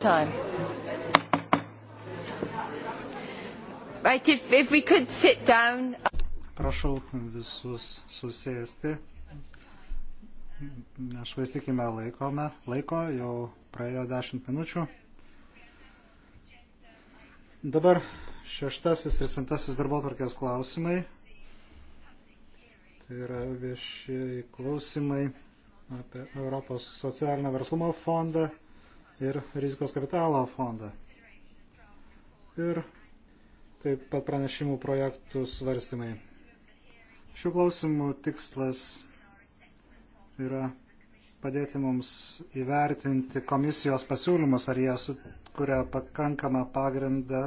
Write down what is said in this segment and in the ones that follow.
time. Right, if, if we could sit down. Prašau visus susėsti. Nešvaistykime laikome. laiko, jau praėjo 10 minučių. Dabar šeštasis ir septintasis darbo tvarkės klausimai. Tai yra viešieji klausimai apie Europos socialinio verslumo fondą ir rizikos kapitalo fondą. Ir taip pat pranešimų projektų svarstymai. Šių klausimų tikslas yra padėti mums įvertinti komisijos pasiūlymus, ar jie sukuria pakankamą pagrindą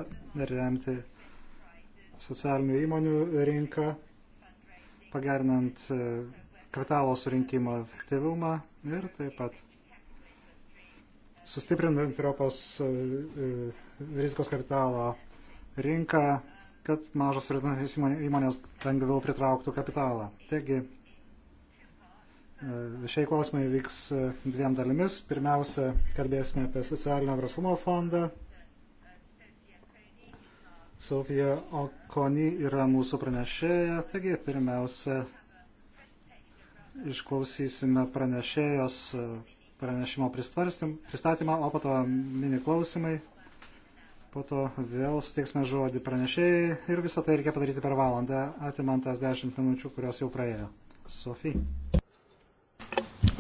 remti socialinių įmonių rinką, pagerinant e, kapitalo surinkimo efektyvumą ir taip pat sustiprinant Europos e, e, rizikos kapitalo rinką, kad mažos ir vidutinės įmonės lengviau pritrauktų kapitalą. Taigi, e, šiai klausimai vyks dviem dalimis. Pirmiausia, kalbėsime apie socialinio verslumo fondą. Sofija Okoni yra mūsų pranešėja, taigi pirmiausia, išklausysime pranešėjos pranešimo pristatymą, o po to mini klausimai. Po to vėl suteiksime žodį pranešėjai ir visą tai reikia padaryti per valandą, atimant tas 10 minučių, kurios jau praėjo. Sofija.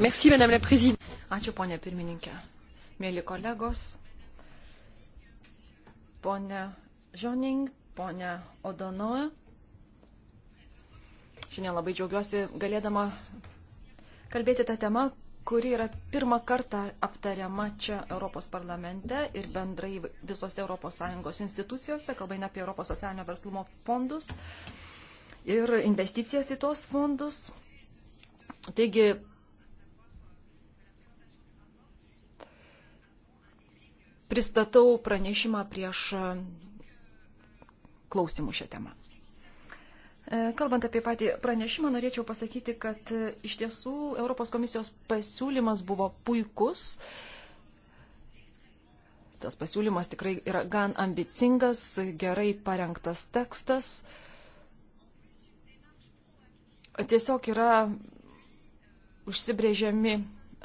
Merci, Madame la Présidente. Ačiū, ponė pirmininkė. Mėly kolegos, ponė Žioning, ponė Odonoja. Šiandien labai džiaugiuosi galėdama kalbėti tą temą, kuri yra pirmą kartą aptariama čia Europos parlamente ir bendrai visose ES institucijose, kalbaina apie Europos socialinio verslumo fondus ir investicijas į tos fondus. Taigi, pristatau pranešimą prieš klausimų šią temą. E, kalbant apie patį pranešimą, norėčiau pasakyti, kad e, iš tiesų Europos komisijos pasiūlymas buvo puikus. Tas pasiūlymas tikrai yra gan ambicingas, gerai parengtas tekstas. Tiesiog yra užsibrėžiami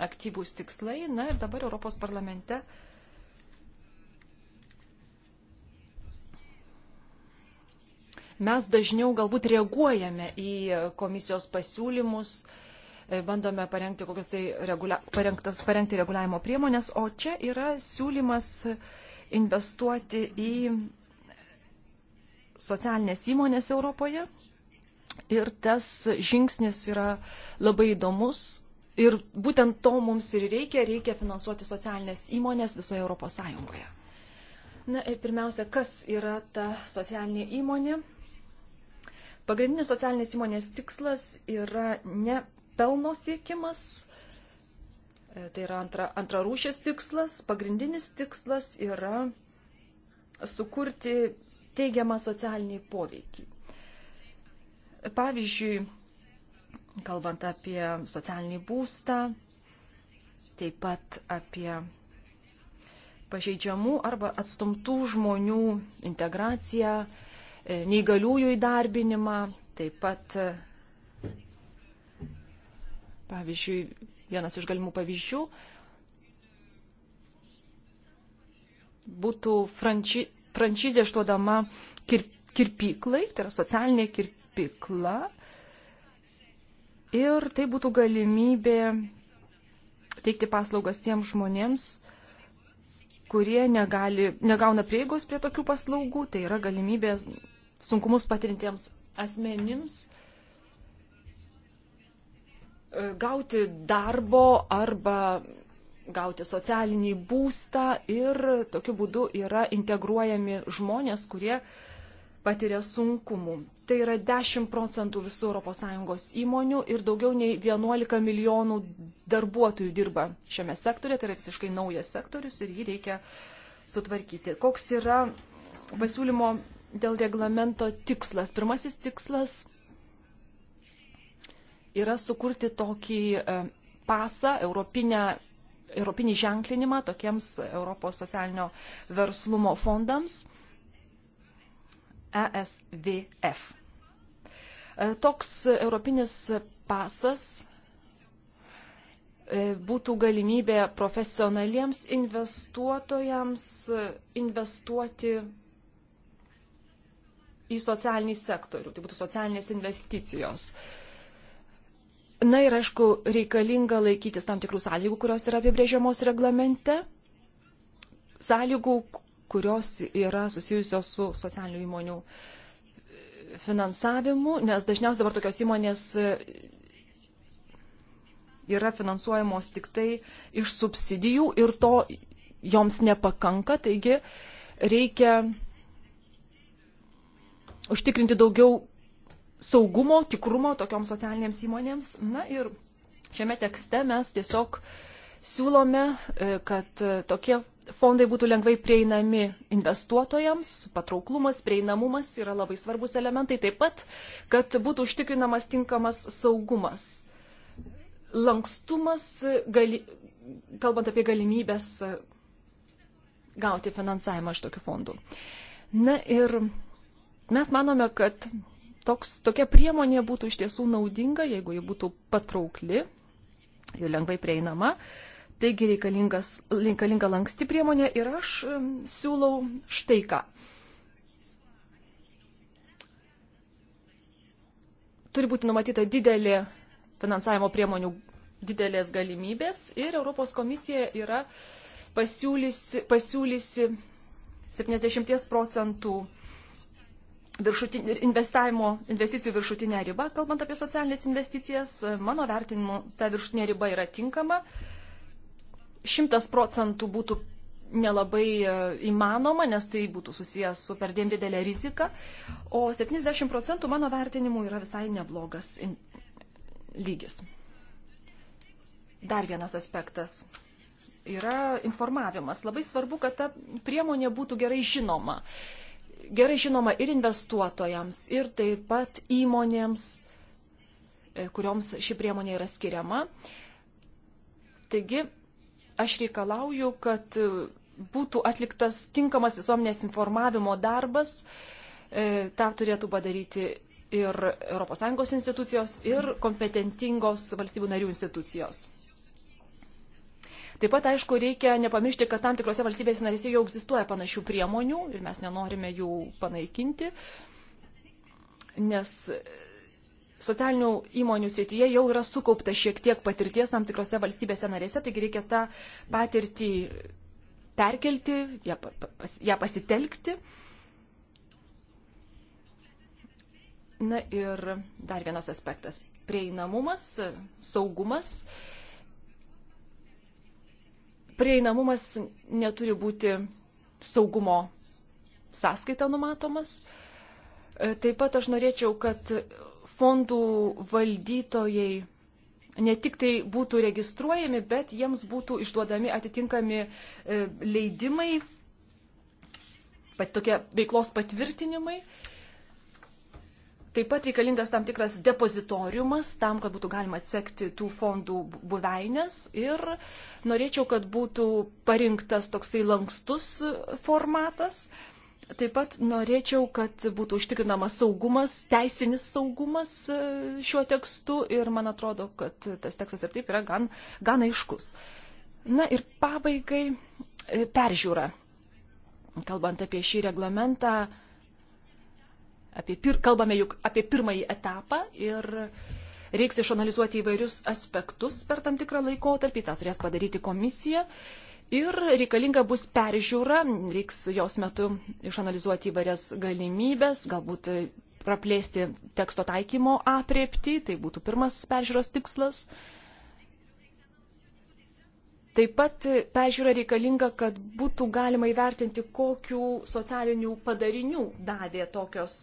aktyvūs tikslai. Na ir dabar Europos parlamente uh, mes dažniau galbūt reaguojame į komisijos pasiūlymus, e, bandome parengti kokias tai regulia, parengtas, parengti reguliavimo priemonės, o čia yra siūlymas investuoti į socialinės įmonės Europoje. Ir tas žingsnis yra labai įdomus. Ir būtent to mums ir reikia, reikia finansuoti socialinės įmonės visoje Europos Sąjungoje. Na ir pirmiausia, kas yra ta socialinė įmonė? Pagrindinis socialinės įmonės tikslas yra ne pelno siekimas, e, tai yra antra, antra rūšės tikslas, pagrindinis tikslas yra sukurti teigiamą socialinį poveikį. Pavyzdžiui, kalbant apie socialinį būstą, taip pat apie pažeidžiamų arba atstumtų žmonių integraciją, E, neįgaliųjų įdarbinimą, taip pat, e, pavyzdžiui, vienas iš galimų pavyzdžių būtų franči, frančizė išduodama kir, kirpyklai, tai yra socialinė kirpykla. Ir tai būtų galimybė teikti paslaugas tiems žmonėms, kurie negali, negauna prieigos prie tokių paslaugų, tai yra galimybė sunkumus patirintiems asmenims e, gauti darbo arba gauti socialinį būstą ir tokiu būdu yra integruojami žmonės, kurie patiria sunkumų. Tai yra 10 procentų visų ES įmonių ir daugiau nei 11 milijonų darbuotojų dirba šiame sektorė, tai yra visiškai naujas sektorius ir jį reikia sutvarkyti. Koks yra pasiūlymo dėl reglamento tikslas. Pirmasis tikslas yra sukurti tokį e, pasą, europinę, europinį ženklinimą tokiems Europos socialinio verslumo fondams ESVF. E, toks europinis pasas e, būtų galimybė profesionaliems investuotojams investuoti į socialinį sektorių, tai būtų socialinės investicijos. Na ir aišku, reikalinga laikytis tam tikrų sąlygų, kurios yra apibrėžiamos reglamente, sąlygų, kurios yra susijusios su socialinių įmonių finansavimu, nes dažniausiai dabar tokios įmonės yra finansuojamos tik tai iš subsidijų ir to joms nepakanka, taigi reikia užtikrinti daugiau saugumo, tikrumo tokioms socialinėms įmonėms. Na ir šiame tekste mes tiesiog siūlome, e, kad e, tokie fondai būtų lengvai prieinami investuotojams, patrauklumas, prieinamumas yra labai svarbus elementai, taip pat, kad būtų užtikrinamas tinkamas saugumas. Lankstumas, e, gali, kalbant apie galimybės gauti finansavimą iš tokių fondų. Na ir Mes manome, kad toks, tokia priemonė būtų iš tiesų naudinga, jeigu ji būtų patraukli ir lengvai prieinama. Taigi reikalinga lanksti priemonė ir aš siūlau štai ką. Turi būti numatyta didelė finansavimo priemonių didelės galimybės ir Europos komisija yra pasiūlysi, pasiūlysi 70 procentų investavimo investicijų viršutinę ribą, kalbant apie socialinės investicijas. E, mano vertinimu, ta viršutinė riba yra tinkama. Šimtas procentų būtų nelabai e, įmanoma, nes tai būtų susijęs su perdėm didelė rizika, o 70 procentų mano vertinimu yra visai neblogas lygis. Dar vienas aspektas yra informavimas. Labai svarbu, kad ta priemonė būtų gerai žinoma. Uh, gerai žinoma ir investuotojams, ir taip pat įmonėms, e, kurioms ši priemonė yra skiriama. Taigi, aš reikalauju, kad e, būtų atliktas tinkamas visuomenės informavimo darbas. E, Ta turėtų padaryti ir ES institucijos, ir kompetentingos valstybių narių institucijos. Taip pat, aišku, reikia nepamiršti, kad tam tikrose valstybėse narėse jau egzistuoja panašių priemonių ir mes nenorime jų panaikinti, nes socialinių įmonių srityje jau yra sukaupta šiek tiek patirties tam tikrose valstybėse narėse, taigi reikia tą patirtį perkelti, ją, pas, ją pasitelkti. Na ir dar vienas aspektas - prieinamumas, saugumas. Uh, prieinamumas neturi būti saugumo sąskaita numatomas. E, taip pat aš norėčiau, kad fondų valdytojai ne tik tai būtų registruojami, bet jiems būtų išduodami atitinkami e, leidimai, pat tokie veiklos patvirtinimai. Taip pat reikalingas tam tikras depozitoriumas tam, kad būtų galima atsekti tų fondų buveinės ir norėčiau, kad būtų parinktas toksai lankstus formatas. Taip pat norėčiau, kad būtų užtikrinamas saugumas, teisinis saugumas e, šiuo tekstu ir man atrodo, kad tas tekstas ir taip yra gan, gan aiškus. Na ir pabaigai e, peržiūra. Kalbant apie šį reglamentą, Apie pir, kalbame juk apie pirmąjį etapą ir reiks išanalizuoti įvairius aspektus per tam tikrą laikotarpį, tą turės padaryti komisija. Ir reikalinga bus peržiūra, reiks jos metu išanalizuoti įvairias galimybės, galbūt praplėsti teksto taikymo apriepti, tai būtų pirmas peržiūros tikslas. Taip pat e, pežiūra reikalinga, kad būtų galima įvertinti, kokių socialinių padarinių davė tokios,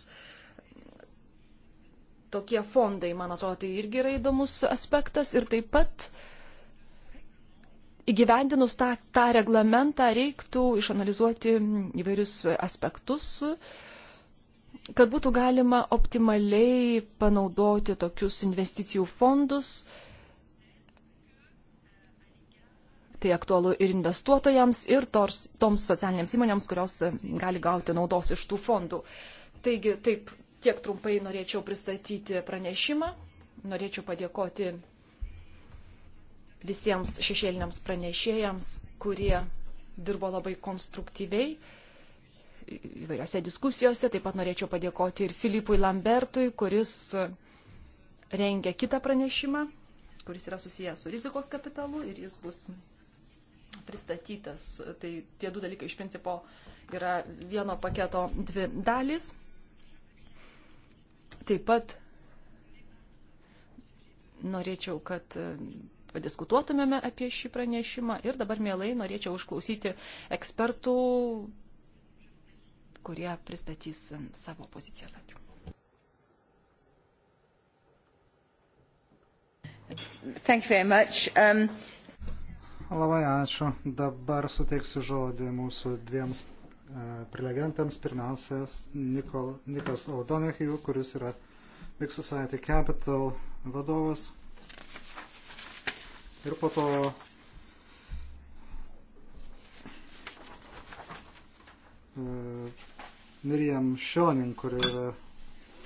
tokie fondai. Man atrodo, tai irgi yra įdomus aspektas. Ir taip pat įgyvendinus tą, tą reglamentą reiktų išanalizuoti įvairius aspektus, kad būtų galima optimaliai panaudoti tokius investicijų fondus Tai aktualu ir investuotojams, ir tors, toms socialinėms įmonėms, kurios e, gali gauti naudos iš tų fondų. Taigi, taip, tiek trumpai norėčiau pristatyti pranešimą. Norėčiau padėkoti visiems šešėliniams pranešėjams, kurie dirbo labai konstruktyviai įvairiose diskusijose. Taip pat norėčiau padėkoti ir Filipui Lambertui, kuris e, rengia kitą pranešimą, kuris yra susijęs su rizikos kapitalu ir jis bus pristatytas. Tai tie du dalykai iš principo yra vieno paketo dvi dalys. Taip pat norėčiau, kad padiskutuotumėme apie šį pranešimą ir dabar mielai norėčiau užklausyti ekspertų, kurie pristatys savo pozicijas. Ačiū. Thank you very much. Um, Labai ačiū. Dabar suteiksiu žodį mūsų dviems e, prelegentams. Pirmiausia, Nikol, Nikas O'Donoghue, kuris yra Big Society Capital vadovas. Ir po to e, Miriam Šionin, kuri yra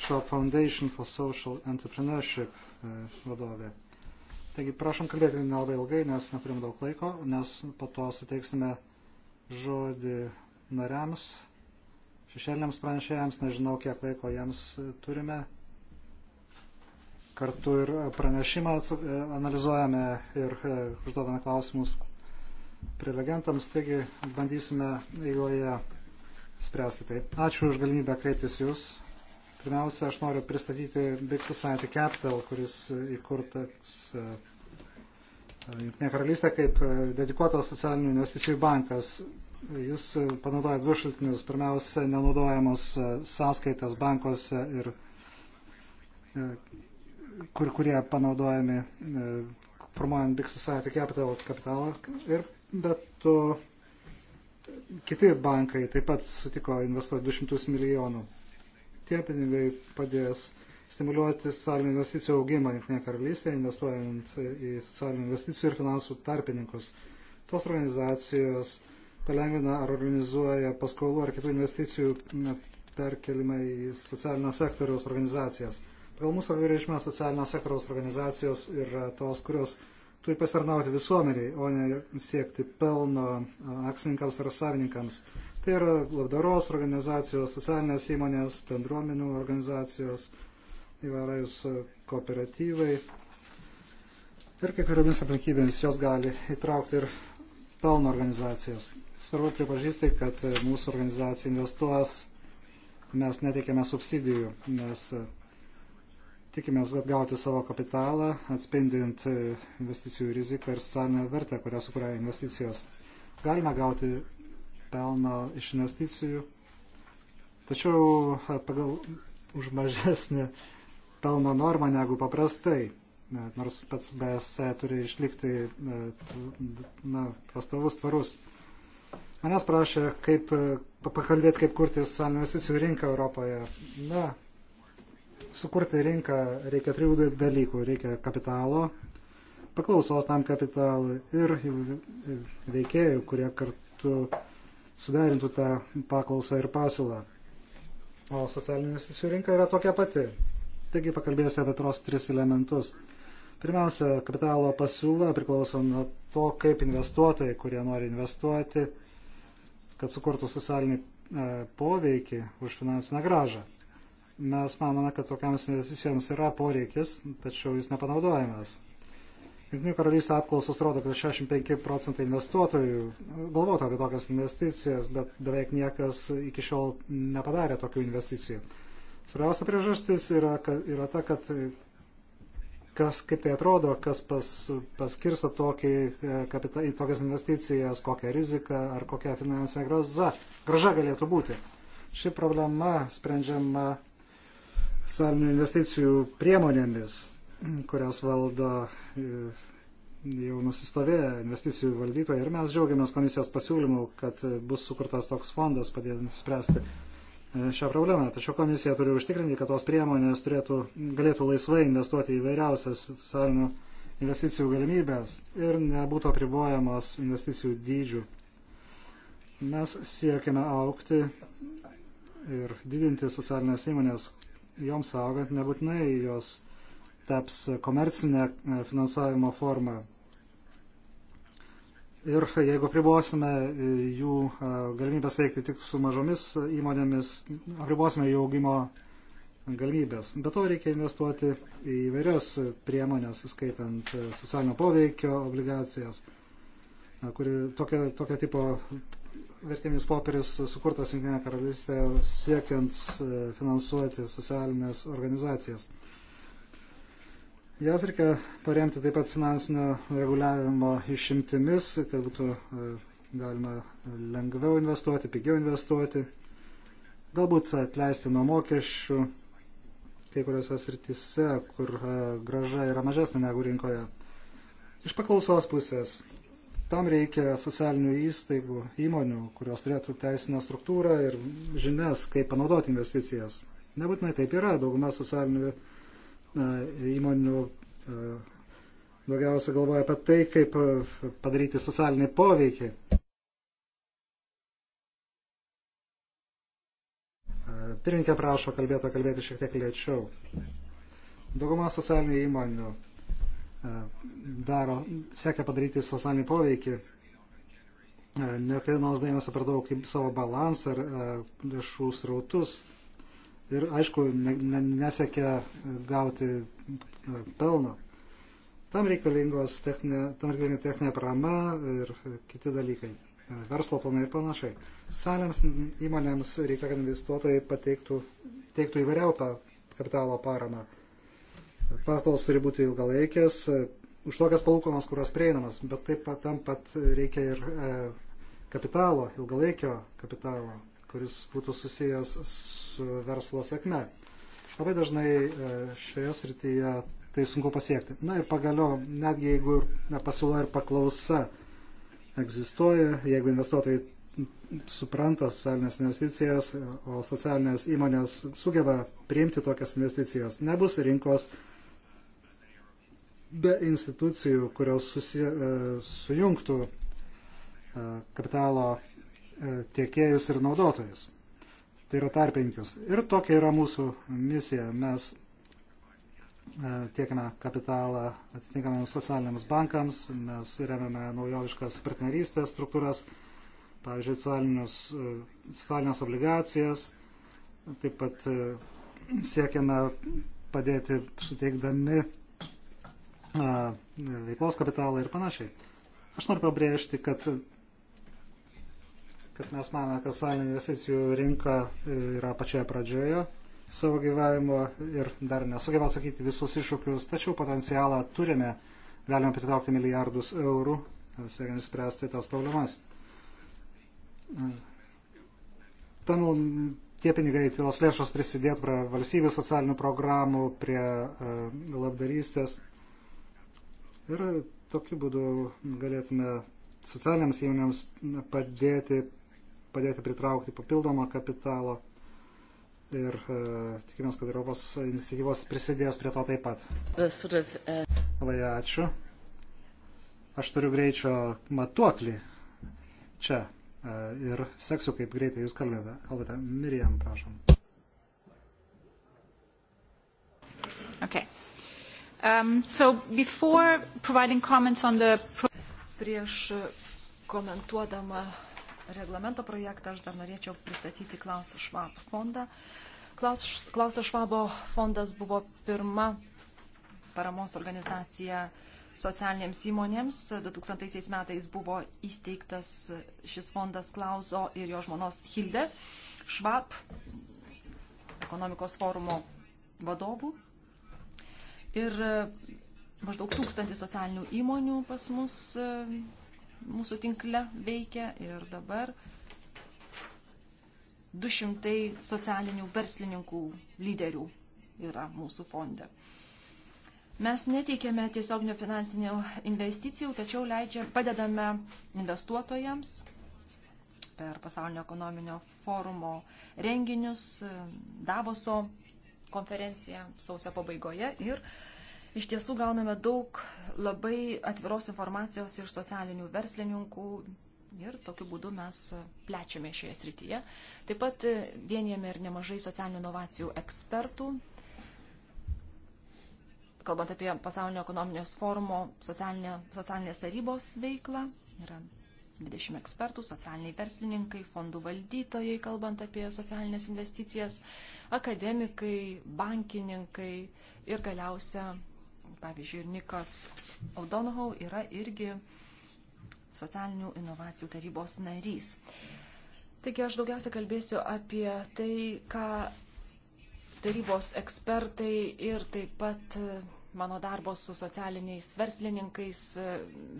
Shop Foundation for Social Entrepreneurship e, vadovė. Uh, Taigi prašom kalbėti nelabai ilgai, nes neturim daug laiko, nes po to suteiksime žodį nariams, šešėliniams pranešėjams, nežinau, kiek laiko jiems turime. Kartu ir pranešimą e, analizuojame ir e, užduodame klausimus prelegentams, taigi bandysime eigoje spręsti tai. Ačiū už galimybę kreiptis jūs Pirmiausia, aš noriu pristatyti Big Society Capital, kuris įkurtas e, e, Junktinė karalystė kaip e, dedikuotas socialinių investicijų bankas. Jis panaudoja du šaltinius. Pirmiausia, nenaudojamos sąskaitas bankose ir kur, kurie panaudojami formuojant Big Society Capital kapitalą. Ir bet to kiti bankai taip pat sutiko investuoti 200 milijonų tie pinigai padės stimuliuoti socialinių investicijų augimą Junktinėje karalystėje, investuojant į socialinių investicijų ir finansų tarpininkus. Tos organizacijos palengvina ar organizuoja paskolų ar kitų investicijų perkelimą į socialinio sektoriaus organizacijas. Pagal mūsų apibrėžimą socialinio sektoriaus organizacijos yra tos, kurios turi pasarnauti visuomeniai, o ne siekti pelno akcininkams ar savininkams. Tai yra labdaros organizacijos, socialinės įmonės, bendruomenių organizacijos, įvairius kooperatyvai. Ir kai kuriomis aplinkybėmis jos gali įtraukti ir pelno organizacijas. Svarbu pripažįsti, kad mūsų organizacija investuos, mes netikėme subsidijų, nes tikimės atgauti savo kapitalą, atspindint investicijų riziką ir socialinę vertę, kurią sukuria investicijos. Galime gauti pelno iš investicijų. Tačiau e, pagal už mažesnį pelno normą negu paprastai, e, nors pats BSC turi išlikti e, na, pastovus tvarus. Manęs prašė, kaip pakalbėti, kaip kurti investicijų rinką Europoje. Na, sukurti rinką reikia trijų dalykų. Reikia kapitalo, paklausos tam kapitalui ir veikėjų, kurie kartu suderintų tą paklausą ir pasiūlą. O socialinių investicijų rinka yra tokia pati. Taigi pakalbėsiu apie tuos tris elementus. Pirmiausia, kapitalo pasiūla priklauso nuo to, kaip investuotojai, kurie nori investuoti, kad sukurtų socialinį e, poveikį už finansinę gražą. Mes manome, kad tokiams investicijoms yra poreikis, tačiau jis nepanaudojamas. Junkinių karalystė apklausos rodo, kad 65 procentai investuotojų galvotų apie tokias investicijas, bet beveik niekas iki šiol nepadarė tokių investicijų. Svarbiausia priežastis yra, yra ta, kad kas, kaip tai atrodo, kas pas, paskirsta tokį, e, kapita, į tokias investicijas, kokią riziką ar kokią finansinę gražą, gražą galėtų būti. Ši problema sprendžiama salinių investicijų priemonėmis kurias valdo e, jau nusistovėję investicijų valdytojai. Ir mes džiaugiamės komisijos pasiūlymu, kad bus sukurtas toks fondas padėdant spręsti e, šią problemą. Tačiau komisija turi užtikrinti, kad tos priemonės turėtų, galėtų laisvai investuoti į vairiausias socialinių investicijų galimybės ir nebūtų apribojamos investicijų dydžių. Mes siekiame aukti ir didinti socialinės įmonės, joms augant nebūtinai jos taps komercinė e, finansavimo forma. Ir jeigu pribosime e, jų e, galimybės veikti tik su mažomis įmonėmis, apribosime jų augimo galimybės. Be to reikia investuoti į vairias priemonės, skaitant socialinio poveikio obligacijas, kuri tokio, tokio tipo vertimis popieris sukurtas Junktinė karalystė siekiant finansuoti socialinės organizacijas. Jas reikia paremti taip pat finansinio reguliavimo išimtimis, kad būtų e, galima lengviau investuoti, pigiau investuoti, galbūt atleisti nuo mokesčių kai kuriuose srityse, kur e, graža yra mažesnė negu rinkoje. Iš paklausos pusės tam reikia socialinių įstaigų, įmonių, kurios turėtų teisinę struktūrą ir žinias, kaip panaudoti investicijas. Nebūtinai taip yra, dauguma socialinių įstaigų įmonių e, daugiausia galvoja apie tai, kaip e, padaryti socialinį poveikį. E, Pirminkė prašo kalbėto kalbėti šiek tiek lėčiau. Dauguma socialinių įmonių daro, siekia padaryti socialinį poveikį, nekreipiamas dėmesio per daug į savo balansą ar lėšų srautus ir aišku ne, ne, nesiekia gauti e, pelno. Tam reikalingos techninė, tam reikalinga techninė parama ir kiti dalykai, e, verslo planai ir panašiai. Salėms įmonėms reikia, kad investuotojai pateiktų, teiktų įvairiautą kapitalo paramą. Paskolos turi būti ilgalaikės, e, už tokias palūkonas, kurios prieinamas, bet taip pat tam pat reikia ir e, kapitalo, ilgalaikio kapitalo kuris būtų susijęs su verslo sėkme. Labai dažnai e, šioje srityje tai sunku pasiekti. Na ir pagaliau, netgi jeigu pasiūla ir paklausa egzistuoja, jeigu investuotojai supranta socialinės investicijas, o socialinės įmonės sugeba priimti tokias investicijas, nebus rinkos be institucijų, kurios susi, e, sujungtų e, kapitalo E, tiekėjus ir naudotojus. Tai yra tarpininkius. Ir tokia yra mūsų misija. Mes e, tiekime kapitalą atitinkamiems socialiniams bankams, mes remiame naujoviškas partnerystės struktūras, pavyzdžiui, e, socialinės obligacijas, taip pat siekiame padėti suteikdami veiklos kapitalą ir panašiai. Aš noriu pabrėžti, kad kad mes manome, kad sąjungų investicijų rinka e, yra pačioje pradžioje savo gyvavimo ir dar nesugeba atsakyti visus iššūkius, tačiau potencialą turime, galime pritraukti milijardus eurų, e, siekiant išspręsti tas problemas. E, Ten tie pinigai, tos lėšos prisidėtų prie valstybių socialinių programų, prie labdarystės. Ir tokiu būdu galėtume socialiniams įmonėms padėti padėti pritraukti papildomą kapitalą. Ir e, tikimės, kad Europos iniciatyvos prisidės prie to taip pat. Uh, Labai ačiū. Aš turiu greičio matuoklį čia e, ir seksiu, kaip greitai jūs kalbate. kalbate. Miriam, prašom. Okay. Um, so before providing comments on the... Prieš komentuodama reglamento projektą, aš dar norėčiau pristatyti Klauso Švab fondą. Klauso Švabo fondas buvo pirma paramos organizacija socialinėms įmonėms. 2000 metais buvo įsteigtas šis fondas Klauso ir jo žmonos Hilde Švab, ekonomikos forumo vadovų. Ir maždaug tūkstantį socialinių įmonių pas mus mūsų tinkle veikia ir dabar 200 socialinių verslininkų lyderių yra mūsų fonde. Mes neteikėme tiesioginių finansinių investicijų, tačiau leidžia, padedame investuotojams per pasaulinio ekonominio forumo renginius, Davoso konferenciją sausio pabaigoje ir uh, Iš tiesų gauname daug labai atviros informacijos iš socialinių verslininkų ir tokiu būdu mes plečiame šioje srityje. Taip pat vienijame ir nemažai socialinių inovacijų ekspertų. Kalbant apie pasaulinio ekonominės forumo socialinė, socialinės tarybos veiklą, yra 20 ekspertų, socialiniai verslininkai, fondų valdytojai, kalbant apie socialinės investicijas, akademikai, bankininkai ir galiausia pavyzdžiui, ir Nikas O'Donohau yra irgi socialinių inovacijų tarybos narys. Taigi aš daugiausia kalbėsiu apie tai, ką tarybos ekspertai ir taip pat e, mano darbo su socialiniais verslininkais e,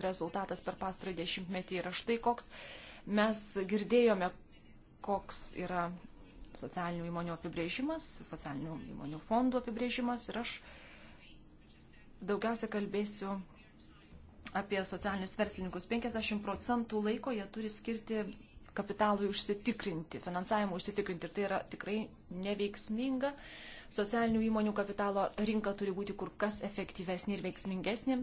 rezultatas per pastarąjį dešimtmetį yra štai koks. Mes girdėjome, koks yra socialinių įmonių apibrėžimas, socialinių įmonių fondų apibrėžimas ir aš uh, Daugiausia kalbėsiu apie socialinius verslininkus. 50 procentų laiko jie turi skirti kapitalui užsitikrinti, finansavimui užsitikrinti. Ir tai yra tikrai neveiksminga. Socialinių įmonių kapitalo rinka turi būti kur kas efektyvesnė ir veiksmingesnė.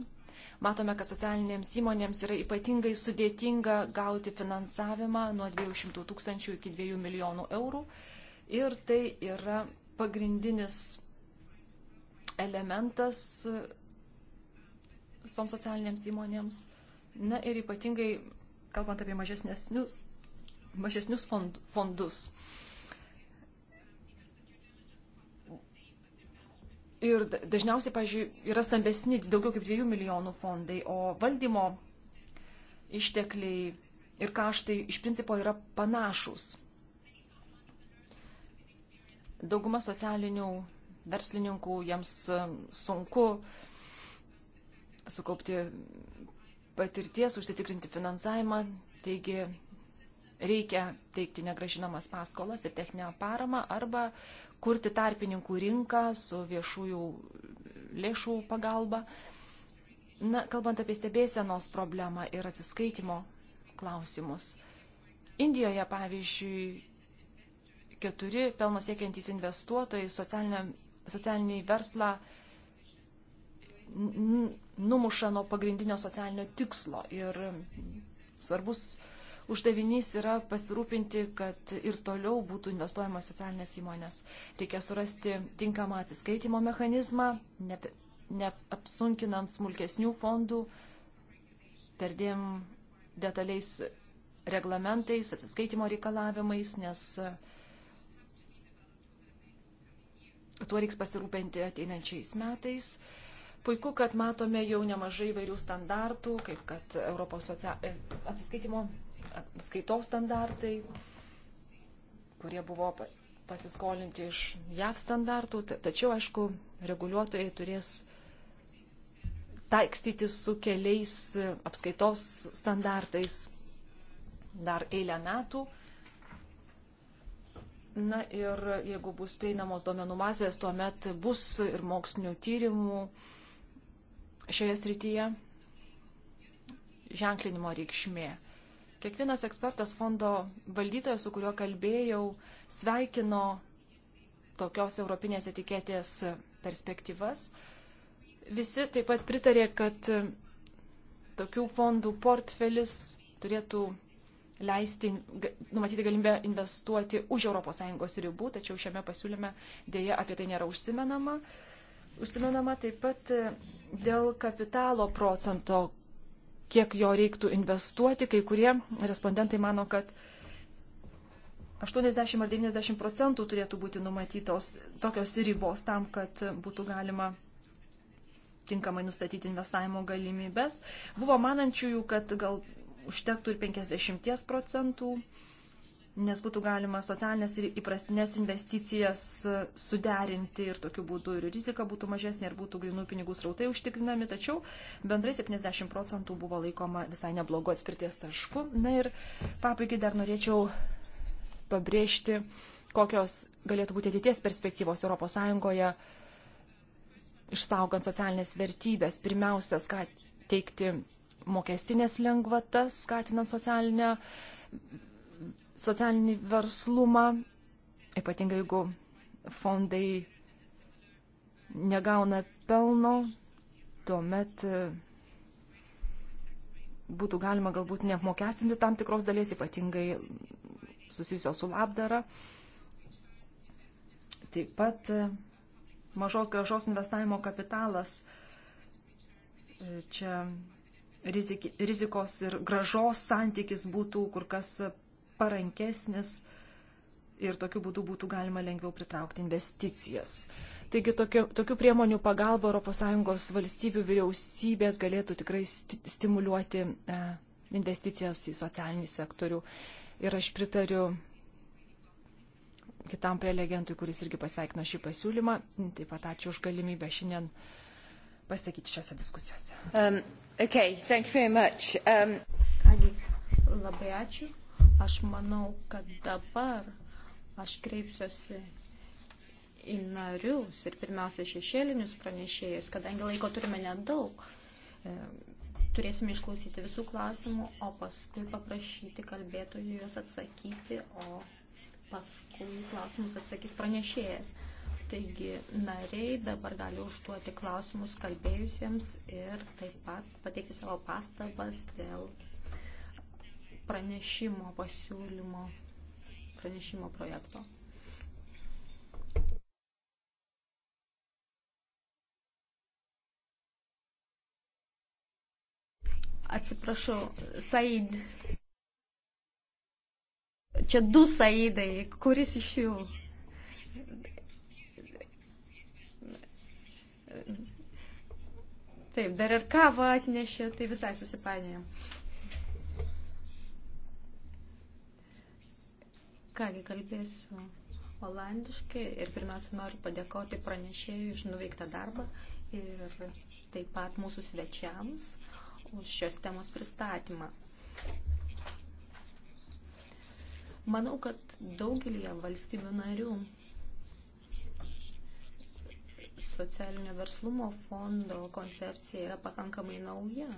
Matome, kad socialinėms įmonėms yra ypatingai sudėtinga gauti finansavimą nuo 200 tūkstančių iki 2 milijonų eurų. Ir tai yra pagrindinis elementas visoms socialinėms įmonėms. Na ir ypatingai, kalbant apie mažesnius, mažesnius fond, fondus. Ir dažniausiai, pažiūrėjau, yra stambesni, daugiau kaip 2 milijonų fondai, o valdymo ištekliai ir kaštai iš principo yra panašus. Dauguma socialinių verslininkų jiems e, sunku uh, sukaupti patirties, užsitikrinti finansavimą, taigi reikia teikti negražinamas paskolas ir techninę paramą arba kurti tarpininkų rinką su viešųjų lėšų pagalba. Na, kalbant apie stebėsenos problemą ir atsiskaitimo klausimus. Indijoje, pavyzdžiui, keturi pelno siekiantys investuotojai socialiniai verslą numuša nuo pagrindinio socialinio tikslo. Ir svarbus uždavinys yra pasirūpinti, kad ir toliau būtų investuojama socialinės įmonės. Reikia surasti tinkamą atsiskaitimo mechanizmą, neapsunkinant smulkesnių fondų, perdėm detaliais reglamentais, atsiskaitimo reikalavimais, nes tuo reiks pasirūpinti ateinančiais metais. Puiku, kad matome jau nemažai vairių standartų, kaip kad Europos socia... E, atsiskaitimo atskaitos standartai, kurie buvo pasiskolinti iš JAV standartų. Tačiau, aišku, reguliuotojai turės taikstyti su keliais e, apskaitos standartais dar eilę metų. Na ir jeigu bus prieinamos duomenų masės, tuomet bus ir mokslinių tyrimų, uh, šioje srityje ženklinimo reikšmė. Kiekvienas ekspertas fondo valdytojas, su kuriuo kalbėjau, sveikino tokios europinės etiketės perspektyvas. Visi taip pat pritarė, kad tokių fondų portfelis turėtų leisti, numatyti galimybę investuoti už ES ribų, tačiau šiame pasiūlyme dėja apie tai nėra užsimenama. Uh, Užsimenama taip pat e, dėl kapitalo procento, kiek jo reiktų investuoti. Kai kurie respondentai mano, kad 80 ar 90 procentų turėtų būti numatytos tokios ribos tam, kad būtų galima tinkamai nustatyti investavimo galimybės. Buvo manančiųjų, kad gal užtektų ir 50 procentų nes būtų galima socialinės ir įprastinės investicijas e, suderinti ir tokiu būdu ir rizika būtų mažesnė ir būtų grinų pinigų srautai užtikrinami, tačiau bendrai 70 procentų buvo laikoma visai neblogu atspirties tašku. Na ir pabaigai dar norėčiau pabrėžti, kokios galėtų būti ateities perspektyvos ES išsaugant socialinės vertybės. Pirmiausia, teikti mokestinės lengvatas, skatinant socialinę socialinį verslumą, ypatingai jeigu fondai negauna pelno, tuomet e, būtų galima galbūt neapmokestinti tam tikros dalies, ypatingai susijusios su labdara. Taip pat e, mažos gražos investavimo kapitalas e, čia rizikos ir gražos santykis būtų kur kas parankesnis ir tokiu būdu būtų galima lengviau pritraukti investicijas. Taigi tokio, tokių priemonių pagalba ES valstybių vyriausybės galėtų tikrai sti stimuliuoti e, investicijas į socialinį sektorių. Ir aš pritariu kitam prelegentui, kuris irgi pasveikino šį pasiūlymą. Taip pat ačiū už galimybę šiandien pasakyti šiose diskusijose. Um, okay, um... Kągi, labai ačiū. Aš manau, kad dabar aš kreipsiuosi į narius ir pirmiausia šešėlinius pranešėjus, kadangi laiko turime nedaug. E, turėsime išklausyti visų klausimų, o paskui paprašyti kalbėtojų juos atsakyti, o paskui klausimus atsakys pranešėjas. Taigi nariai dabar gali užduoti klausimus kalbėjusiems ir taip pat pateikti savo pastabas dėl pranešimo pasiūlymo, pranešimo projekto. Atsiprašau, Said. Čia du Saidai, kuris iš jų? Taip, dar ir kavą atnešė, tai visai susipainėjom. Kągi, kalbėsiu olandiškai ir pirmiausia noriu padėkoti pranešėjui už nuveiktą darbą ir taip pat mūsų svečiams už šios temos pristatymą. Manau, kad daugelįje valstybių narių socialinio verslumo fondo koncepcija yra pakankamai nauja.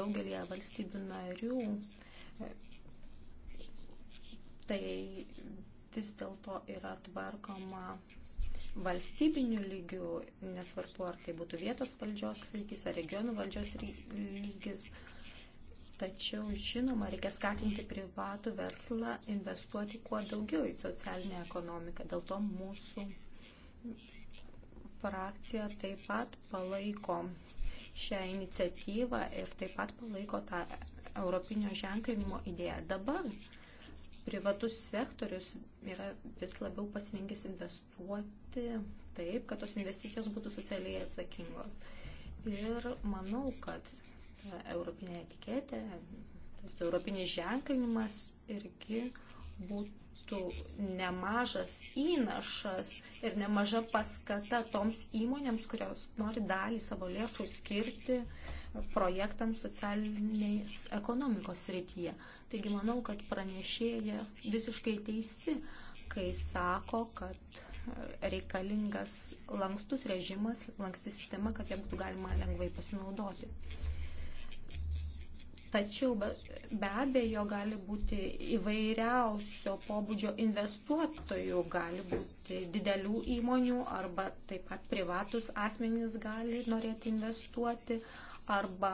Daugelįje valstybių narių tai vis dėlto yra tvarkoma valstybiniu lygiu, nesvarbu ar tai būtų vietos valdžios lygis ar regionų valdžios lygis. Tačiau, žinoma, reikia skatinti privatų verslą investuoti kuo daugiau į socialinę ekonomiką. Dėl to mūsų frakcija taip pat palaiko šią iniciatyvą ir taip pat palaiko tą europinio ženklinimo idėją. Dabar privatus sektorius yra vis labiau pasirinkęs investuoti taip, kad tos investicijos būtų socialiai atsakingos. Ir manau, kad europinė etiketė, tas europinis ženklinimas irgi būtų nemažas įnašas ir nemaža paskata toms įmonėms, kurios nori dalį savo lėšų skirti uh, projektams socialinės ekonomikos srityje. Taigi manau, kad pranešėja visiškai teisi, kai sako, kad reikalingas lankstus režimas, lanksti sistema, kad ją būtų galima lengvai pasinaudoti. Tačiau be abejo gali būti įvairiausio pobūdžio investuotojų, gali būti didelių įmonių arba taip pat privatus asmenys gali norėti investuoti arba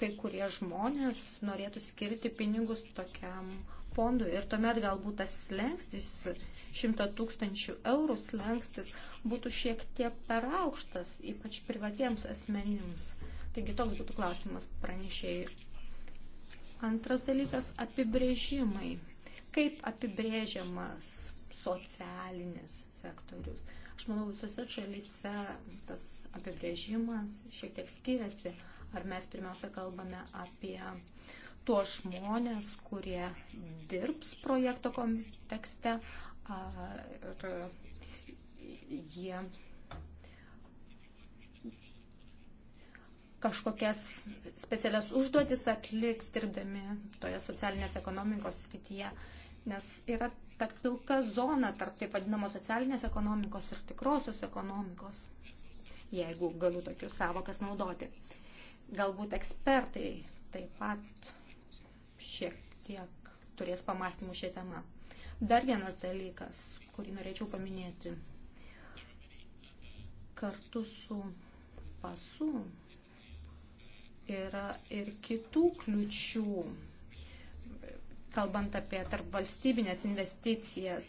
kai kurie žmonės norėtų skirti pinigus tokiam fondui ir tuomet galbūt tas slengstis, 100 tūkstančių eurų slengstis, būtų šiek tiek per aukštas, ypač privatiems asmenims. Taigi toks būtų klausimas pranešėjai. Antras dalykas - apibrėžimai. Kaip apibrėžiamas socialinis sektorius? Aš manau, visose šalyse tas apibrėžimas šiek tiek skiriasi. Ar mes pirmiausia kalbame apie tuos žmonės, kurie dirbs projekto kontekste, ar jie kažkokias specialias užduotis atliks dirbdami toje socialinės ekonomikos srityje, nes yra ta pilka zona tarp taip vadinamos socialinės ekonomikos ir tikrosios ekonomikos, jeigu galiu tokius savokas naudoti. Galbūt ekspertai taip pat šiek tiek turės pamastymų šią temą. Dar vienas dalykas, kurį norėčiau paminėti. Kartu su pasu yra ir kitų kliučių kalbant apie tarpvalstybinės investicijas.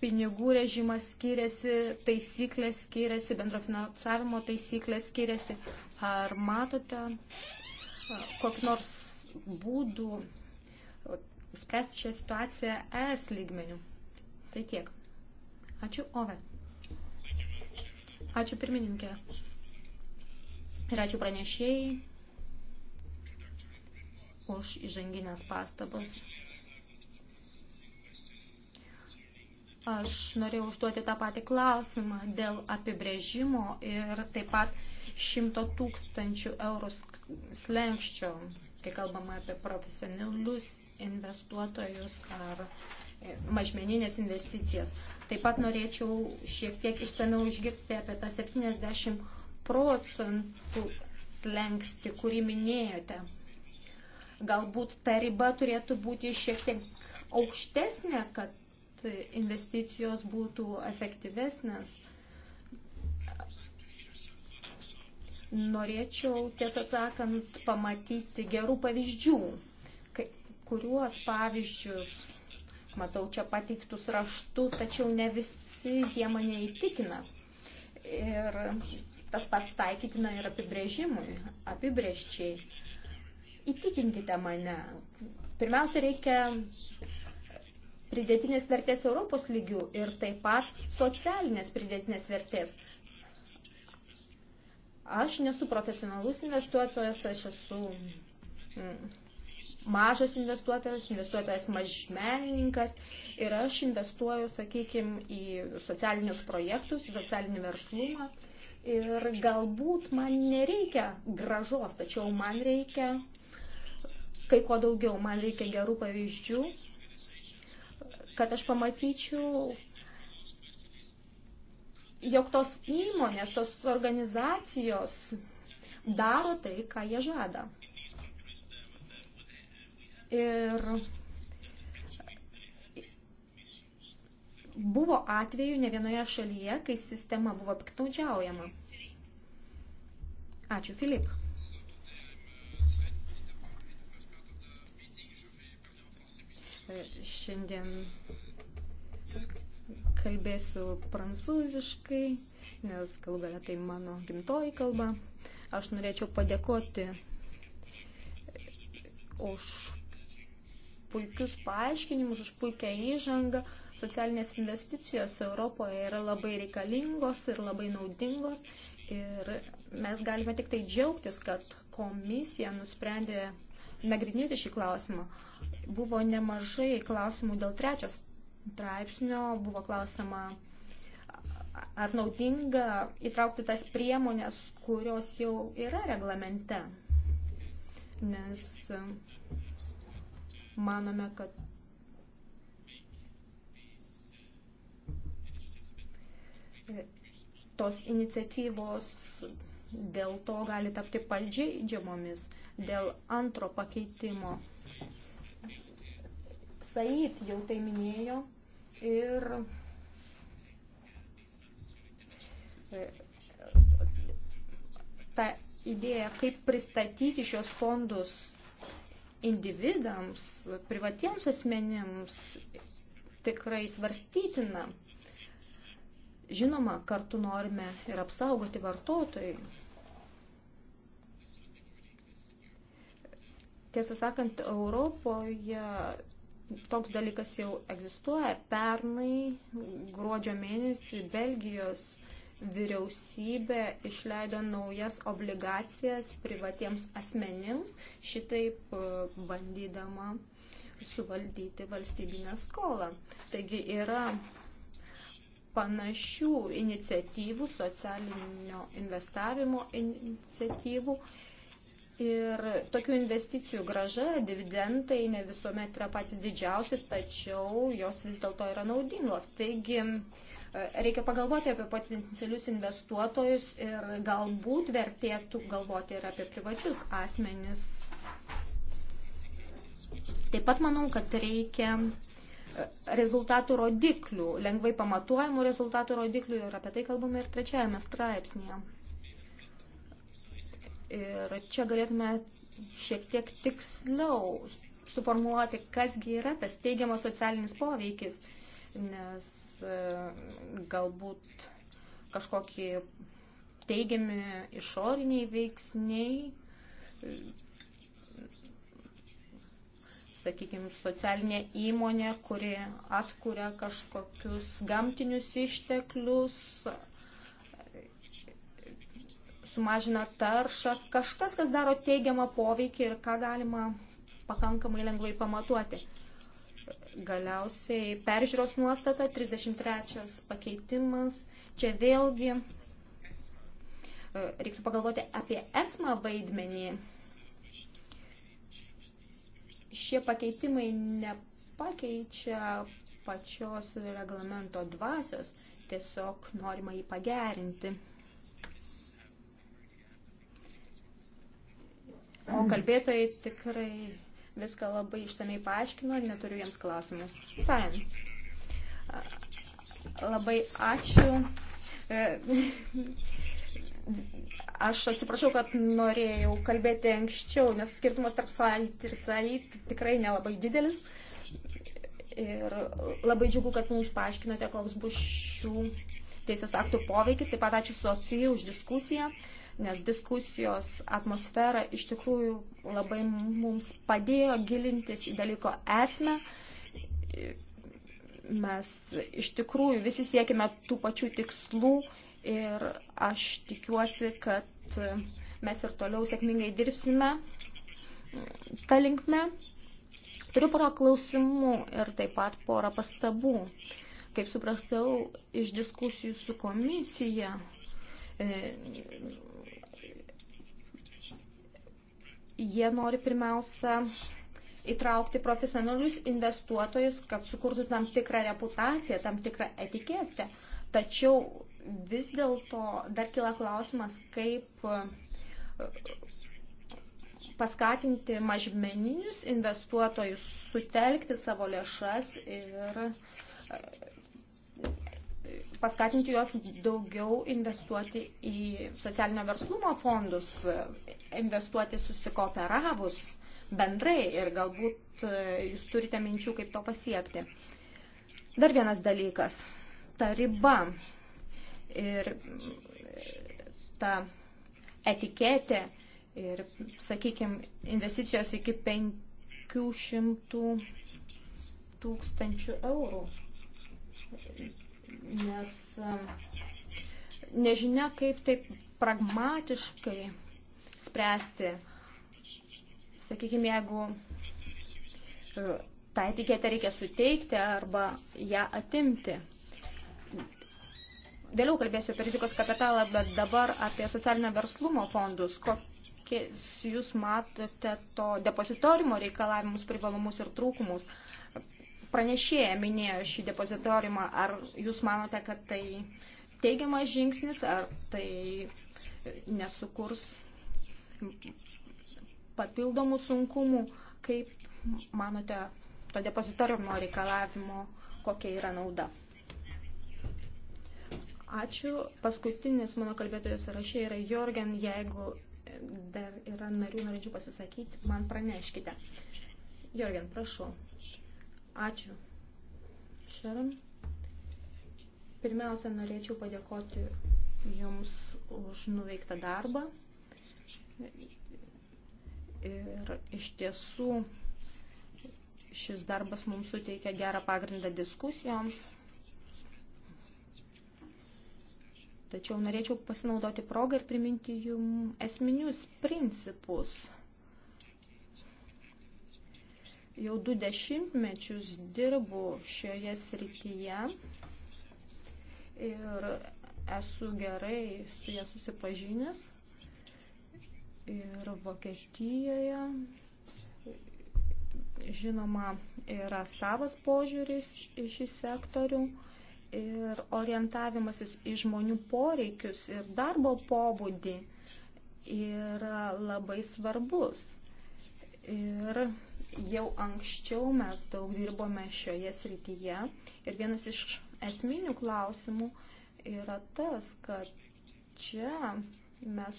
Pinigų režimas skiriasi, taisyklės skiriasi, bendro finansavimo taisyklės skiriasi. Ar matote kokį nors būdų spręsti šią situaciją ES lygmenių? Tai tiek. Ačiū, Ove. Ačiū pirmininkė. Ir ačiū pranešėjai už įžanginės pastabas. Aš norėjau užduoti tą patį klausimą dėl apibrėžimo ir taip pat 100 tūkstančių eurų slengščio, kai kalbama apie profesionalius investuotojus ar e, mažmeninės investicijas. Taip pat norėčiau šiek tiek išsameu išgirti apie tą 70 procentų slengsti, kurį minėjote. Galbūt ta riba turėtų būti šiek tiek aukštesnė, kad investicijos būtų efektyvesnės. Norėčiau, tiesą sakant, pamatyti gerų pavyzdžių, kuriuos pavyzdžius matau čia pateiktus raštu, tačiau ne visi jie mane įtikina. Ir tas pats taikytina ir apibrėžimui, apibrėžčiai įtikinkite mane. Pirmiausia, reikia pridėtinės vertės Europos lygių ir taip pat socialinės pridėtinės vertės. Aš nesu profesionalus investuotojas, aš esu mm, mažas investuotojas, investuotojas mažmenininkas ir aš investuoju, sakykime, į socialinius projektus, į socialinį verslumą. Ir galbūt man nereikia gražos, tačiau man reikia kai ko daugiau. Man reikia gerų pavyzdžių, kad aš pamatyčiau, jog tos įmonės, tos organizacijos daro tai, ką jie žada. Ir buvo atvejų ne vienoje šalyje, kai sistema buvo piktnaudžiaujama. Ačiū, Filip. Šiandien kalbėsiu prancūziškai, nes galų galia tai mano gimtoji kalba. Aš norėčiau padėkoti už puikius paaiškinimus, už puikią įžangą. Socialinės investicijos Europoje yra labai reikalingos ir labai naudingos. Ir mes galime tik tai džiaugtis, kad komisija nusprendė nagrinėti šį klausimą. Buvo nemažai klausimų dėl trečios straipsnio, buvo klausima, ar naudinga įtraukti tas priemonės, kurios jau yra reglamente. Nes manome, kad tos iniciatyvos dėl to gali tapti pažeidžiamomis dėl antro pakeitimo. Said jau tai minėjo ir e, ta idėja, kaip pristatyti šios fondus individams, privatiems asmenims, tikrai svarstytina. Žinoma, kartu norime ir apsaugoti vartotojai. Tiesą sakant, Europoje toks dalykas jau egzistuoja. Pernai gruodžio mėnesį Belgijos vyriausybė išleido naujas obligacijas privatiems asmenims, šitaip e, bandydama suvaldyti valstybinę skolą. Taigi yra panašių iniciatyvų, socialinio investavimo iniciatyvų. Ir tokių investicijų graža, dividendai ne visuomet yra patys didžiausi, tačiau jos vis dėlto yra naudingos. Taigi e, reikia pagalvoti apie potencialius investuotojus ir galbūt vertėtų galvoti ir apie privačius asmenis. Taip pat manau, kad reikia rezultatų rodiklių, lengvai pamatuojamų rezultatų rodiklių ir apie tai kalbame ir trečiajame straipsnėje. Ir čia galėtume šiek tiek tiksliau suformuoti, kasgi yra tas teigiamas socialinis poveikis, nes e, galbūt kažkokie teigiami išoriniai veiksniai sakykime, socialinė įmonė, kuri atkuria kažkokius gamtinius išteklius, sumažina taršą, kažkas, kas daro teigiamą poveikį ir ką galima pakankamai lengvai pamatuoti. Galiausiai peržiūros nuostata, 33 pakeitimas, čia vėlgi e, reiktų pagalvoti apie esmą vaidmenį šie pakeitimai nepakeičia pačios reglamento dvasios, tiesiog norima jį pagerinti. O kalbėtojai tikrai viską labai išsamei paaiškino ir neturiu jiems klausimų. Sajan, labai ačiū. E, Aš atsiprašau, kad norėjau kalbėti anksčiau, nes skirtumas tarp salyt ir salyt tikrai nelabai didelis. Ir labai džiugu, kad mums paaiškinote, koks bus šių teisės aktų poveikis. Taip pat ačiū Sofijai už diskusiją, nes diskusijos atmosfera iš tikrųjų labai mums padėjo gilintis į dalyko esmę mes iš tikrųjų visi siekime tų pačių tikslų ir Aš tikiuosi, kad mes ir toliau sėkmingai dirbsime tą linkmę. Turiu porą klausimų ir taip pat porą pastabų. Kaip supratau iš diskusijų su komisija, e, jie nori pirmiausia įtraukti profesionalius investuotojus, kad sukurtų tam tikrą reputaciją, tam tikrą etiketę. Tačiau vis dėlto dar kila klausimas, kaip e, paskatinti mažmeninius investuotojus sutelkti savo lėšas ir e, paskatinti juos daugiau investuoti į socialinio verslumo fondus, investuoti susikooperavus bendrai ir galbūt e, jūs turite minčių, kaip to pasiekti. Dar vienas dalykas - ta riba ir ta etiketė ir, sakykime, investicijos iki 500 tūkstančių eurų. Nes e, nežinia, kaip taip pragmatiškai spręsti, sakykime, jeigu e, tą etiketę reikia suteikti arba ją atimti. Vėliau kalbėsiu apie rizikos kapitalą, bet dabar apie socialinio verslumo fondus. Kokius jūs matote to depozitorimo reikalavimus, privalumus ir trūkumus? Pranešėja minėjo šį depozitorimą. Ar jūs manote, kad tai teigiamas žingsnis, ar tai nesukurs papildomų sunkumų, kaip manote to depozitoriumo reikalavimo, kokia yra nauda. Ačiū. Paskutinis mano kalbėtojas rašė yra Jorgen. Jeigu dar yra narių norinčių pasisakyti, man praneškite. Jorgen, prašau. Ačiū. Sharon. Pirmiausia, norėčiau padėkoti Jums už nuveiktą darbą. Ir iš tiesų šis darbas mums suteikia gerą pagrindą diskusijoms. Tačiau norėčiau pasinaudoti progą ir priminti jums esminius principus. Jau du dešimtmečius dirbu šioje srityje ir esu gerai su ją susipažinęs. Ir Vokietijoje, žinoma, yra savas požiūris į šį sektorių ir orientavimasis į žmonių poreikius ir darbo pobūdį yra labai svarbus. Ir jau anksčiau mes daug dirbome šioje srityje ir vienas iš esminių klausimų yra tas, kad čia mes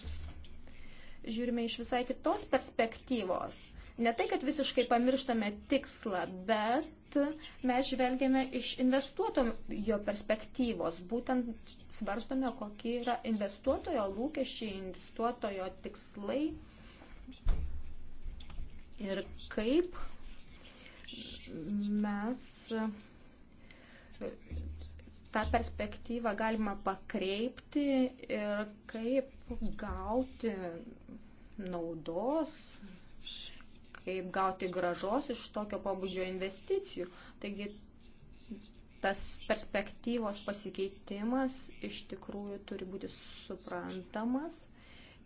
žiūrime iš visai kitos perspektyvos ne tai, kad visiškai pamirštame tikslą, bet mes žvelgiame iš investuotojo perspektyvos, būtent svarstome, kokie yra investuotojo lūkesčiai, investuotojo tikslai ir kaip mes tą perspektyvą galima pakreipti ir kaip gauti naudos kaip gauti gražos iš tokio pobūdžio investicijų. Taigi tas perspektyvos pasikeitimas iš tikrųjų turi būti suprantamas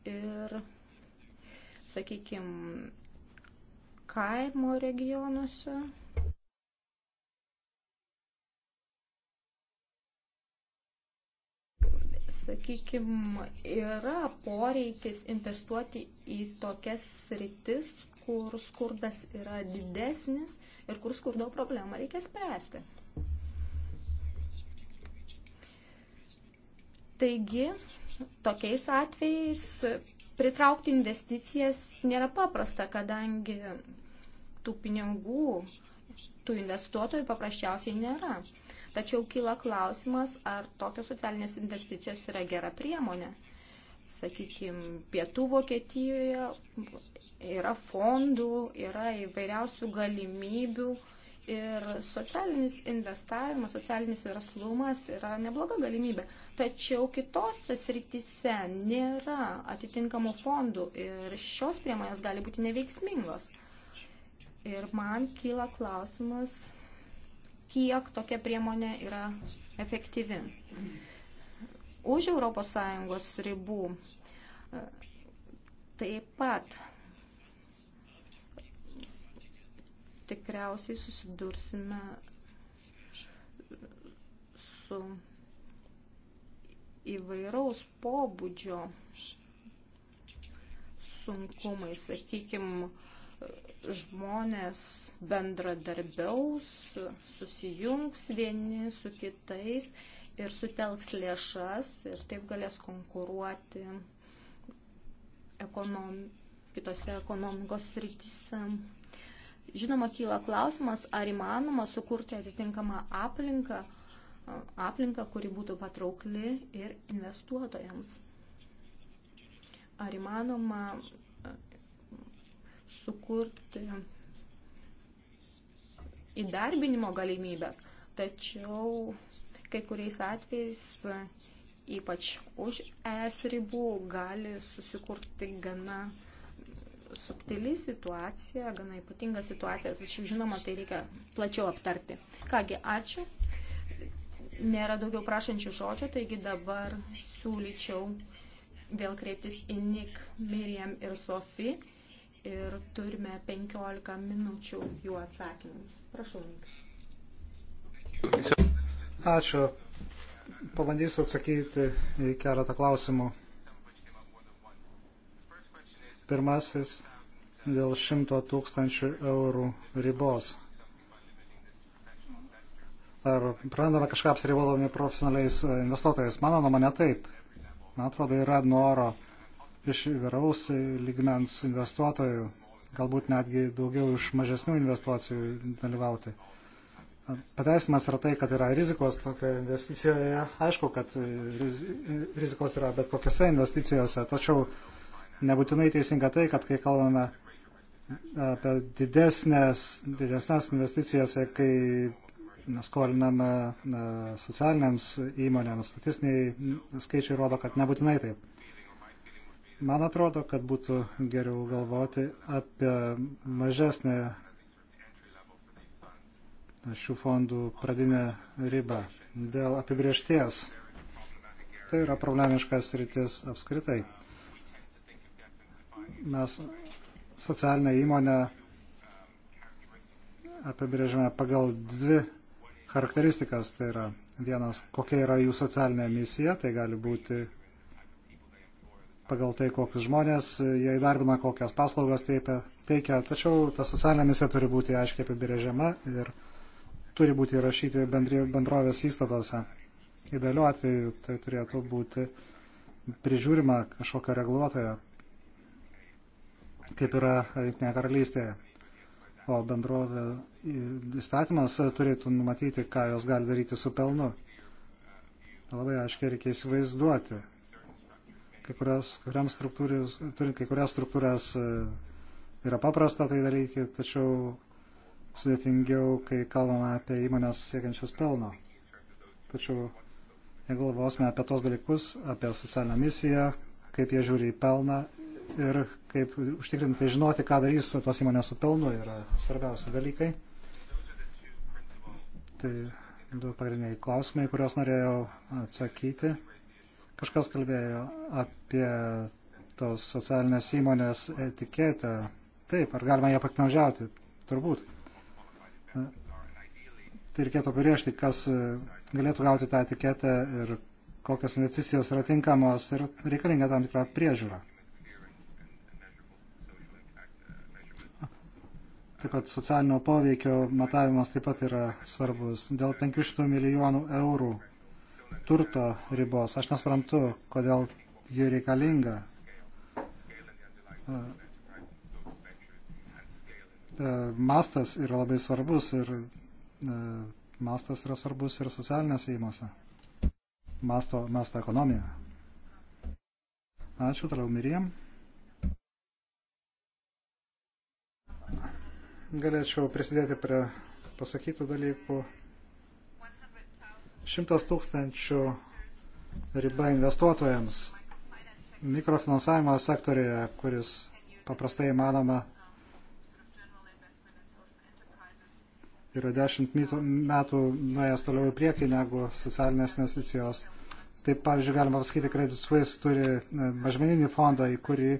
ir, sakykime, kaimo regionuose. Sakykime, yra poreikis investuoti į tokias sritis, kur skurdas yra didesnis ir kur skurdo problemą reikia spręsti. Taigi, tokiais atvejais pritraukti investicijas nėra paprasta, kadangi tų pinigų, tų investuotojų paprasčiausiai nėra. Tačiau kyla klausimas, ar tokios socialinės investicijos yra gera priemonė sakykime, pietų Vokietijoje yra fondų, yra įvairiausių galimybių ir socialinis investavimas, socialinis verslumas yra nebloga galimybė. Tačiau kitose srityse nėra atitinkamų fondų ir šios priemonės gali būti neveiksmingos. Ir man kyla klausimas, kiek tokia priemonė yra efektyvi už ES ribų. Taip pat tikriausiai susidursime su įvairaus pobūdžio sunkumai, sakykime, žmonės bendradarbiaus, susijungs vieni su kitais ir sutelks lėšas ir taip galės konkuruoti ekonom, kitose ekonomikos srityse. Žinoma, kyla klausimas, ar įmanoma sukurti atitinkamą aplinką, aplinką, kuri būtų patraukli ir investuotojams. Ar įmanoma e, sukurti įdarbinimo galimybės, tačiau kai kuriais atvejais, ypač už ES ribų, gali susikurti gana subtili situacija, gana ypatinga situacija, tačiau žinoma, tai reikia plačiau aptarti. Kągi, ačiū. Nėra daugiau prašančių žodžio, taigi dabar siūlyčiau vėl kreiptis į Nik, Miriam ir Sofi ir turime 15 minučių jų atsakymams. Prašau, Nik. Ačiū. Pabandysiu atsakyti į keletą klausimų. Pirmasis dėl 100 tūkstančių eurų ribos. Ar prarandame kažką apsiribodami profesionaliais e, investuotojais? Mano nuomonė taip. Man atrodo, yra noro iš vyraus lygmens investuotojų, galbūt netgi daugiau iš mažesnių investuocijų dalyvauti. Pateisimas yra tai, kad yra rizikos tokioje investicijoje. Aišku, kad rizikos yra bet kokiose investicijose, tačiau nebūtinai teisinga tai, kad kai kalbame apie didesnės, didesnės investicijas, kai skoliname socialiniams įmonėms, statistiniai skaičiai rodo, kad nebūtinai taip. Man atrodo, kad būtų geriau galvoti apie mažesnę šių fondų pradinę ribą dėl apibriešties. Tai yra problemiškas rytis apskritai. Mes socialinę įmonę apibrėžiame pagal dvi charakteristikas. Tai yra vienas, kokia yra jų socialinė misija, tai gali būti pagal tai, kokius žmonės jie įdarbina, kokias paslaugas teipia, teikia. Tačiau ta socialinė misija turi būti aiškiai apibrėžiama ir apibrėžiama turi būti įrašyti bendri, bendrovės įstatose. Idealiu atveju tai turėtų būti prižiūrima kažkokio reguliuotojo, kaip yra Junktinėje karalystėje. O bendrovė įstatymas turėtų numatyti, ką jos gali daryti su pelnu. Labai aiškiai reikia įsivaizduoti, kai kurios, kai kurias struktūras e, yra paprasta tai daryti, tačiau sudėtingiau, kai kalbame apie įmonės siekiančias pelno. Tačiau jeigu galvosime apie tos dalykus, apie socialinę misiją, kaip jie žiūri į pelną ir kaip užtikrinti žinoti, ką darys tos įmonės su pelnu, yra svarbiausi dalykai. Tai du pagrindiniai klausimai, kuriuos norėjau atsakyti. Kažkas kalbėjo apie tos socialinės įmonės etiketę. Taip, ar galima ją paknaužiauti? Turbūt. Tai reikėtų apibriežti, kas galėtų gauti tą etiketę ir kokios investicijos yra tinkamos ir reikalinga tam tikra priežiūra. Taip pat socialinio poveikio matavimas taip pat yra svarbus. Dėl 500 milijonų eurų turto ribos, aš nesuprantu, kodėl ji reikalinga. E, mastas yra labai svarbus ir e, mastas yra svarbus ir socialinėse įmose. Masto, masto ekonomija. Ačiū, toliau Miriem. Galėčiau prisidėti prie pasakytų dalykų. Šimtas tūkstančių riba investuotojams mikrofinansavimo sektorijoje, kuris paprastai manoma yra dešimt metų nuėjęs toliau į priekį negu socialinės investicijos. Taip, pavyzdžiui, galima pasakyti, Credit Suisse turi e, mažmeninį fondą, į kurį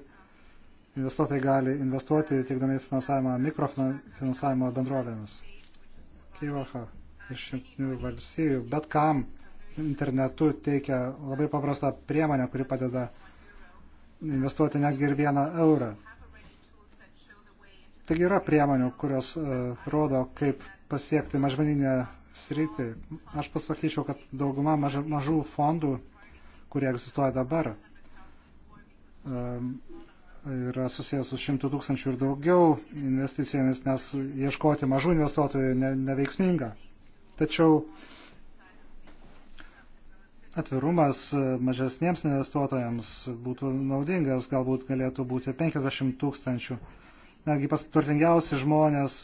investuotojai gali investuoti, teikdami finansavimą mikrofinansavimo bendrovėmis. Kyvaha iš jungtinių valstybių, bet kam internetu teikia labai paprastą priemonę, kuri padeda investuoti netgi ir vieną eurą. Taigi yra priemonių, kurios uh, rodo, kaip pasiekti mažmeninę sritį. Aš pasakyčiau, kad dauguma maž, mažų fondų, kurie egzistuoja dabar, yra susijęs su šimtų tūkstančių ir daugiau investicijomis, nes ieškoti mažų investuotojų ne, neveiksminga. Tačiau atvirumas mažesniems investuotojams būtų naudingas, galbūt galėtų būti 50 tūkstančių. Netgi pasturtingiausi žmonės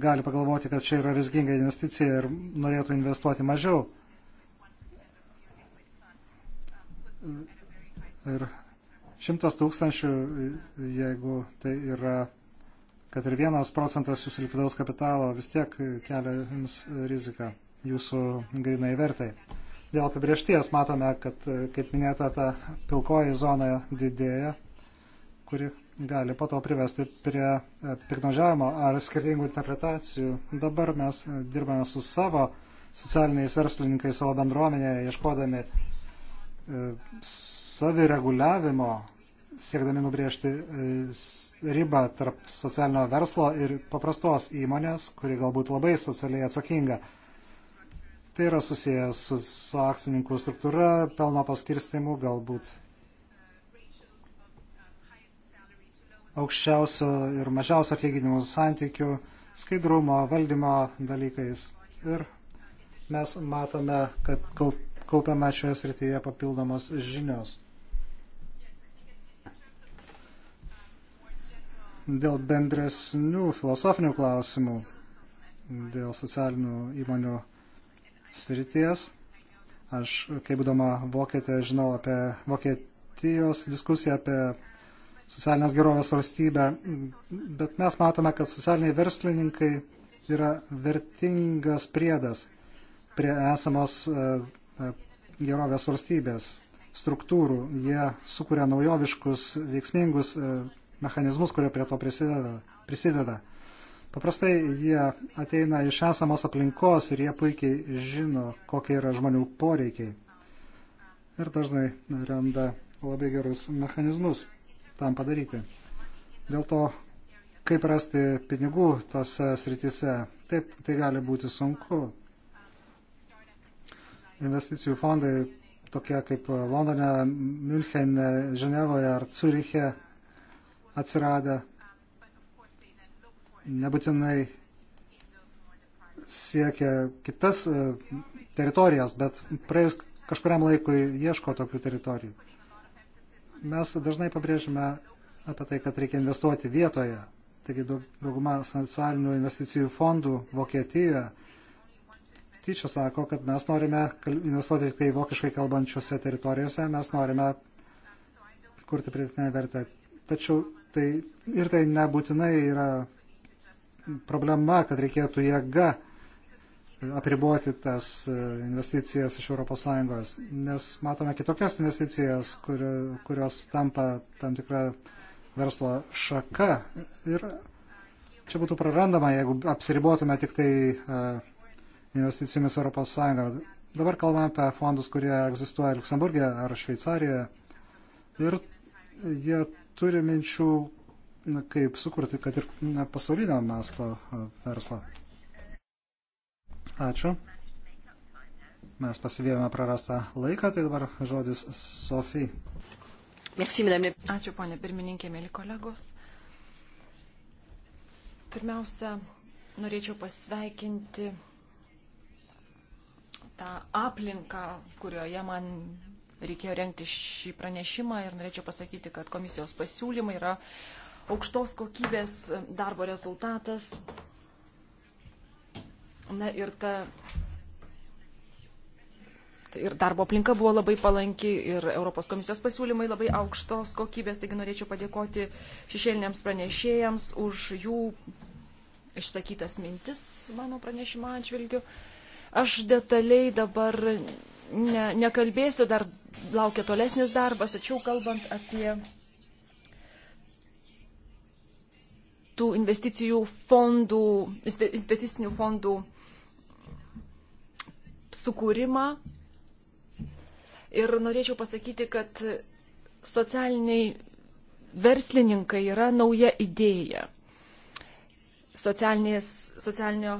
gali pagalvoti, kad čia yra rizginga investicija ir norėtų investuoti mažiau. Ir šimtas tūkstančių, jeigu tai yra, kad ir vienas procentas jūsų likvidaus kapitalo vis tiek kelia jums riziką jūsų grinai vertai. Dėl apibriešties matome, kad, kaip minėta, ta pilkoji zona didėja, kuri gali po to privesti prie e, piknaudžiavimo ar skirtingų interpretacijų. Dabar mes e, dirbame su savo socialiniais verslininkais, savo bendruomenėje, ieškodami e, savireguliavimo, siekdami nubriežti ribą tarp socialinio verslo ir paprastos įmonės, kuri galbūt labai socialiai atsakinga. Tai yra susijęs su, su akcininkų struktūra, pelno paskirstimu, galbūt aukščiausio ir mažiausio atlyginimų santykių, skaidrumo, valdymo dalykais. Ir mes matome, kad kaupiama šioje srityje papildomos žinios. Dėl bendresnių filosofinių klausimų, dėl socialinių įmonių srities, aš, kaip būdama vokietė, žinau apie Vokietijos diskusiją apie socialinės gerovės valstybę, bet mes matome, kad socialiniai verslininkai yra vertingas priedas prie esamos e, e, gerovės valstybės struktūrų. Jie sukuria naujoviškus, veiksmingus e, mechanizmus, kurie prie to prisideda. prisideda. Paprastai jie ateina iš esamos aplinkos ir jie puikiai žino, kokie yra žmonių poreikiai. Ir dažnai randa labai gerus mechanizmus tam padaryti. Dėl to, kaip rasti pinigų tose srityse, taip tai gali būti sunku. Investicijų fondai tokie kaip Londone, Münchene, Ženevoje ar Curiche atsiradę nebūtinai siekia kitas e, teritorijas, bet praėjus kažkuriam laikui ieško tokių teritorijų. Mes dažnai pabrėžime apie tai, kad reikia investuoti vietoje. Taigi dauguma socialinių investicijų fondų Vokietijoje tyčia sako, kad mes norime investuoti tik tai vokiškai kalbančiose teritorijose, mes norime kurti pridėtinę vertę. Tačiau tai ir tai nebūtinai yra problema, kad reikėtų jėga apriboti tas e, investicijas iš ES, nes matome kitokias investicijas, kurio, kurios tampa tam tikra verslo šaka. Ir čia būtų prarandama, jeigu apsiribotume tik tai e, investicijomis ES. Dabar kalbame apie fondus, kurie egzistuoja Luksemburgė ar Šveicarijoje. Ir jie turi minčių, kaip sukurti, kad ir pasaulinio masto e, verslą. Ačiū. Mes pasivėjome prarastą laiką, tai dabar žodis Sofijai. Ačiū, ponė pirmininkė, mėly kolegos. Pirmiausia, norėčiau pasveikinti tą aplinką, kurioje man reikėjo renkti šį pranešimą ir norėčiau pasakyti, kad komisijos pasiūlymai yra aukštos kokybės darbo rezultatas. Na ir ta. Ir darbo aplinka buvo labai palanki ir Europos komisijos pasiūlymai labai aukštos kokybės, taigi norėčiau padėkoti šešėliniams pranešėjams už jų išsakytas mintis mano pranešimo atžvilgiu. Aš detaliai dabar ne, nekalbėsiu, dar laukia tolesnis darbas, tačiau kalbant apie tų investicijų fondų, investicinių fondų sukūrimą. Ir norėčiau pasakyti, kad socialiniai verslininkai yra nauja idėja. Socialinės, socialinio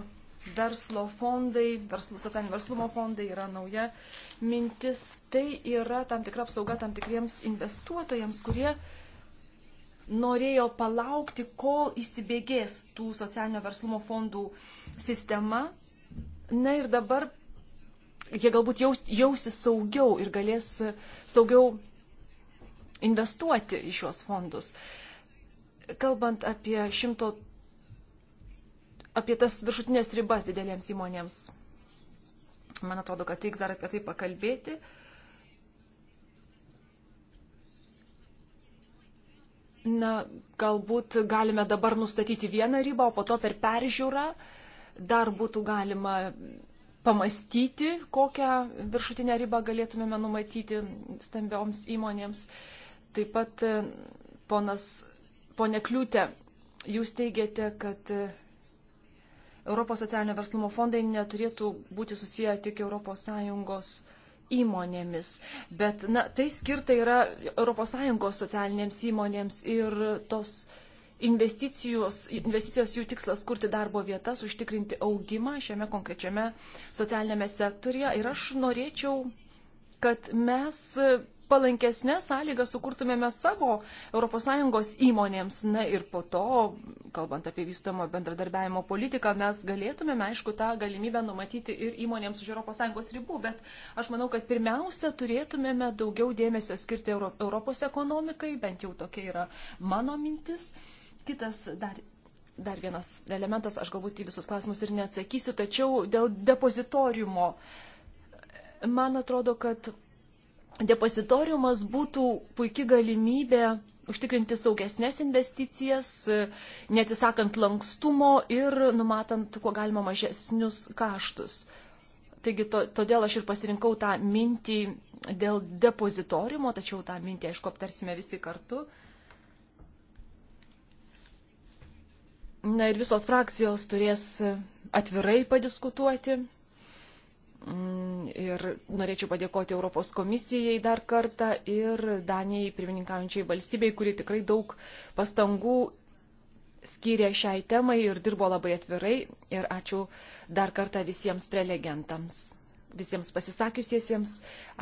verslo fondai, verslų, socialinio verslumo fondai yra nauja mintis. Tai yra tam tikra apsauga tam tikriems investuotojams, kurie norėjo palaukti, kol įsibėgės tų socialinio verslumo fondų sistema. Na ir dabar jie galbūt jaus, jausis saugiau ir galės saugiau investuoti į šiuos fondus. Kalbant apie šimto, apie tas viršutinės ribas didelėms įmonėms, man atrodo, kad reiks dar apie tai pakalbėti. Na, galbūt galime dabar nustatyti vieną ribą, o po to per peržiūrą dar būtų galima pamastyti, kokią viršutinę ribą galėtumėme numatyti stambioms įmonėms. Taip pat, e, ponas, ponė Kliūtė, jūs teigiate, kad e, Europos socialinio verslumo fondai neturėtų būti susiję tik ES įmonėmis. Bet na, tai skirta yra ES socialinėms įmonėms ir tos investicijos, investicijos jų tikslas kurti darbo vietas, užtikrinti augimą šiame konkrečiame socialinėme sektorija. Ir aš norėčiau, kad mes palankesnės sąlygas sukurtumėme savo ES įmonėms. Na ir po to, kalbant apie vystomo bendradarbiavimo politiką, mes galėtumėme, aišku, tą galimybę numatyti ir įmonėms už ES ribų, bet aš manau, kad pirmiausia turėtumėme daugiau dėmesio skirti Europos ekonomikai, bent jau tokia yra mano mintis. Uh, Kitas dar, dar vienas elementas, aš galbūt į visus klausimus ir neatsakysiu, tačiau dėl depozitoriumo. Man atrodo, kad depozitoriumas būtų puikia galimybė užtikrinti saugesnės investicijas, neatsisakant lankstumo ir numatant kuo galima mažesnius kaštus. Taigi to, todėl aš ir pasirinkau tą mintį dėl depozitorimo, tačiau tą mintį, aišku, aptarsime visi kartu. Uh, Na ir visos frakcijos turės atvirai padiskutuoti. Mm, ir norėčiau padėkoti Europos komisijai dar kartą ir Danijai pirmininkaujančiai valstybei, kuri tikrai daug pastangų skyrė šiai temai ir dirbo labai atvirai. Ir ačiū dar kartą visiems prelegentams, visiems pasisakiusiesiems,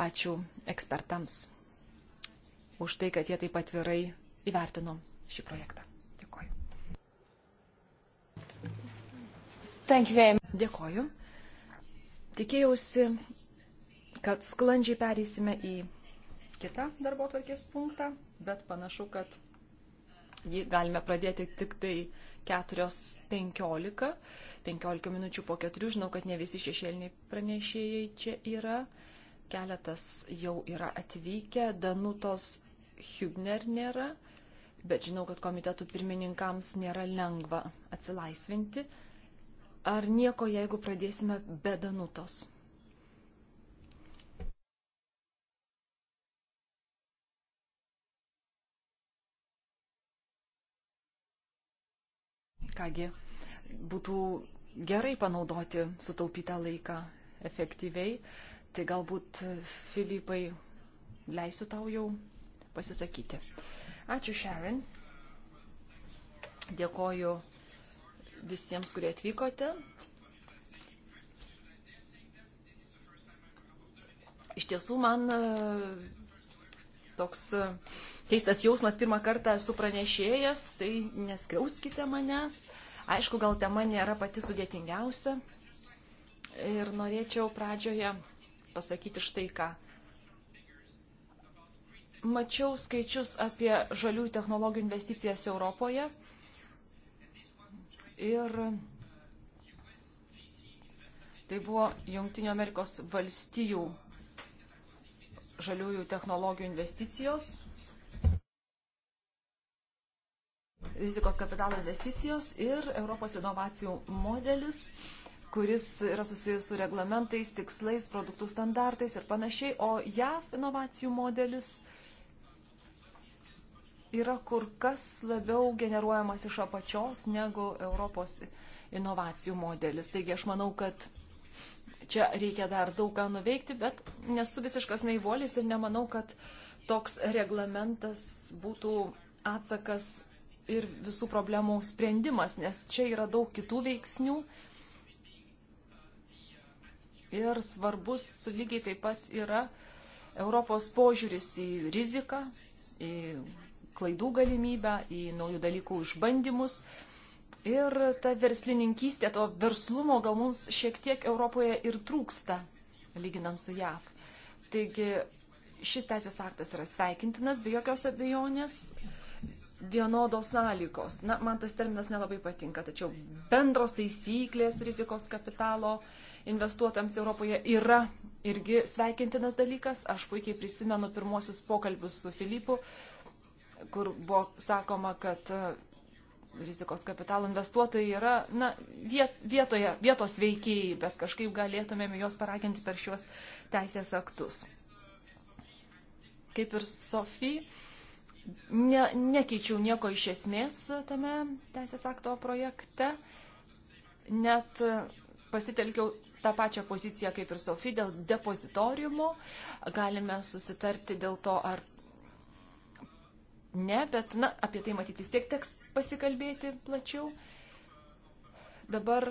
ačiū ekspertams už tai, kad jie taip atvirai įvertino šį projektą. Dėkoju. Tikėjausi, kad sklandžiai perėsime į kitą darbo tvarkės punktą, bet panašu, kad jį galime pradėti tik tai 4.15, 15 minučių po 4, žinau, kad ne visi šešėliniai pranešėjai čia yra, keletas jau yra atvykę, Danutos Hübner nėra, bet žinau, kad komitetų pirmininkams nėra lengva atsilaisvinti ar nieko, jeigu pradėsime be Danutos? Kągi, būtų gerai panaudoti sutaupytą laiką efektyviai. Tai galbūt, Filipai, leisiu tau jau pasisakyti. Ačiū, Sharon. Dėkoju visiems, kurie atvykote. Iš tiesų man e, toks e, keistas jausmas pirmą kartą esu pranešėjęs, tai neskriauskite manęs. Aišku, gal tema nėra pati sudėtingiausia. Ir norėčiau pradžioje pasakyti štai ką. Mačiau skaičius apie žalių technologijų investicijas Europoje ir tai buvo Junktinio Amerikos valstijų žaliųjų technologijų investicijos, rizikos kapitalo investicijos ir Europos inovacijų modelis, kuris yra susijęs su reglamentais, tikslais, produktų standartais ir panašiai, o JAV inovacijų modelis – yra kur kas labiau generuojamas iš apačios negu Europos inovacijų modelis. Taigi aš manau, kad čia reikia dar daug ką nuveikti, bet nesu visiškas naivolis ir nemanau, kad toks reglamentas būtų atsakas ir visų problemų sprendimas, nes čia yra daug kitų veiksnių. Ir svarbus lygiai taip pat yra Europos požiūris į riziką, į klaidų galimybę, į naujų dalykų išbandymus. Ir ta verslininkystė, to verslumo gal mums šiek tiek Europoje ir trūksta, lyginant su JAV. Taigi šis teisės aktas yra sveikintinas, be jokios abejonės vienodos sąlygos. Na, man tas terminas nelabai patinka, tačiau bendros taisyklės rizikos kapitalo investuotams Europoje yra irgi sveikintinas dalykas. Aš puikiai prisimenu pirmosius pokalbius su Filipu, kur buvo sakoma, kad e, rizikos kapitalo investuotojai yra na, vietoje, vietos veikėjai, bet kažkaip galėtumėm juos paraginti per šiuos teisės aktus. Kaip ir Sofija, ne, nekeičiau nieko iš esmės tame teisės akto projekte, net e, pasitelkiau tą pačią poziciją kaip ir Sofija dėl depozitoriumo. Galime susitarti dėl to, ar ne, bet, na, apie tai matyti vis tiek teks pasikalbėti plačiau. Dabar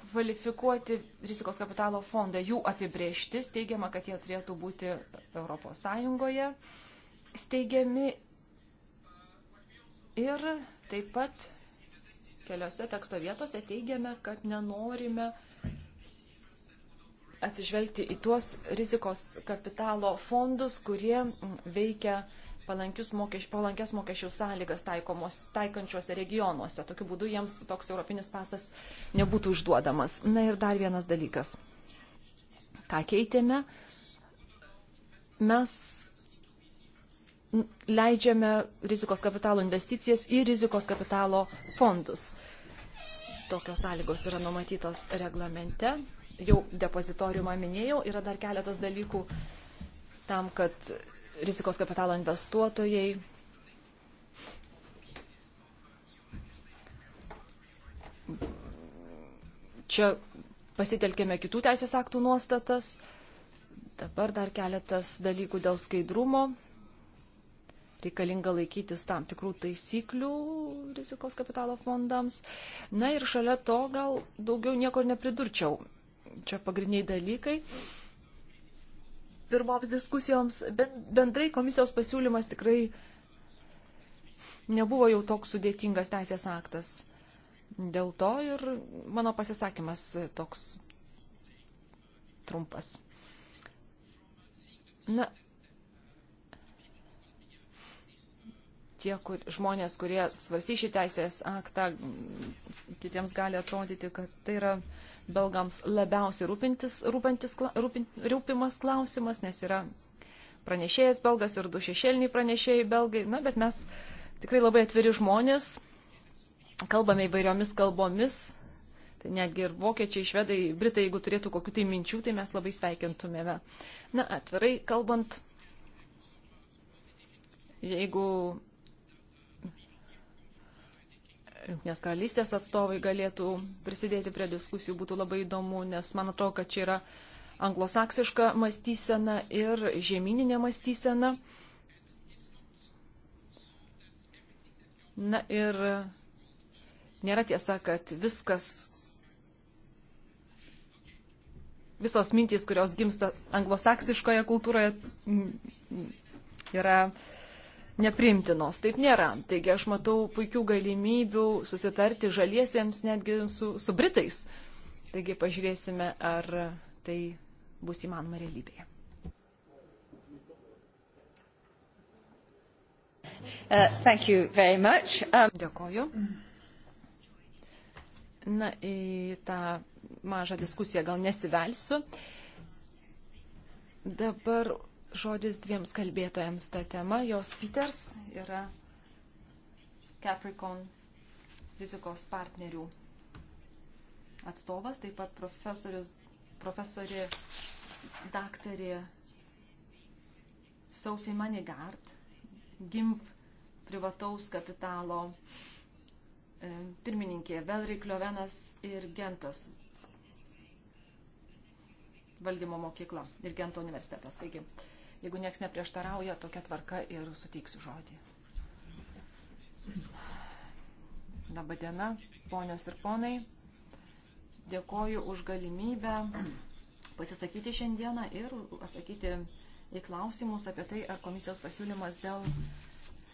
kvalifikuoti rizikos kapitalo fondą, jų apibrieštis, teigiama, kad jie turėtų būti ES steigiami ir taip pat keliose teksto vietose teigiame, kad nenorime atsižvelgti į tuos rizikos kapitalo fondus, kurie veikia mokeš, palankes mokesčių sąlygas taikomos, taikančiuose regionuose. Tokiu būdu jiems toks europinis pasas nebūtų užduodamas. Na ir dar vienas dalykas. Ką keitėme? Mes leidžiame rizikos kapitalo investicijas į rizikos kapitalo fondus. Tokios sąlygos yra numatytos reglamente. Jau depozitoriumą minėjau, yra dar keletas dalykų tam, kad rizikos kapitalo investuotojai. Čia pasitelkėme kitų teisės aktų nuostatas. Dabar dar keletas dalykų dėl skaidrumo. Reikalinga laikytis tam tikrų taisyklių rizikos kapitalo fondams. Na ir šalia to gal daugiau nieko nepridurčiau. Čia pagrindiniai dalykai. Uh, pirmoms diskusijoms, bet bendrai komisijos pasiūlymas tikrai nebuvo jau toks sudėtingas teisės aktas. Dėl to ir mano pasisakymas toks trumpas. Na, tie kur, žmonės, kurie svarstys šį teisės aktą, kitiems gali atrodyti, kad tai yra belgams labiausiai rūpintis, rūpintis, rūpin, rūpimas klausimas, nes yra pranešėjas belgas ir du šešėliniai pranešėjai belgai. Na, bet mes tikrai labai atviri žmonės, kalbame įvairiomis kalbomis. Tai netgi ir vokiečiai, švedai, britai, jeigu turėtų kokių tai minčių, tai mes labai sveikintumėme. Na, atvirai kalbant, jeigu Junktinės karalystės atstovai galėtų prisidėti prie diskusijų, būtų labai įdomu, nes man atrodo, kad čia yra anglosaksiška mąstysena ir žemyninė mąstysena. Na ir nėra tiesa, kad viskas, visos mintys, kurios gimsta anglosaksiškoje kultūroje, yra nepriimtinos. Taip nėra. Taigi aš matau puikių galimybių susitarti žaliesiems netgi su, su Britais. Taigi pažiūrėsime, ar tai bus įmanoma realybėje. Uh, um... Dėkoju. Na, į tą mažą diskusiją gal nesivelsiu. Dabar žodis dviems kalbėtojams tą temą. Jos Peters yra Capricorn rizikos partnerių atstovas, taip pat profesorius, profesorė daktarė Sophie Manigard, GIMP privataus kapitalo e, pirmininkė Velrik Liovenas ir Gentas valdymo mokykla ir Gento universitetas. Taigi, Jeigu nieks neprieštarauja, tokia tvarka ir suteiksiu žodį. Labadiena, ponios ir ponai. Dėkoju už galimybę pasisakyti šiandieną ir atsakyti į klausimus apie tai, ar komisijos pasiūlymas dėl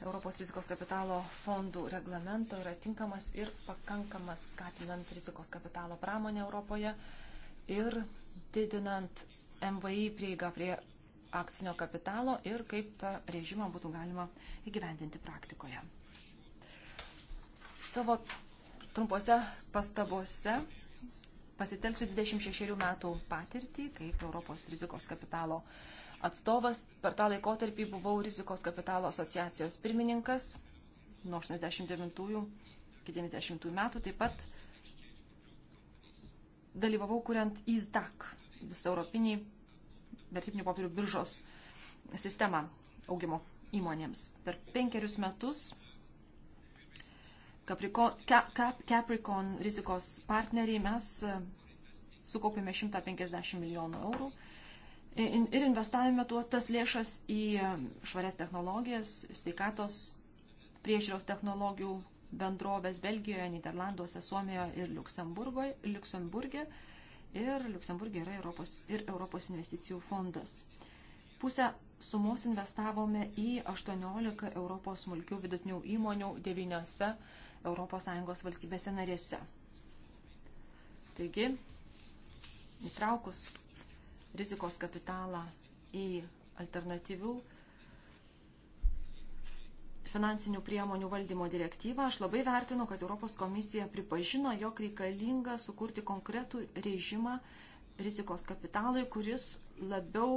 Europos rizikos kapitalo fondų reglamento yra tinkamas ir pakankamas skatinant rizikos kapitalo pramonę Europoje ir didinant MVI prieigą prie akcinio kapitalo ir kaip tą režimą būtų galima įgyvendinti praktikoje. Savo trumpose pastabose pasitelksiu 26 metų patirtį kaip Europos rizikos kapitalo atstovas. Per tą laikotarpį buvau rizikos kapitalo asociacijos pirmininkas nuo 89 iki 90 metų. Taip pat dalyvavau kuriant ISDAC, visą europinį vertybinių popierių biržos sistemą augimo įmonėms. Per penkerius metus Capricorn, Capricorn rizikos partneriai mes e, sukaupėme 150 milijonų eurų ir investavome tuos tas lėšas į e, švarias technologijas, sveikatos priežiūros technologijų bendrovės Belgijoje, Niderlanduose, Suomijoje ir Luksemburgė ir Luksemburgė yra Europos, ir Europos investicijų fondas. Pusę sumos investavome į 18 Europos smulkių vidutinių įmonių 9 ES valstybėse narėse. Taigi, įtraukus rizikos kapitalą į alternatyvių finansinių priemonių valdymo direktyvą, aš labai vertinu, kad Europos komisija pripažino, jog reikalinga sukurti konkretų režimą rizikos kapitalui, kuris labiau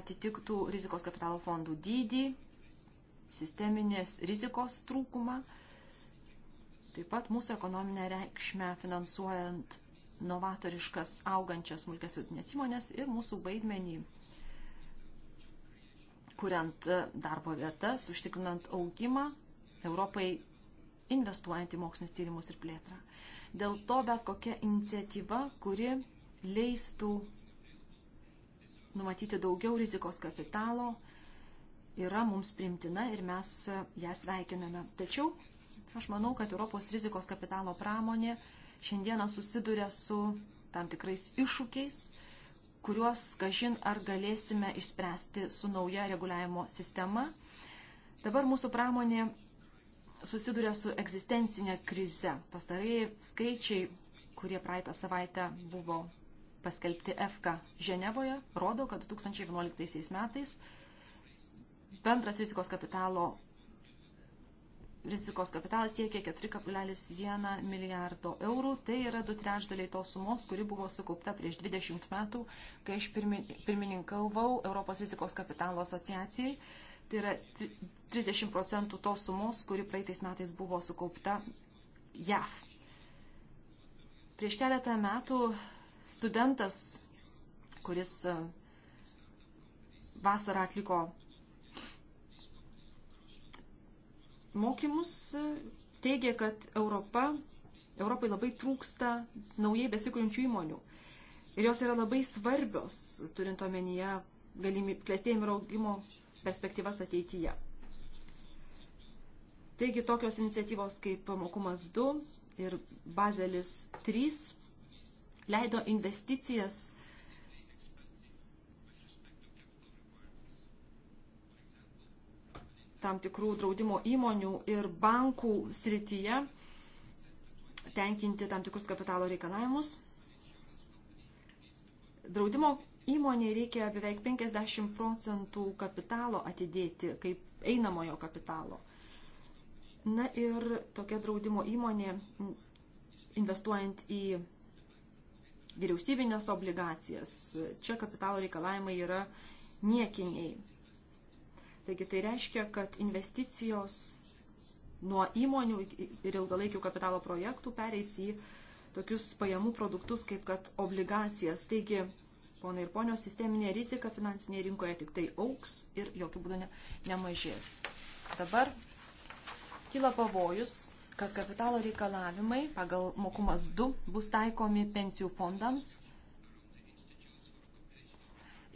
atitiktų rizikos kapitalo fondų dydį, sisteminės rizikos trūkumą, taip pat mūsų ekonominę reikšmę finansuojant novatoriškas augančias smulkės vidinės įmonės ir mūsų vaidmenį kuriant e, darbo vietas, užtikrinant augimą Europai investuojant į mokslinius tyrimus ir plėtrą. Dėl to bet kokia iniciatyva, kuri leistų numatyti daugiau rizikos kapitalo, yra mums primtina ir mes e, ją sveikiname. Tačiau aš manau, kad Europos rizikos kapitalo pramonė šiandieną susiduria su tam tikrais iššūkiais, kuriuos, kažin, ar galėsime išspręsti su nauja reguliavimo sistema. Dabar mūsų pramonė susiduria su egzistencinė krize. Pastarėjai skaičiai, kurie praeitą savaitę buvo paskelbti EFKA Ženevoje, rodo, kad 2011 metais bendras rizikos kapitalo rizikos kapitalas siekia 4,1 milijardo eurų. Tai yra du trečdaliai tos sumos, kuri buvo sukaupta prieš 20 metų, kai aš pirmininkavau Europos rizikos kapitalo asociacijai. Tai yra 30 procentų tos sumos, kuri praeitais metais buvo sukaupta JAV. Prieš keletą metų studentas, kuris vasarą atliko mokymus, e, teigia, kad Europa, Europai labai trūksta naujai besikūrinčių įmonių. Ir jos yra labai svarbios, turint omenyje klėstėjimo ir augimo perspektyvas ateityje. Taigi tokios iniciatyvos kaip pamokumas 2 ir Bazelis 3 leido investicijas tam tikrų draudimo įmonių ir bankų srityje tenkinti tam tikrus kapitalo reikalavimus. Draudimo įmonė reikia beveik 50 procentų kapitalo atidėti kaip einamojo kapitalo. Na ir tokia draudimo įmonė investuojant į vyriausybinės obligacijas. Čia kapitalo reikalavimai yra niekiniai. Taigi tai reiškia, kad investicijos nuo įmonių ir ilgalaikių kapitalo projektų pereis į tokius pajamų produktus, kaip kad obligacijas. Taigi, ponai ir ponios, sisteminė rizika finansinėje rinkoje tik tai auks ir jokių būdų ne, nemažės. Dabar kyla pavojus, kad kapitalo reikalavimai pagal mokumas 2 bus taikomi pensijų fondams.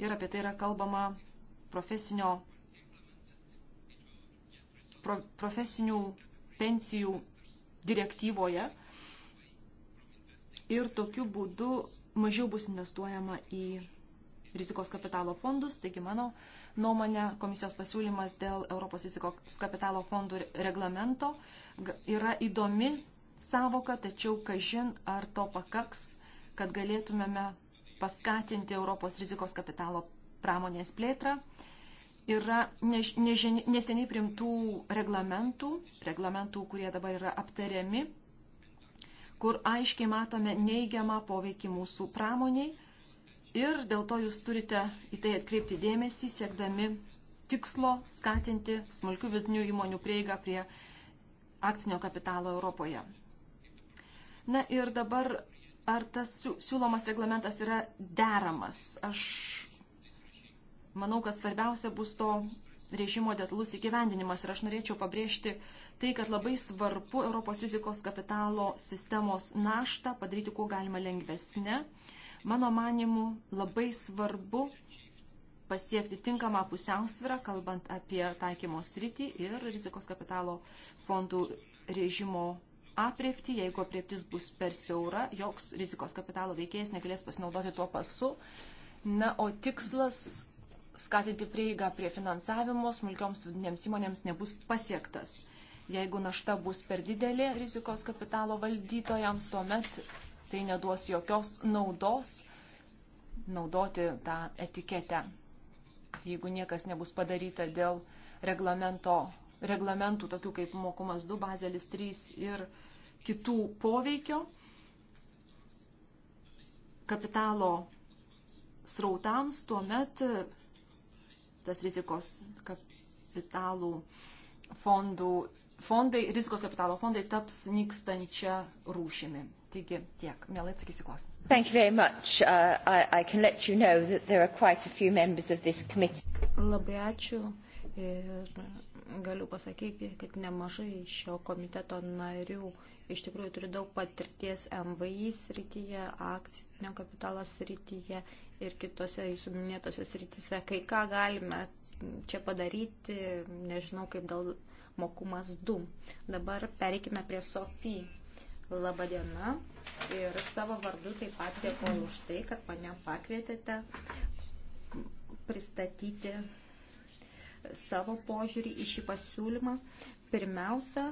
Ir apie tai yra kalbama profesinio profesinių pensijų direktyvoje ir tokiu būdu mažiau bus investuojama į rizikos kapitalo fondus. Taigi mano nuomonė, komisijos pasiūlymas dėl Europos rizikos kapitalo fondų reglamento yra įdomi savoka, tačiau kažin ar to pakaks, kad galėtumėme paskatinti Europos rizikos kapitalo pramonės plėtrą. Uh, yra neseniai primtų reglamentų, reglamentų, kurie dabar yra aptariami, kur aiškiai matome neigiamą poveikį mūsų pramoniai ir dėl to jūs turite į tai atkreipti dėmesį, siekdami tikslo skatinti smulkių vidinių įmonių prieigą prie akcinio kapitalo Europoje. Na ir dabar, ar tas siūlomas reglamentas yra deramas? Aš manau, kad svarbiausia bus to režimo detalus įgyvendinimas. Ir aš norėčiau pabrėžti tai, kad labai svarbu Europos fizikos kapitalo sistemos naštą padaryti kuo galima lengvesnę. Mano manimu, labai svarbu pasiekti tinkamą pusiausvyrą, kalbant apie taikymo sritį ir rizikos kapitalo fondų režimo apriepti. Jeigu aprieptis bus per siaura, joks rizikos kapitalo veikėjas negalės pasinaudoti tuo pasu. Na, o tikslas skatinti prieigą prie finansavimo smulkioms vidinėms įmonėms nebus pasiektas. Jeigu našta bus per didelė rizikos kapitalo valdytojams, tuomet tai neduos jokios naudos naudoti tą etiketę. Jeigu niekas nebus padaryta dėl reglamentų, tokių kaip mokumas 2, bazelis 3 ir kitų poveikio, kapitalo srautams, tuomet tas rizikos kapitalų fondų, fondai, rizikos kapitalo fondai taps nykstančia rūšimi. Taigi tiek, mielai atsakysiu klausimus. Thank you very much. Uh, I, I can let you know that there are quite a few members of this committee. Labai ačiū ir galiu pasakyti, kad nemažai šio komiteto narių iš tikrųjų turi daug patirties MVI srityje, akcinio kapitalo srityje ir kitose jūsų minėtose srityse. Kai ką galime čia padaryti, nežinau kaip dėl mokumas 2. Dabar pereikime prie Sofijai. Labą dieną ir savo vardu taip pat dėkoju už tai, kad mane pakvietėte pristatyti savo požiūrį į šį pasiūlymą. Pirmiausia,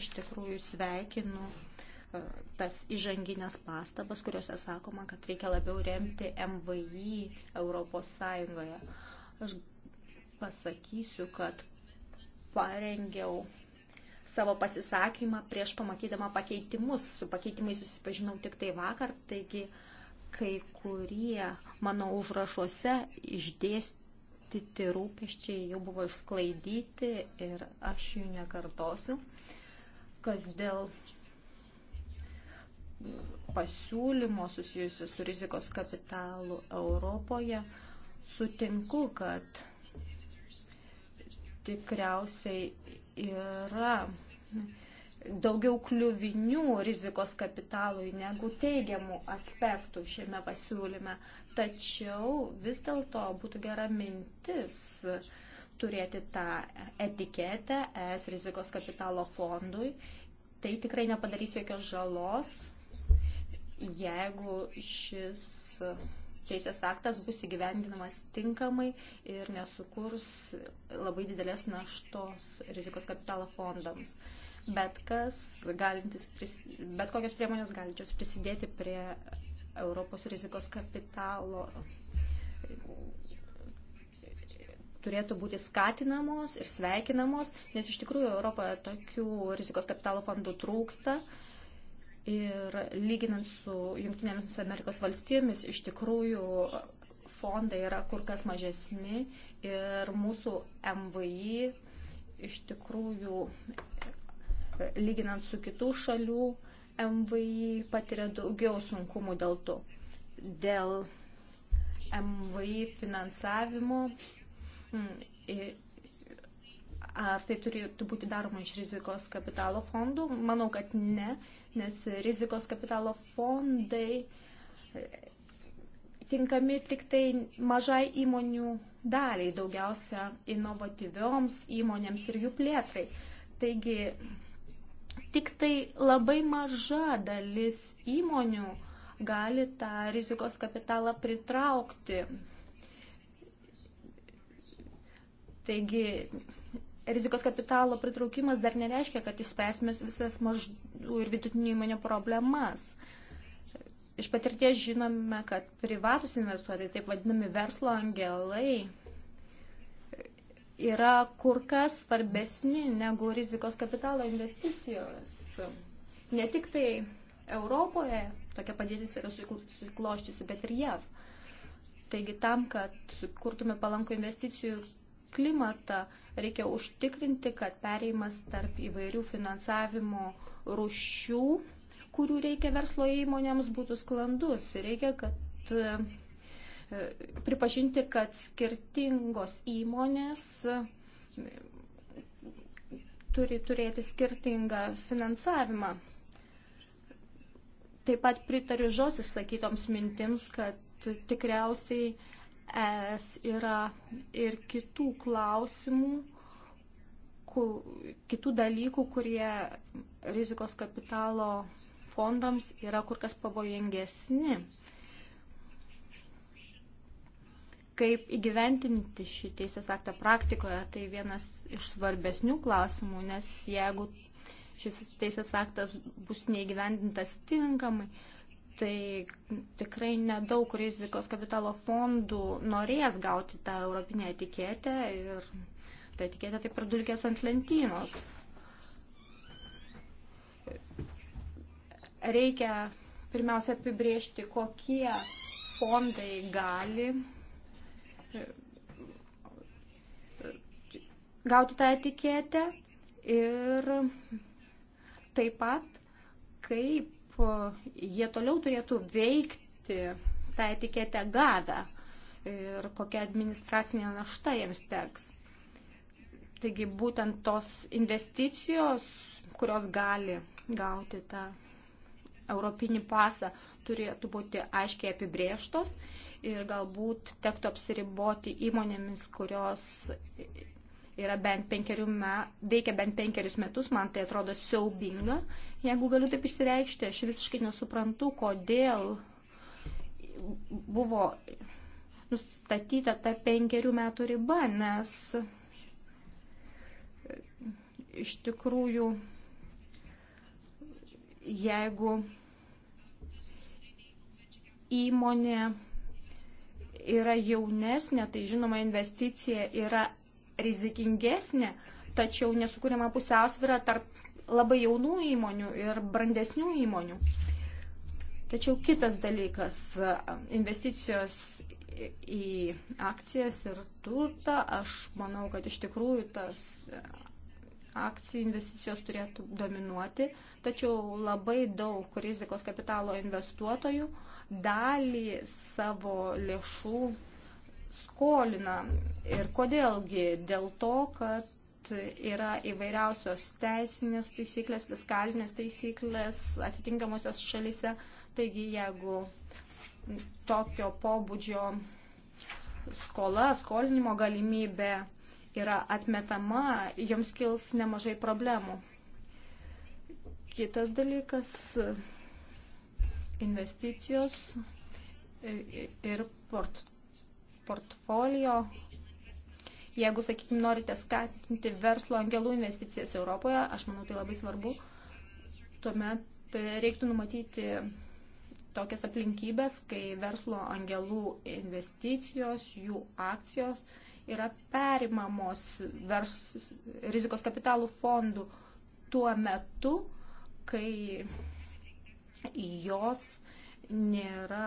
iš tikrųjų sveikinu tas įžanginės pastabas, kuriuose sakoma, kad reikia labiau remti MVI Europos Sąjungoje. Aš pasakysiu, kad parengiau savo pasisakymą prieš pamatydama pakeitimus. Su pakeitimais susipažinau tik tai vakar, taigi kai kurie mano užrašuose išdėstyti rūpeščiai jau buvo išsklaidyti ir aš jų nekartosiu. Kas dėl pasiūlymo susijusio su rizikos kapitalu Europoje, sutinku, kad tikriausiai yra daugiau kliuvinių rizikos kapitalui negu teigiamų aspektų šiame pasiūlyme. Tačiau vis dėlto būtų gera mintis turėti tą etiketę ES rizikos kapitalo fondui. Tai tikrai nepadarys jokios žalos jeigu šis teisės aktas bus įgyvendinamas tinkamai ir nesukurs labai didelės naštos rizikos kapitalo fondams. Bet, kas, galintis, bet kokios priemonės galinčios prisidėti prie Europos rizikos kapitalo turėtų būti skatinamos ir sveikinamos, nes iš tikrųjų Europoje tokių rizikos kapitalo fondų trūksta. Uh, Ir lyginant su Junktinėmis Amerikos valstijomis, iš tikrųjų fondai yra kur kas mažesni ir mūsų MVI iš tikrųjų, lyginant su kitų šalių, MVI patiria daugiau sunkumų dėl to. Dėl MVI finansavimo mm, Ar tai turėtų būti daroma iš rizikos kapitalo fondų? Manau, kad ne, nes rizikos kapitalo fondai e, tinkami tik tai mažai įmonių daliai, daugiausia inovatyvioms įmonėms ir jų plėtrai. Taigi, tik tai labai maža dalis įmonių gali tą rizikos kapitalą pritraukti. Taigi, rizikos kapitalo pritraukimas dar nereiškia, kad išspręsime visas mažų ir vidutinių įmonių problemas. Iš patirties žinome, kad privatus investuotojai, taip vadinami verslo angelai, yra kur kas svarbesni negu rizikos kapitalo investicijos. Ne tik tai Europoje tokia padėtis yra sukloščiusi, bet ir JAV. Taigi tam, kad sukurtume palankų investicijų klimatą, reikia užtikrinti, kad pereimas tarp įvairių finansavimo rušių, kurių reikia verslo įmonėms, būtų sklandus. Reikia, kad e, pripažinti, kad skirtingos įmonės e, turi turėti skirtingą finansavimą. Taip pat pritariu žos išsakytoms mintims, kad tikriausiai ES yra ir kitų klausimų, kitų dalykų, kurie rizikos kapitalo fondams yra kur kas pavojingesni. Kaip įgyventinti šį teisės aktą praktikoje, tai vienas iš svarbesnių klausimų, nes jeigu šis teisės aktas bus neįgyvendintas tinkamai, tai tikrai nedaug rizikos kapitalo fondų norės gauti tą europinę etiketę ir ta etiketė taip ir dulkės ant lentynos. Reikia pirmiausia apibriežti, kokie fondai gali gauti tą etiketę ir taip pat kaip kaip e, jie toliau turėtų veikti tą etiketę gavę ir kokia administracinė našta jiems teks. Taigi būtent tos investicijos, kurios gali gauti tą europinį pasą, turėtų būti aiškiai apibrėžtos ir galbūt tektų apsiriboti įmonėmis, kurios yra bent penkerių metų, veikia bent penkerius metus, man tai atrodo siaubinga, jeigu galiu taip išsireikšti, aš visiškai nesuprantu, kodėl buvo nustatyta ta penkerių metų riba, nes e, iš tikrųjų, jeigu įmonė yra jaunesnė, tai žinoma investicija yra rizikingesnė, tačiau nesukūrima pusiausvyrą tarp labai jaunų įmonių ir brandesnių įmonių. Tačiau kitas dalykas - investicijos į akcijas ir turtą. Aš manau, kad iš tikrųjų tas akcijų investicijos turėtų dominuoti, tačiau labai daug rizikos kapitalo investuotojų dalį savo lėšų skolina. Ir kodėlgi? Dėl to, kad yra įvairiausios teisinės taisyklės, fiskalinės taisyklės atitinkamosios šalyse. Taigi, jeigu tokio pobūdžio skola, skolinimo galimybė yra atmetama, joms kils nemažai problemų. Kitas dalykas - investicijos ir port portfolio. Jeigu, sakykime, norite skatinti verslo angelų investicijas Europoje, aš manau, tai labai svarbu, tuomet e, reiktų numatyti tokias aplinkybės, kai verslo angelų investicijos, jų akcijos yra perimamos vers, rizikos kapitalų fondų tuo metu, kai jos nėra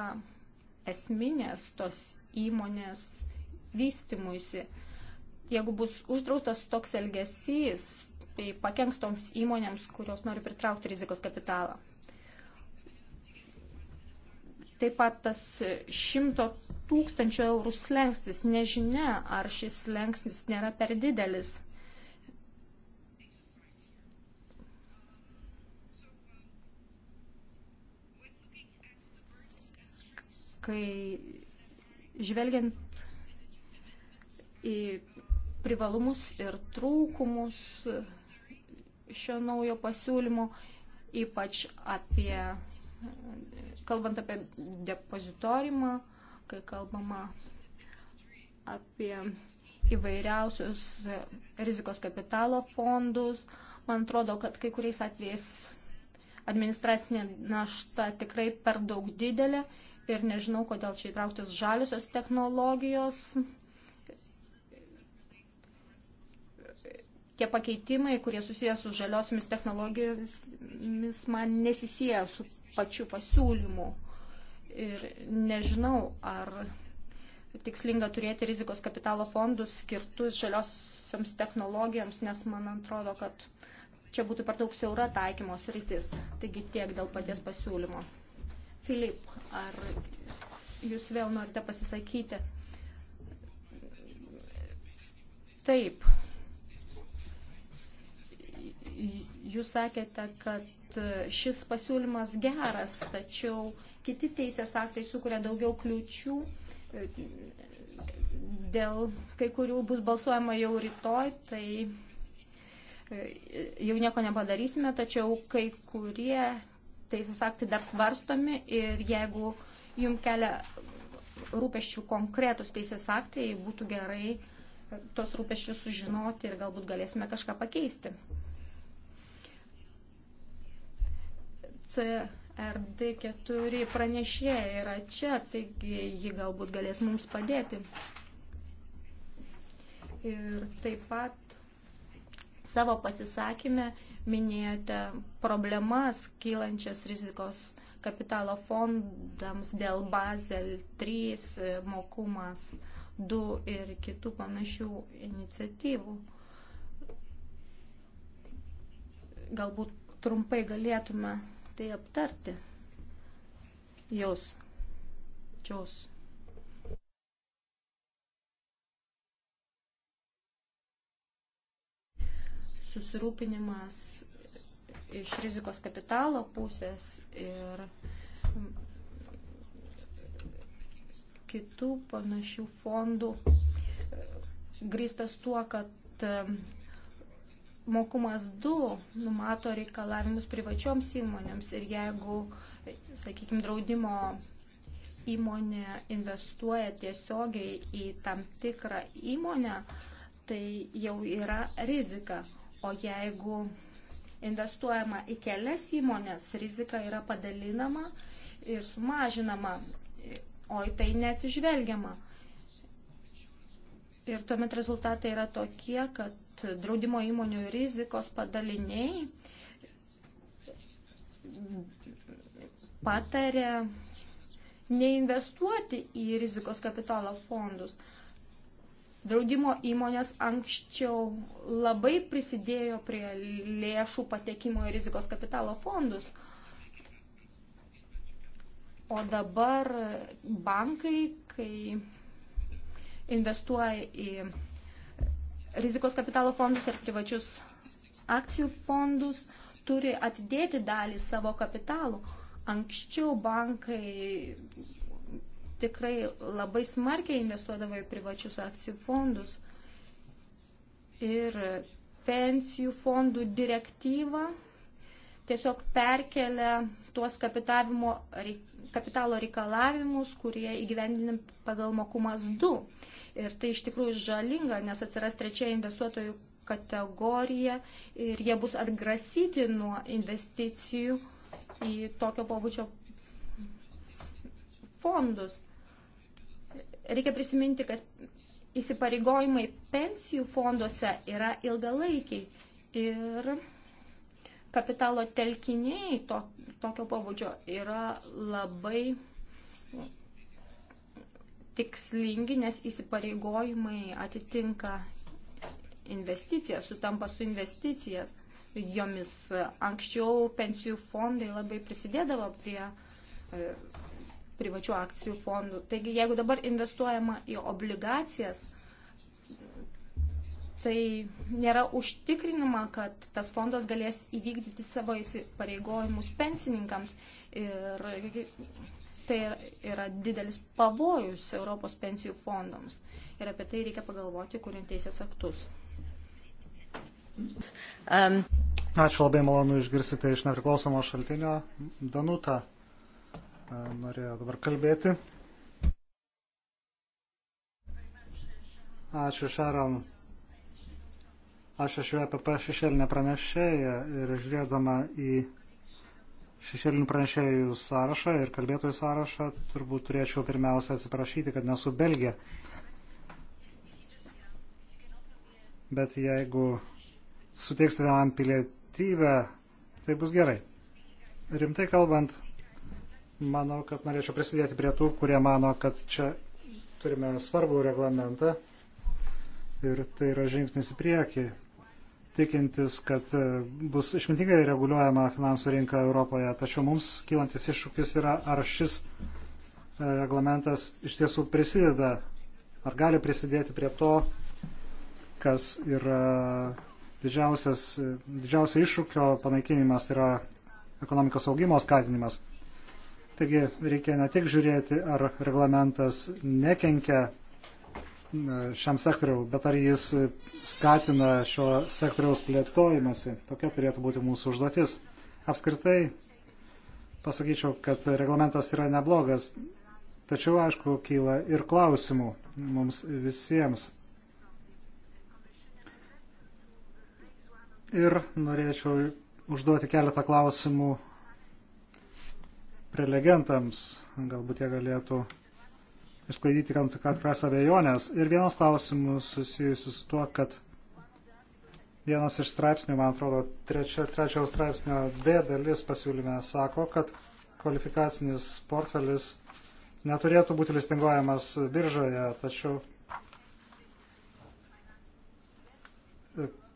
esminės tos įmonės vystimuisi. Jeigu bus uždrautas toks elgesys, tai pakenks toms įmonėms, kurios nori pritraukti rizikos kapitalą. Taip pat tas šimto tūkstančio eurų slengstis, nežinia, ar šis slengstis nėra per didelis. Kai žvelgiant į privalumus ir trūkumus šio naujo pasiūlymo, ypač apie, kalbant apie depozitorimą, kai kalbama apie įvairiausius rizikos kapitalo fondus, man atrodo, kad kai kuriais atvejais administracinė našta tikrai per daug didelė ir nežinau, kodėl čia įtrauktos žaliosios technologijos. Tie pakeitimai, kurie susijęs su žaliosiomis technologijomis, man nesisieja su pačiu pasiūlymu. Ir nežinau, ar tikslinga turėti rizikos kapitalo fondus skirtus žaliosioms technologijoms, nes man atrodo, kad čia būtų per daug siaura taikymos rytis. Taigi tiek dėl paties pasiūlymo. Filip, ar jūs vėl norite pasisakyti? Taip. Jūs sakėte, kad šis pasiūlymas geras, tačiau kiti teisės aktai sukuria daugiau kliučių. Dėl kai kurių bus balsuojama jau rytoj, tai e, jau nieko nepadarysime, tačiau kai kurie teisės aktai dar svarstomi ir jeigu jum kelia rūpeščių konkretus teisės aktai, būtų gerai e, tos rūpeščius sužinoti ir galbūt galėsime kažką pakeisti. CRD4 pranešė yra čia, taigi ji galbūt galės mums padėti. Ir taip pat savo pasisakymę minėjote problemas kylančias rizikos kapitalo fondams dėl Basel 3, mokumas 2 ir kitų panašių iniciatyvų. Galbūt trumpai galėtume tai aptarti. Jūs. Čiaus. Susirūpinimas iš rizikos kapitalo pusės ir kitų panašių fondų grįstas tuo, kad mokumas 2 numato reikalavimus privačioms įmonėms ir jeigu, sakykime, draudimo įmonė investuoja tiesiogiai į tam tikrą įmonę, tai jau yra rizika. O jeigu investuojama į kelias įmonės, rizika yra padalinama ir sumažinama, o į tai neatsižvelgiama. Ir tuomet rezultatai yra tokie, kad draudimo įmonių rizikos padaliniai patarė neinvestuoti į rizikos kapitalo fondus. Draudimo įmonės anksčiau labai prisidėjo prie lėšų patekimo į rizikos kapitalo fondus. O dabar bankai, kai investuoja į rizikos kapitalo fondus ar privačius akcijų fondus, turi atidėti dalį savo kapitalų. Anksčiau bankai tikrai labai smarkiai investuodavo į privačius akcijų fondus. Ir pensijų fondų direktyva tiesiog perkelia tuos kapitalo reikalavimus, kurie įgyvendinim pagal mokumas 2. Ir tai iš tikrųjų žalinga, nes atsiras trečia investuotojų kategorija ir jie bus atgrasyti nuo investicijų į tokio pobūdžio fondus. Reikia prisiminti, kad įsipareigojimai pensijų fonduose yra ilgalaikiai ir kapitalo telkiniai to, tokio pobūdžio yra labai tikslingi, nes įsipareigojimai atitinka investicijas, sutampa su investicijas. Jomis anksčiau pensijų fondai labai prisidėdavo prie privačių akcijų fondų. Taigi, jeigu dabar investuojama į obligacijas, tai nėra užtikrinama, kad tas fondas galės įvykdyti savo įsipareigojimus pensininkams. Ir tai yra didelis pavojus Europos pensijų fondams. Ir apie tai reikia pagalvoti, kuriant teisės aktus. Um. Ačiū labai malonu išgirsite iš nepriklausomo šaltinio Danutą norėjo dabar kalbėti. Ačiū Šaron. Aš esu EPP šešėlinė pranešėja ir žiūrėdama į šešėlinių pranešėjų sąrašą ir kalbėtojų sąrašą turbūt turėčiau pirmiausia atsiprašyti, kad nesu Belgija. Bet jeigu suteiksite man pilietybę, tai bus gerai. Rimtai kalbant, Manau, kad norėčiau prisidėti prie tų, kurie mano, kad čia turime svarbų reglamentą ir tai yra žingsnis į priekį, tikintis, kad e, bus išmintingai reguliuojama finansų rinka Europoje. Tačiau mums kylantis iššūkis yra, ar šis e, reglamentas iš tiesų prisideda, ar gali prisidėti prie to, kas yra didžiausias, e, didžiausio iššūkio panaikinimas, tai yra ekonomikos augimo skatinimas. Taigi reikia ne tik žiūrėti, ar reglamentas nekenkia šiam sektoriau, bet ar jis skatina šio sektoriaus plėtojimąsi. Tokia turėtų būti mūsų užduotis. Apskritai pasakyčiau, kad reglamentas yra neblogas, tačiau aišku, kyla ir klausimų mums visiems. Ir norėčiau užduoti keletą klausimų prelegentams, galbūt jie galėtų išsklaidyti tam tikras abejonės. Ir vienas klausimus susijusius su tuo, kad vienas iš straipsnių, man atrodo, trečio, trečio straipsnio D dalis pasiūlyme sako, kad kvalifikacinis portfelis neturėtų būti listinguojamas biržoje, tačiau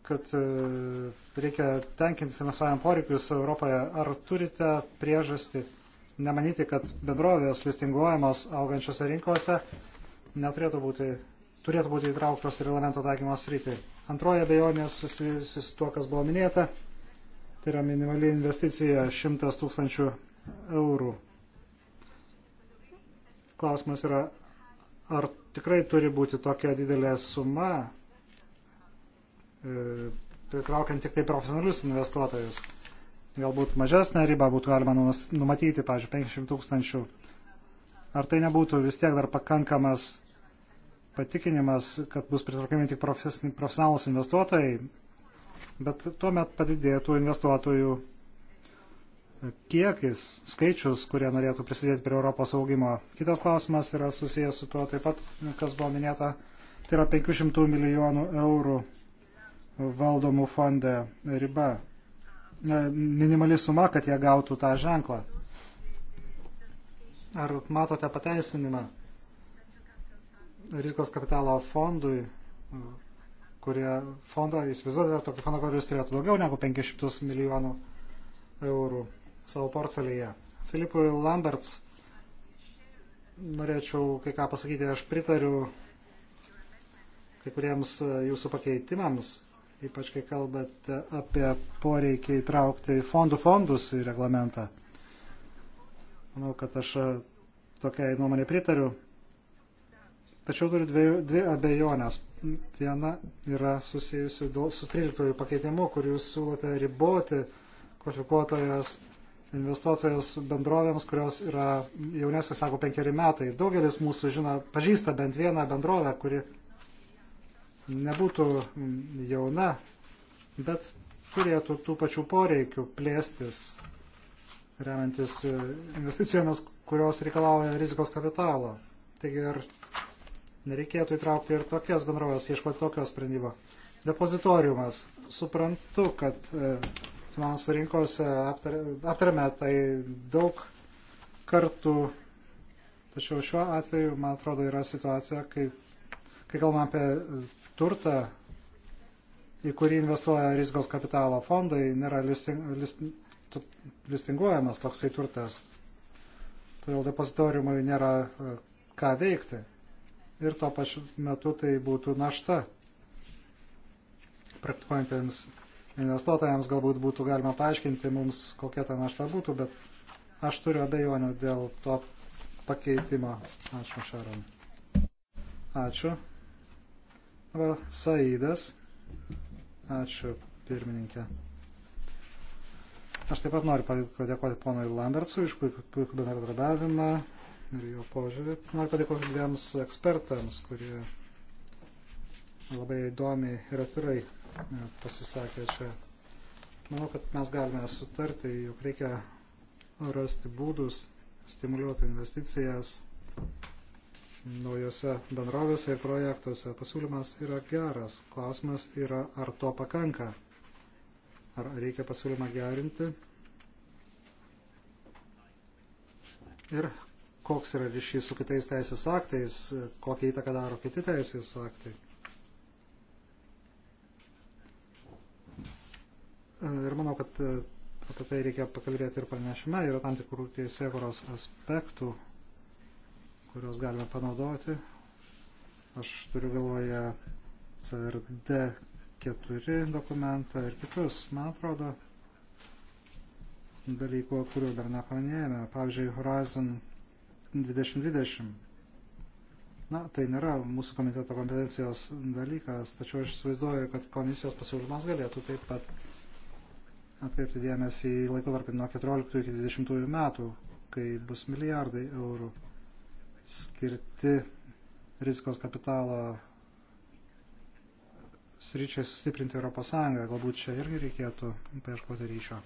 kad e, reikia tenkinti finansavimo poreikius Europoje. Ar turite priežastį nemanyti, kad bendrovės listinguojamos augančiose rinkose neturėtų būti, turėtų būti įtrauktos į reglamento taikymos rytį. Antroji abejonė susijusi su tuo, kas buvo minėta, tai yra minimali investicija 100 tūkstančių eurų. Klausimas yra, ar tikrai turi būti tokia didelė suma, e, pritraukiant tik tai profesionalius investuotojus galbūt mažesnę ribą būtų galima numatyti, pavyzdžiui, 500 tūkstančių. Ar tai nebūtų vis tiek dar pakankamas patikinimas, kad bus pritraukimi tik profesionalus investuotojai, bet tuomet padidėtų investuotojų e, kiekis, skaičius, kurie norėtų prisidėti prie Europos augimo. Kitas klausimas yra susijęs su tuo taip pat, kas buvo minėta, tai yra 500 milijonų eurų valdomų fonde riba minimali suma, kad jie gautų tą ženklą. Ar matote pateisinimą rizikos kapitalo fondui, kurie fondą, jis vis dar tokį fondą, kuris turėtų daugiau negu 500 milijonų eurų savo portfelyje. Filipui Lamberts norėčiau kai ką pasakyti, aš pritariu kai kuriems jūsų pakeitimams, ypač kai kalbate apie poreikį įtraukti fondų fondus į reglamentą. Manau, kad aš e, tokiai nuomonė pritariu. Tačiau turiu dvi, dvi abejonės. Viena yra susijusi su 13 pakeitimu, kur jūs siūlote riboti kvalifikuotojas investuotojas bendrovėms, kurios yra jaunesnės, sako, penkeri metai. Daugelis mūsų žino, pažįsta bent vieną bendrovę, kuri nebūtų jauna, bet turėtų tų pačių poreikių plėstis, remiantis investicijomis, kurios reikalauja rizikos kapitalo. Taigi ir nereikėtų įtraukti ir tokias bendrovės, ieškoti tokio sprendimo. Depozitoriumas. Suprantu, kad e, finansų rinkose aptarėme tai daug kartų, tačiau šiuo atveju, man atrodo, yra situacija, kai Kai kalbame apie turtą, į kurį investuoja rizikos kapitalo fondai, nėra listing, list, listinguojamas toksai turtas. Todėl depozitoriumui nėra e, ką veikti. Ir tuo pačiu metu tai būtų našta. Praktikuojantiems investuotojams galbūt būtų galima paaiškinti mums, kokia ta našta būtų, bet aš turiu abejonių dėl to pakeitimo. Ačiū, Šaron. Ačiū. Dabar Saidas. Ačiū, pirmininkė. Aš taip pat noriu padėkoti ponui Lambertsui iš puikų bendradarbiavimą ir jo požiūrį. Noriu padėkoti dviems ekspertams, kurie labai įdomiai ir atvirai e, pasisakė čia. Manau, kad mes galime sutarti, jog reikia rasti būdus stimuliuoti investicijas naujose bendrovėse ir projektuose. Pasiūlymas yra geras. Klausimas yra, ar to pakanka. Ar reikia pasiūlymą gerinti. Ir koks yra ryšys su kitais teisės aktais, kokią įtaką daro kiti teisės aktai. Ir manau, kad apie tai reikia pakalbėti ir pranešime. Yra tam tikrų teisėkuros aspektų, kuriuos galime panaudoti. Aš turiu galvoje CRD 4 dokumentą ir kitus, man atrodo, dalykų, kurių dar nepaminėjome. Pavyzdžiui, Horizon 2020. Na, tai nėra mūsų komiteto kompetencijos dalykas, tačiau aš įsivaizduoju, kad komisijos pasiūlymas galėtų taip pat atkreipti dėmesį į laikotarpį nuo 14 iki 20 metų, kai bus milijardai eurų skirti rizikos kapitalo sričiai sustiprinti Europos Sąjungą. Galbūt čia irgi reikėtų paieškoti ryšio.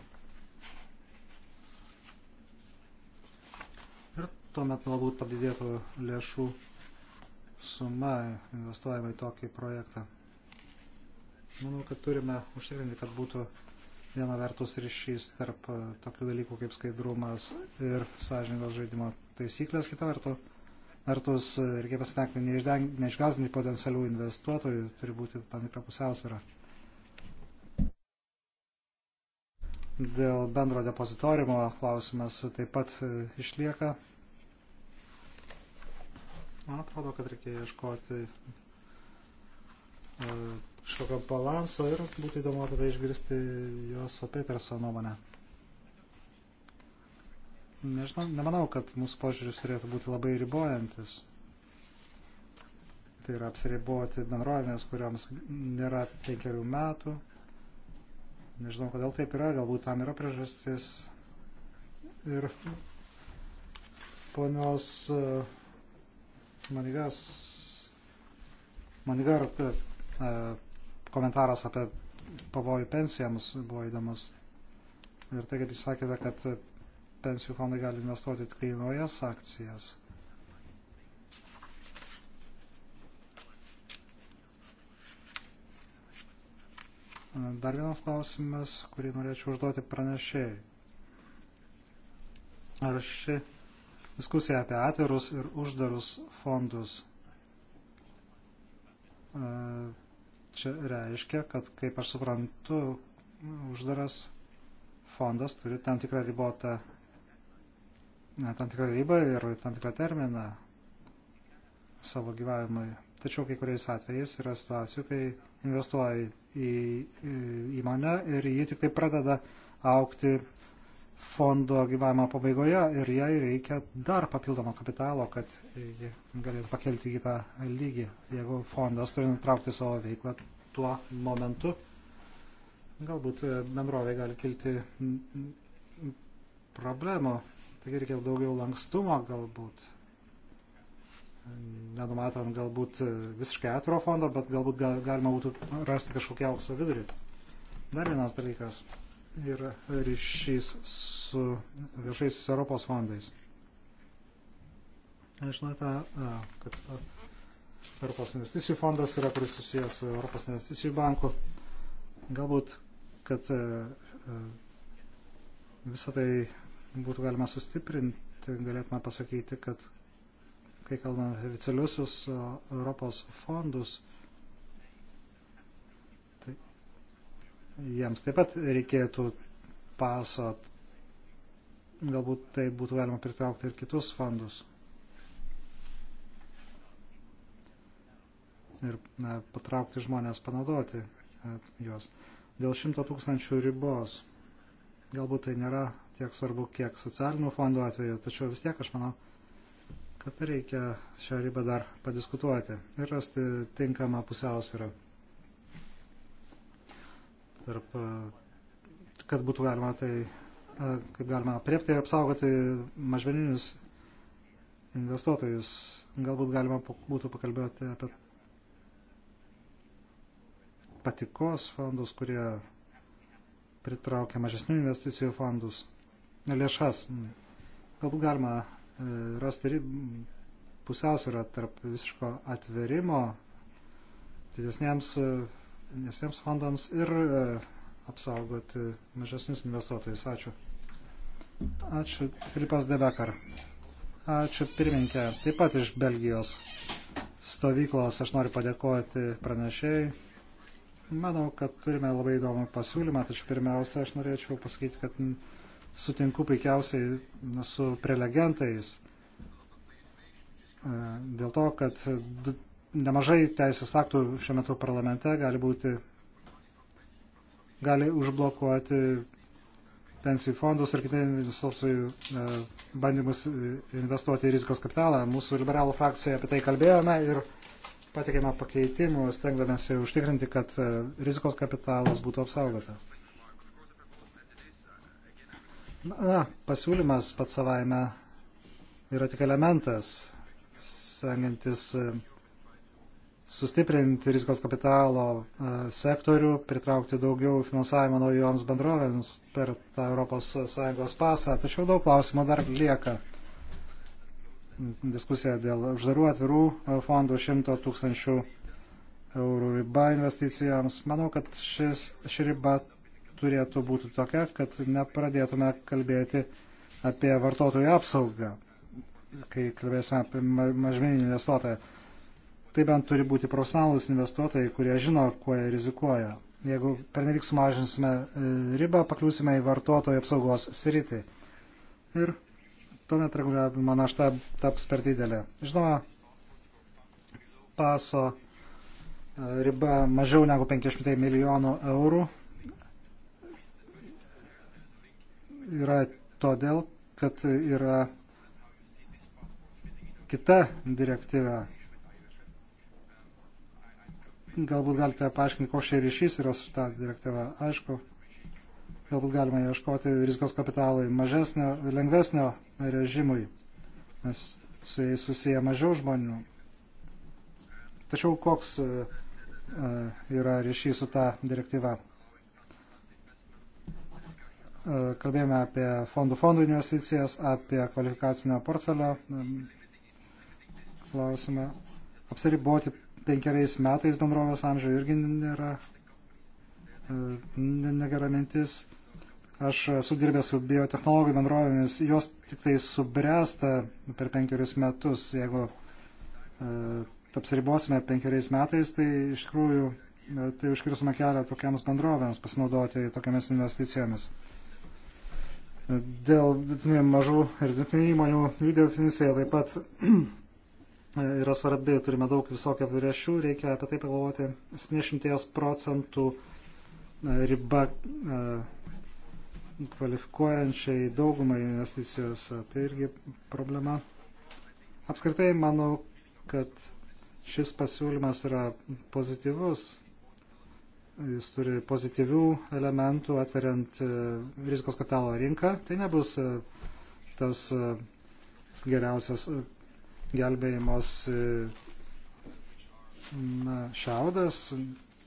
Ir tuomet galbūt padidėtų lėšų suma investuojama į tokį projektą. Manau, kad turime užtikrinti, kad būtų viena vertus ryšys tarp tokių dalykų kaip skaidrumas ir sąžiningos žaidimo taisyklės, kita vertus vertus reikia pasitengti neišgazdinti potencialių investuotojų, turi būti tam tikra pusiausvėra. Dėl bendro depozitorimo klausimas taip pat e, išlieka. Man atrodo, kad reikia ieškoti e, kažkokio balanso ir būtų įdomu apie tai išgirsti jos Peterso nuomonę nežinau, nemanau, kad mūsų požiūris turėtų būti labai ribojantis. Tai yra apsiriboti bendrovėmis, kuriams nėra penkerių metų. Nežinau, kodėl taip yra, galbūt tam yra priežastis. Ir ponios e, manigas, manigar e, komentaras apie pavojų pensijams buvo įdomus. Ir tai, kad jūs sakėte, kad pensijų fondai gali investuoti tik tai į naujas akcijas. Dar vienas klausimas, kurį norėčiau užduoti pranešėjai. Ar ši diskusija apie atvirus ir uždarus fondus e, čia reiškia, kad, kaip aš suprantu, uždaras fondas turi tam tikrą ribotą tam tikrą ribą ir tam tikrą terminą savo gyvavimui. Tačiau kai kuriais atvejais yra situacijų, kai investuoji į, į įmonę ir ji tik tai pradeda aukti fondo gyvavimo pabaigoje ir jai reikia dar papildomo kapitalo, kad ji galėtų pakelti į tą lygį. Jeigu fondas turi nutraukti savo veiklą tuo momentu, galbūt bendrovė gali kilti problemų Taigi reikia daugiau lankstumo galbūt. Nenumatant galbūt visiškai atviro fondo, bet galbūt galima būtų rasti kažkokį aukso vidurį. Dar vienas dalykas yra ryšys su viešaisiais Europos fondais. Žinote, kad Europos investicijų fondas yra prisusijęs su Europos investicijų banku. Galbūt, kad visą tai būtų galima sustiprinti, galėtume pasakyti, kad kai kalbame apie oficialiusius Europos fondus, tai jiems taip pat reikėtų paso, galbūt tai būtų galima pritraukti ir kitus fondus. Ir na, patraukti žmonės panaudoti e, juos. Dėl šimto tūkstančių ribos. Galbūt tai nėra tiek svarbu, kiek socialinių fondų atveju, tačiau vis tiek aš manau, kad reikia šią ribą dar padiskutuoti ir rasti tinkamą pusiausvyrą. Tarp, kad būtų galima tai, kaip galima priepti ir apsaugoti mažmeninius investuotojus. Galbūt galima būtų pakalbėti apie patikos fondus, kurie pritraukia mažesnių investicijų fondus lėšas. Galbūt galima e, rasti pusiausvyrą tarp visiško atverimo didesniems, e, didesniems fondams ir e, apsaugoti mažesnius investuotojus. Ačiū. Ačiū. Filipas Debekar. Ačiū pirmininkė. Taip pat iš Belgijos stovyklos aš noriu padėkoti pranešėjai. Manau, kad turime labai įdomų pasiūlymą, tačiau pirmiausia, aš norėčiau pasakyti, kad sutinku puikiausiai su prelegentais e, dėl to, kad nemažai teisės aktų šiuo metu parlamente gali būti, gali užblokuoti pensijų fondus ir kitai institucijų e, bandymus e, investuoti į rizikos kapitalą. Mūsų liberalų frakcija apie tai kalbėjome ir patikėme pakeitimų, stengdamėsi užtikrinti, kad rizikos kapitalas būtų apsaugota. Na, pasiūlymas pats savaime yra tik elementas, sengiantis e, sustiprinti rizikos kapitalo e, sektorių, pritraukti daugiau finansavimo naujoms bendrovėms per tą ES pasą. Tačiau daug klausimų dar lieka. Diskusija dėl uždarų atvirų e, fondų 100 tūkstančių eurų riba investicijoms. Manau, kad šis, ši riba turėtų būti tokia, kad nepradėtume kalbėti apie vartotojų apsaugą, kai kalbėsime apie mažmeninį investuotoją. Tai bent turi būti profesionalus investuotojai, kurie žino, kuo jie rizikuoja. Jeigu pernelik sumažinsime e, ribą, pakliūsime į vartotojų apsaugos sritį. Ir tuomet reguliavimo našta taps per didelė. Žinoma, paso e, riba mažiau negu 500 milijonų eurų yra todėl, kad yra kita direktyva. Galbūt galite paaiškinti, koks čia ryšys yra su ta direktyva. Aišku, galbūt galima ieškoti rizikos kapitalui mažesnio, lengvesnio režimui, nes su jais susiję mažiau žmonių. Tačiau koks e, yra ryšys su ta direktyva? E, kalbėjome apie fondų fondų investicijas, apie kvalifikacinio portfelio klausimą. Apsiriboti penkeriais metais bendrovės amžiuje irgi nėra e, negera mintis. Aš sudirbęs su biotechnologijų bendrovėmis, jos tik tai subręsta per penkerius metus. Jeigu e, apsiribosime penkeriais metais, tai iš tikrųjų tai užkirsime kelią tokiams bendrovėms pasinaudoti tokiamis investicijomis. Dėl mažų ir vidutinių įmonių jų definicija taip pat yra svarbi, turime daug visokių apibrėžčių, reikia apie tai pagalvoti. 70 procentų e, riba e, kvalifikuojančiai daugumai investicijose, tai irgi problema. Apskritai manau, kad šis pasiūlymas yra pozityvus, jis turi pozityvių elementų atveriant e, rizikos kapitalo rinką. Tai nebus e, tas e, geriausias gelbėjimos na, šiaudas,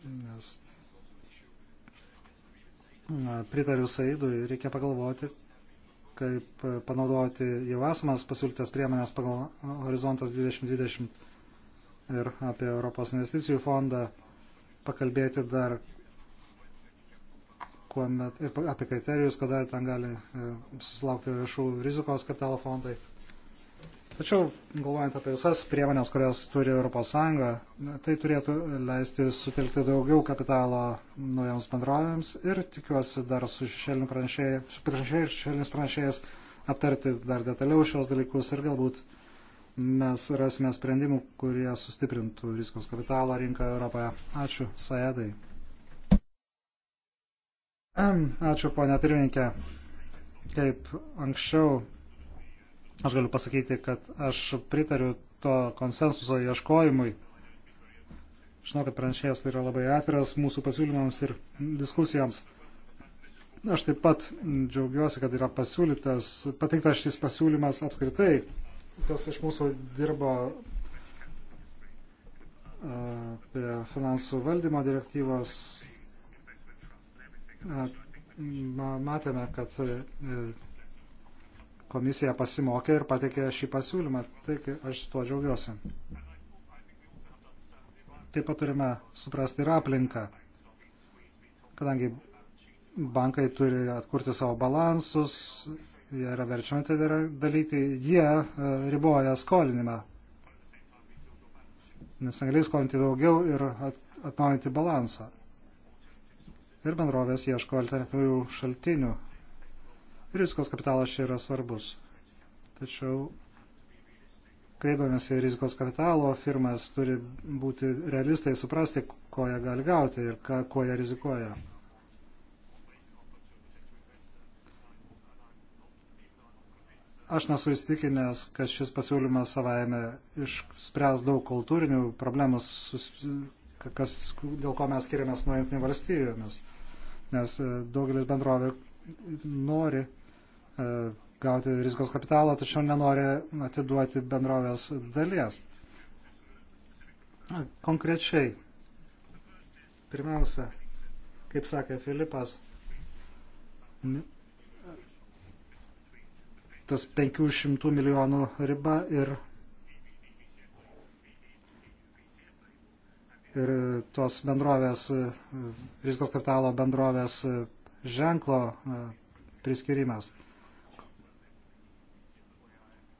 nes na, pritariu Saidui, reikia pagalvoti, kaip panaudoti jau esamas pasiūlytas priemonės pagal Horizontas 2020 ir apie Europos investicijų fondą pakalbėti dar kuomet, apie kriterijus, kada ten gali e, susilaukti lėšų rizikos kapitalo fondai. Tačiau, galvojant apie visas priemonės, kurias turi ES, tai turėtų leisti sutelkti daugiau kapitalo naujoms bendrovėms ir tikiuosi dar su šešėliniu pranešėjais, su pranešėjais aptarti dar detaliau šios dalykus ir galbūt uh, mes rasime sprendimų, kurie sustiprintų rizikos kapitalo rinką Europoje. Ačiū, Saedai. Ačiū, ponia pirmininkė. Kaip anksčiau, aš galiu pasakyti, kad aš pritariu to konsensuso ieškojimui. Žinau, kad pranešėjas tai yra labai atviras mūsų pasiūlymams ir diskusijoms. Aš taip pat džiaugiuosi, kad yra pasiūlytas, pateiktas šis pasiūlymas apskritai kas iš mūsų dirbo apie e, finansų valdymo direktyvos, e, matėme, kad e, komisija pasimokė ir patikė šį pasiūlymą. Tik aš tuo džiaugiuosi. Taip pat turime suprasti ir aplinką, kadangi bankai turi atkurti savo balansus, jie yra verčiami, tai yra dalykai, jie e, riboja skolinimą. Nes angliai skolinti daugiau ir atnaujinti balansą. Ir bendrovės ieško alternatyvių šaltinių. Ir rizikos kapitalas čia yra svarbus. Tačiau kreipiamės į rizikos kapitalo firmas, turi būti realistai suprasti, ko jie gali gauti ir ką, ko jie rizikuoja. Aš nesu įstikinęs, kad šis pasiūlymas savaime išspręs daug kultūrinių problemų, kas, dėl ko mes skiriamės nuo jungtinių valstybijomis. Nes e, daugelis bendrovių nori e, gauti rizikos kapitalą, tačiau nenori atiduoti bendrovės dalies. Konkrečiai, pirmiausia, kaip sakė Filipas, tas 500 milijonų riba ir, ir tos bendrovės, rizikos kapitalo bendrovės ženklo e, priskirimas.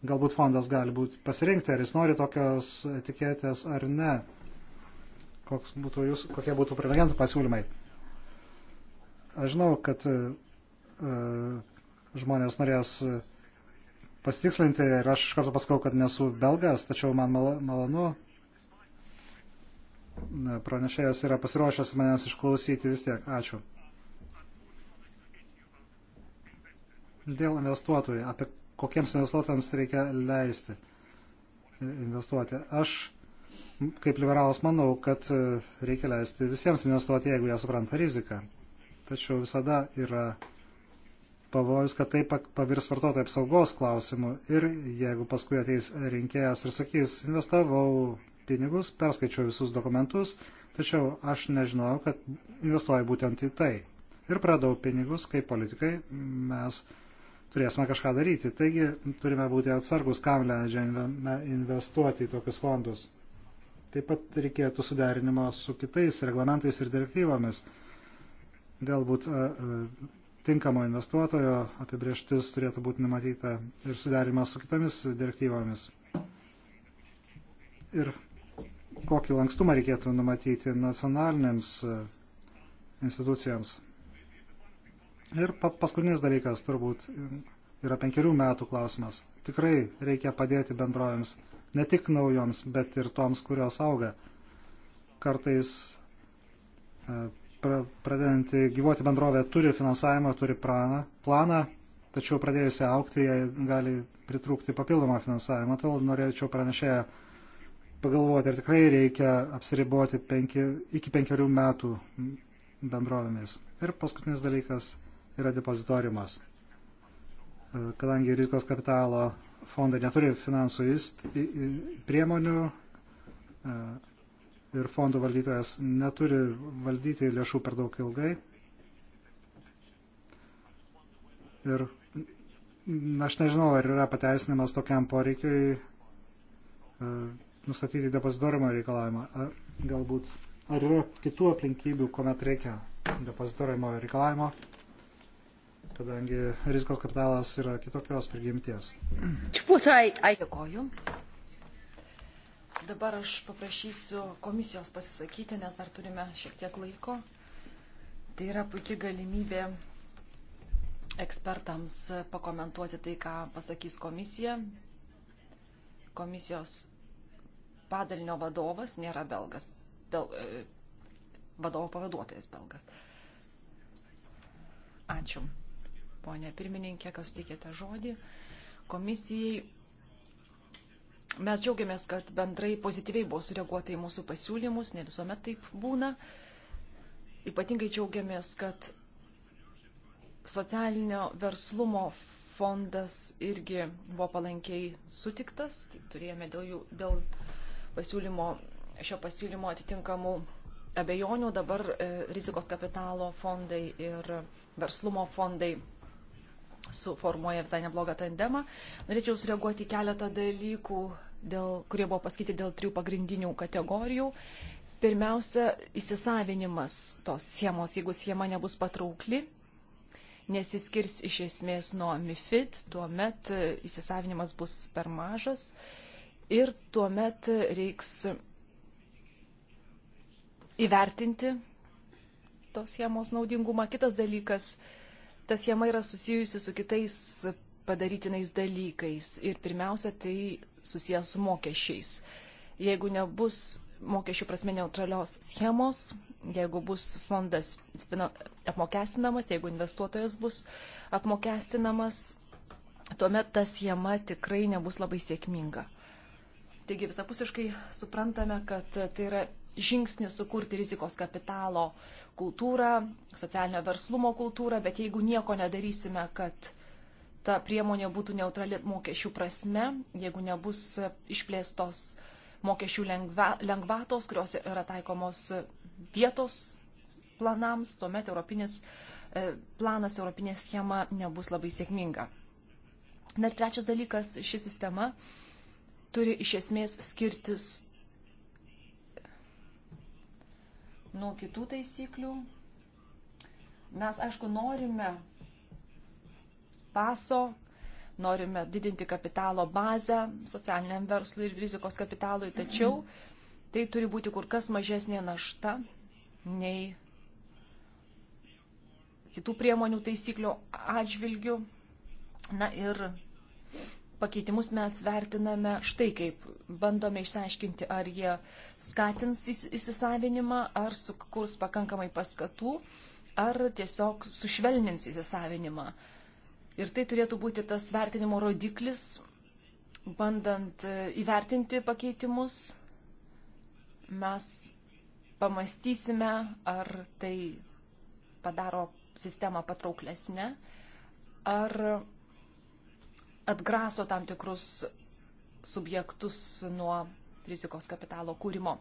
Galbūt fondas gali būti pasirinkti, ar jis nori tokios etiketės ar ne. Koks būtų jūs, kokie būtų prelegentų pasiūlymai. Aš žinau, kad uh, žmonės norės uh, pasitikslinti ir aš iš karto pasakau, kad nesu belgas, tačiau man malonu. Pranešėjas yra pasiruošęs manęs išklausyti vis tiek. Ačiū. Dėl investuotojų, apie kokiems investuotojams reikia leisti investuoti. Aš kaip liberalas manau, kad reikia leisti visiems investuoti, jeigu jie supranta riziką. Tačiau visada yra pavojus, kad tai pavirs vartotojų apsaugos klausimų. Ir jeigu paskui ateis rinkėjas ir sakys, investavau pinigus, perskaičiau visus dokumentus, tačiau aš nežinojau, kad investuoju būtent į tai. Ir pradau pinigus, kaip politikai mes turėsime kažką daryti. Taigi turime būti atsargus, kam leidžiame investuoti į tokius fondus. Taip pat reikėtų suderinimo su kitais reglamentais ir direktyvomis. Galbūt tinkamo investuotojo apibrieštis turėtų būti numatyta ir sudarima su kitomis direktyvomis. Ir kokį lankstumą reikėtų numatyti nacionalinėms e, institucijams. Ir pa paskutinis dalykas turbūt yra penkerių metų klausimas. Tikrai reikia padėti bendrovėms, ne tik naujoms, bet ir toms, kurios auga. Kartais e, pradedanti gyvuoti bendrovė turi finansavimą, turi praną, planą, tačiau pradėjusi aukti, jai gali pritrūkti papildomą finansavimą. Todėl norėčiau pranešėją pagalvoti, ar tikrai reikia apsiriboti penki, iki penkerių metų bendrovėmis. Ir paskutinis dalykas yra depozitoriumas. E, kadangi rizikos kapitalo fondai neturi finansų priemonių, e, ir fondų valdytojas neturi valdyti lėšų per daug ilgai. Ir aš nežinau, ar yra pateisinimas tokiam poreikiai e, nustatyti depozitorimo reikalavimą. Ar, galbūt, ar yra kitų aplinkybių, kuomet reikia depozitorimo reikalavimo, kadangi rizikos kapitalas yra kitokios prigimties. Dėkoju. Dabar aš paprašysiu komisijos pasisakyti, nes dar turime šiek tiek laiko. Tai yra puikia galimybė ekspertams pakomentuoti tai, ką pasakys komisija. Komisijos padalinio vadovas nėra belgas, bel, e, vadovo pavaduotojas belgas. Ačiū, ponė pirmininkė, kas tikėte žodį. Komisijai Mes džiaugiamės, kad bendrai pozityviai buvo sureaguota į mūsų pasiūlymus, ne visuomet taip būna. Ypatingai džiaugiamės, kad socialinio verslumo fondas irgi buvo palankiai sutiktas. Tai turėjome dėl, jų, dėl pasiūlymo, šio pasiūlymo atitinkamų abejonių. Dabar e, rizikos kapitalo fondai ir verslumo fondai suformuoja visai neblogą tandemą. Norėčiau sureaguoti keletą dalykų, dėl, kurie buvo pasakyti dėl trijų pagrindinių kategorijų. Pirmiausia, įsisavinimas tos schemos, jeigu schema nebus patraukli, nesiskirs iš esmės nuo MIFID, tuomet e, įsisavinimas bus per mažas ir tuomet reiks įvertinti tos schemos naudingumą. Kitas dalykas, ta schema yra susijusi su kitais padarytinais dalykais ir pirmiausia, tai susijęs su mokesčiais. Jeigu nebus mokesčių prasme neutralios schemos, jeigu bus fondas apmokestinamas, jeigu investuotojas bus apmokestinamas, tuomet ta schema tikrai nebus labai sėkminga. Taigi visapusiškai suprantame, kad tai yra žingsnis sukurti rizikos kapitalo kultūrą, socialinio verslumo kultūrą, bet jeigu nieko nedarysime, kad ta priemonė būtų neutrali mokesčių prasme, jeigu nebus išplėstos mokesčių lengva, lengvatos, kurios yra taikomos vietos planams, tuomet europinis e, planas, europinė schema nebus labai sėkminga. Na ir trečias dalykas, ši sistema turi iš esmės skirtis nuo kitų taisyklių. Mes, aišku, norime paso, norime didinti kapitalo bazę socialiniam verslui ir rizikos kapitalui, tačiau tai turi būti kur kas mažesnė našta nei kitų priemonių taisyklių atžvilgių. Na ir pakeitimus mes vertiname štai kaip. Bandome išsiaiškinti, ar jie skatins įsisavinimą, ar sukurs pakankamai paskatų, ar tiesiog sušvelnins įsisavinimą. Ir tai turėtų būti tas vertinimo rodiklis, bandant e, įvertinti pakeitimus. Mes pamastysime, ar tai padaro sistemą patrauklesnę, ar atgraso tam tikrus subjektus nuo rizikos kapitalo kūrimo,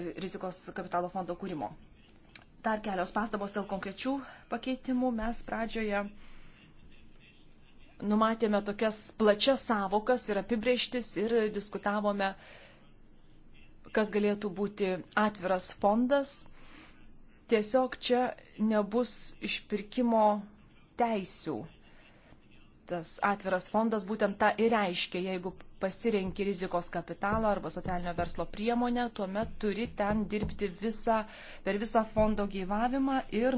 e, rizikos kapitalo fondo kūrimo. Dar kelios pastabos dėl konkrečių pakeitimų. Mes pradžioje numatėme tokias plačias savokas ir apibrieštis ir diskutavome, kas galėtų būti atviras fondas. Tiesiog čia nebus išpirkimo teisių tas atviras fondas būtent tą ir reiškia. Jeigu pasirenki rizikos kapitalą arba socialinio verslo priemonę, tuomet turi ten dirbti visą, per visą fondo gyvavimą ir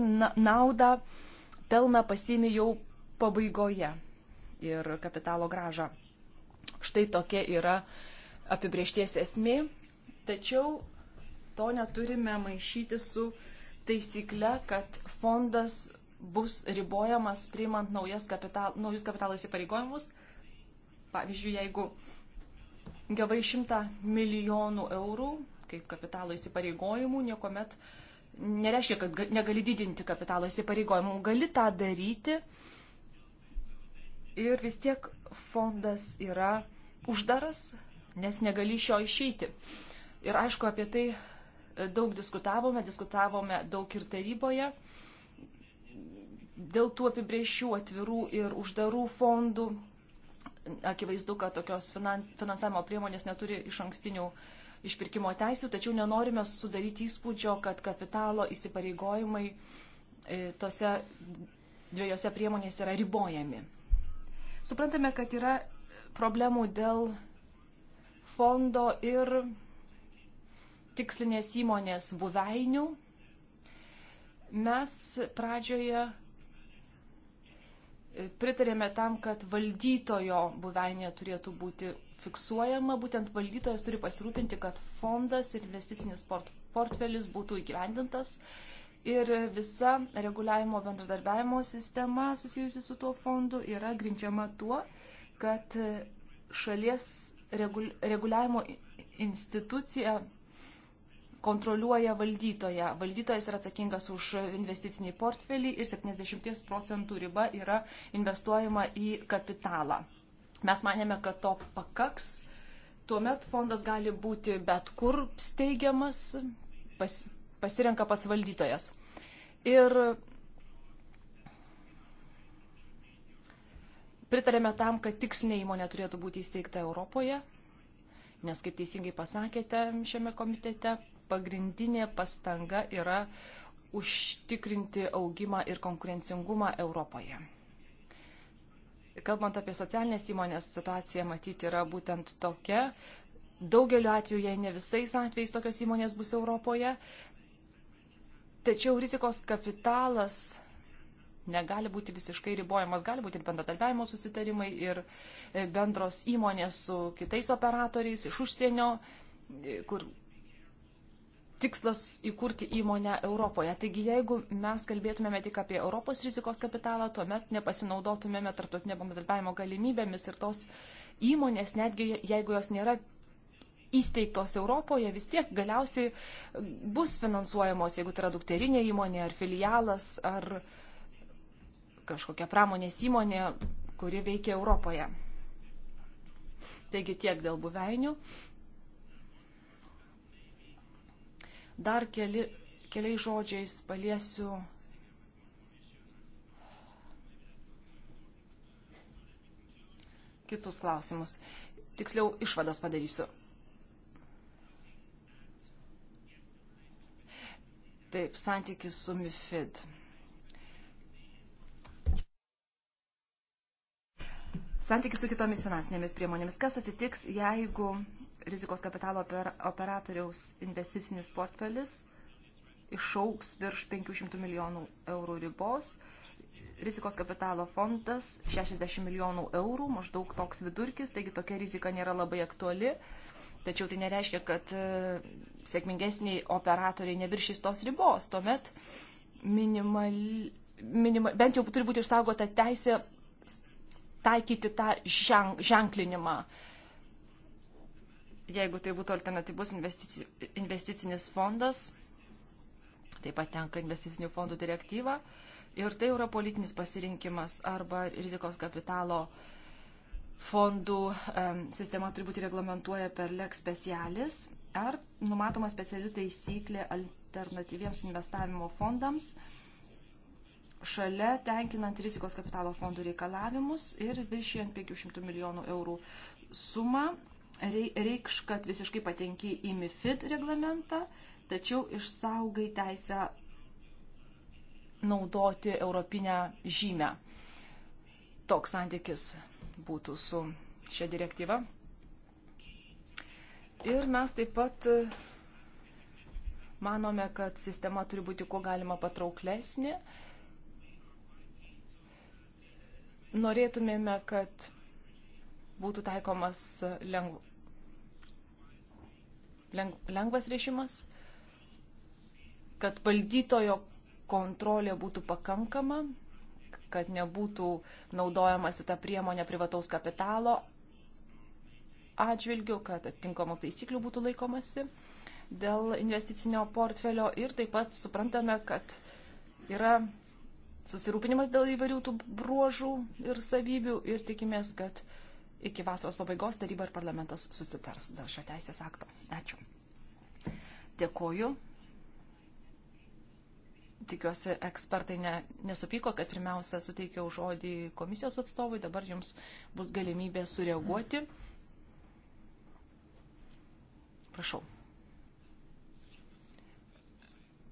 naudą pelną pasimi jau pabaigoje ir kapitalo gražą. Štai tokia yra apibriešties esmė, tačiau to neturime maišyti su taisykle, kad fondas bus ribojamas priimant kapital, naujus kapitalo įsipareigojimus. Pavyzdžiui, jeigu gavai 100 milijonų eurų kaip kapitalo įsipareigojimų, niekuomet nereiškia, kad negali didinti kapitalo įsipareigojimų. Gali tą daryti ir vis tiek fondas yra uždaras, nes negali iš jo išeiti. Ir aišku, apie tai daug diskutavome, diskutavome daug ir taryboje dėl tų apibriešių atvirų ir uždarų fondų. Akivaizdu, kad tokios finans, finansavimo priemonės neturi iš ankstinių išpirkimo teisų, tačiau nenorime sudaryti įspūdžio, kad kapitalo įsipareigojimai e, tose dviejose priemonėse yra ribojami. Suprantame, kad yra problemų dėl fondo ir tikslinės įmonės buveinių mes pradžioje pritarėme tam, kad valdytojo buveinė turėtų būti fiksuojama. Būtent valdytojas turi pasirūpinti, kad fondas ir investicinis port portfelis būtų įgyvendintas. Ir visa reguliavimo bendradarbiavimo sistema susijusi su tuo fondu yra grindžiama tuo, kad šalies reguliavimo institucija kontroliuoja valdytoją. Valdytojas yra atsakingas už investicinį portfelį ir 70 procentų riba yra investuojama į kapitalą. Mes manėme, kad to pakaks. Tuomet fondas gali būti bet kur steigiamas, pas, pasirenka pats valdytojas. Ir pritarėme tam, kad tikslinė įmonė turėtų būti įsteigta Europoje, nes, kaip teisingai pasakėte šiame komitete, pagrindinė pastanga yra užtikrinti augimą ir konkurencingumą Europoje. Kalbant apie socialinės įmonės, situacija matyti yra būtent tokia. Daugeliu atveju, jei ne visais atvejais tokios įmonės bus Europoje, tačiau rizikos kapitalas negali būti visiškai ribojamas, gali būti ir bendradarbiavimo susitarimai, ir e, bendros įmonės su kitais operatoriais iš užsienio, e, kur tikslas įkurti įmonę Europoje. Taigi jeigu mes kalbėtumėme tik apie Europos rizikos kapitalą, tuomet nepasinaudotumėme tarptautinio bendradarbiavimo galimybėmis ir tos įmonės, netgi jeigu jos nėra įsteigtos Europoje, vis tiek galiausiai bus finansuojamos, jeigu tai yra dukterinė įmonė ar filialas ar kažkokia pramonės įmonė, kuri veikia Europoje. Taigi tiek dėl buveinių. Dar keli, keliais žodžiais paliesiu kitus klausimus. Tiksliau, išvadas padarysiu. Taip, santykis su MIFID. Santykis su kitomis finansinėmis priemonėmis. Kas atsitiks, jeigu rizikos kapitalo operatoriaus investicinis portfelis išauks virš 500 milijonų eurų ribos. Rizikos kapitalo fondas 60 milijonų eurų, maždaug toks vidurkis, taigi tokia rizika nėra labai aktuali. Tačiau tai nereiškia, kad e, sėkmingesniai operatoriai neviršys tos ribos. Tuomet minimal, minimal, bent jau turi būti išsaugota teisė taikyti tą ženklinimą. Uh, jeigu tai būtų alternatyvus investici, investicinis fondas, taip pat tenka investicinių fondų direktyva. Ir tai yra politinis pasirinkimas arba rizikos kapitalo fondų um, sistema turi būti reglamentuoja per leks specialis ar numatoma speciali taisyklė alternatyviems investavimo fondams šalia tenkinant rizikos kapitalo fondų reikalavimus ir viršijant 500 milijonų eurų sumą reikš, kad visiškai patenki į MIFID reglamentą, tačiau išsaugai teisę naudoti europinę žymę. Toks santykis būtų su šia direktyva. Ir mes taip pat e, manome, kad sistema turi būti kuo galima patrauklesnė. Norėtumėme, kad būtų taikomas lengv lengvas režimas, kad valdytojo kontrolė būtų pakankama, kad nebūtų naudojamasi ta priemonė privataus kapitalo atžvilgių, kad atitinkamų taisyklių būtų laikomasi dėl investicinio portfelio ir taip pat suprantame, kad yra susirūpinimas dėl įvairių tų bruožų ir savybių ir tikimės, kad uh, iki vasaros pabaigos taryba ir parlamentas susitars dėl šio teisės akto. Ačiū. Dėkoju. Tikiuosi, ekspertai ne, nesupyko, kad pirmiausia suteikiau žodį komisijos atstovui, dabar jums bus galimybė sureaguoti. Prašau.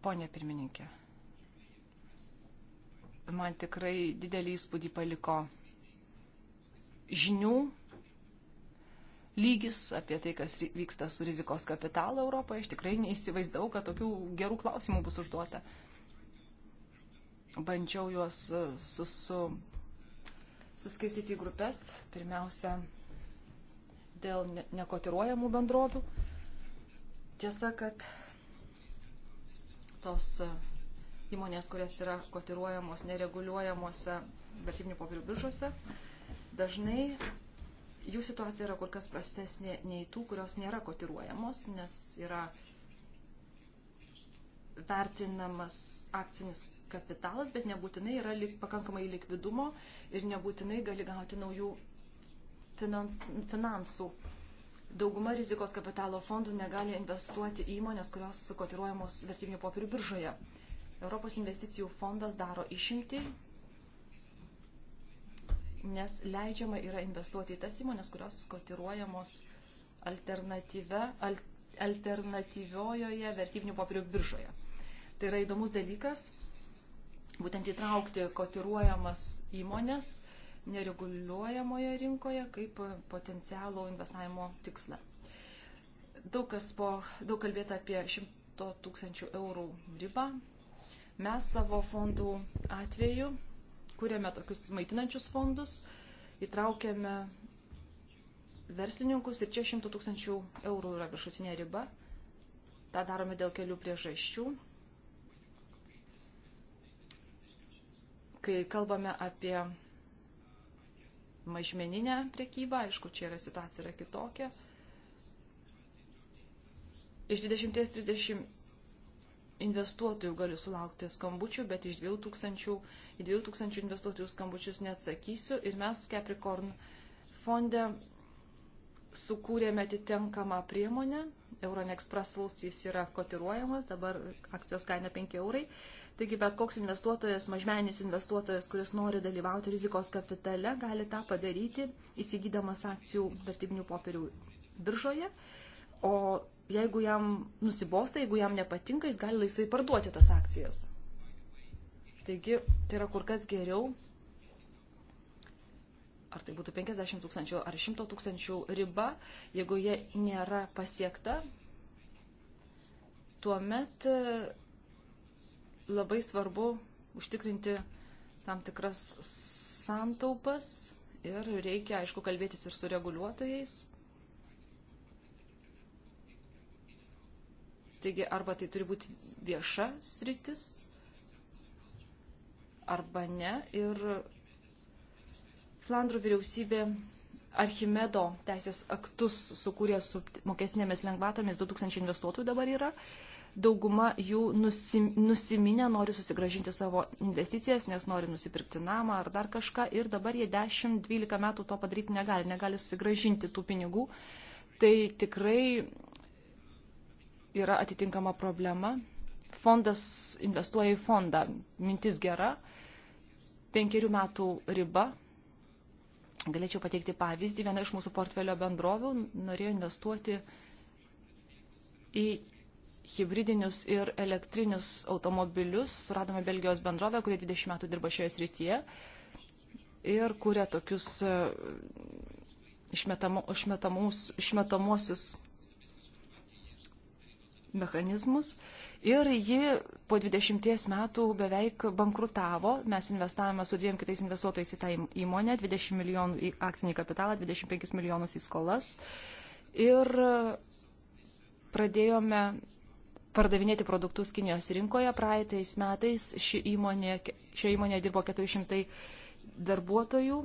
Pone pirmininkė, man tikrai didelį įspūdį paliko žinių lygis, apie tai, kas vyksta su rizikos kapitalo Europoje. Aš tikrai neįsivaizdavau, kad tokių gerų klausimų bus užduota. Bandžiau juos su, su, suskirstyti į grupės. Pirmiausia, dėl nekotiruojamų bendrovių. Tiesa, kad tos įmonės, kurias yra kotiruojamos nereguliuojamuose vertybinių popierių biržuose, dažnai jų situacija yra kur kas prastesnė nei tų, kurios nėra kotiruojamos, nes yra vertinamas akcinis kapitalas, bet nebūtinai yra lik, pakankamai likvidumo ir nebūtinai gali gauti naujų finans, finansų. Dauguma rizikos kapitalo fondų negali investuoti į įmonės, kurios kotiruojamos vertybinių popierių biržoje. Europos investicijų fondas daro išimtį nes leidžiama yra investuoti į tas įmonės, kurios kotiruojamos al, alternatyviojoje vertybinių popierių biržoje. Tai yra įdomus dalykas, būtent įtraukti kotiruojamas įmonės nereguliuojamoje rinkoje kaip potencialų investavimo tikslą. Daug, po, daug kalbėta apie 100 tūkstančių eurų ribą. Mes savo fondų atveju kūrėme tokius maitinančius fondus, įtraukėme verslininkus ir čia 100 tūkstančių eurų yra viršutinė riba. Ta darome dėl kelių priežasčių. Kai kalbame apie mažmeninę priekybą, aišku, čia yra situacija yra kitokia. Iš 20-30 investuotojų galiu sulaukti skambučių, bet iš 2000, 2000 investuotojų skambučius neatsakysiu. Ir mes Capricorn fonde sukūrėme atitinkamą priemonę. Euronext Prasals jis yra kotiruojamas, dabar akcijos kaina 5 eurai. Taigi bet koks investuotojas, mažmenis investuotojas, kuris nori dalyvauti rizikos kapitale, gali tą padaryti įsigydamas akcijų vertybinių popierių biržoje. O jeigu jam nusibosta, jeigu jam nepatinka, jis gali laisvai parduoti tas akcijas. Taigi, tai yra kur kas geriau ar tai būtų 50 tūkstančių ar 100 tūkstančių riba, jeigu jie nėra pasiekta, tuomet e, labai svarbu užtikrinti tam tikras santaupas ir reikia, aišku, kalbėtis ir su reguliuotojais. Taigi arba tai turi būti vieša sritis, arba ne. Ir Flandrų vyriausybė Archimedo teisės aktus sukūrė su mokesnėmis lengvatomis 2000 investuotojų dabar yra. Dauguma jų nusim, nusiminę nori susigražinti savo investicijas, nes nori nusipirkti namą ar dar kažką ir dabar jie 10-12 metų to padaryti negali, negali susigražinti tų pinigų. Tai tikrai yra atitinkama problema. Fondas investuoja į fondą. Mintis gera. Penkerių metų riba. Galėčiau pateikti pavyzdį. Viena iš mūsų portfelio bendrovių norėjo investuoti į hybridinius ir elektrinius automobilius. Radome Belgijos bendrovę, kurie 20 metų dirba šioje srityje ir kuria tokius e, išmetamuosius mechanizmus ir ji po 20 metų beveik bankrutavo. Mes investavome su dviem kitais investuotojais į tą įmonę, 20 milijonų į akcinį kapitalą, 25 milijonus į skolas ir pradėjome pardavinėti produktus Kinijos rinkoje. Praeitais metais ši įmonė, šioje įmonėje dirbo 400 darbuotojų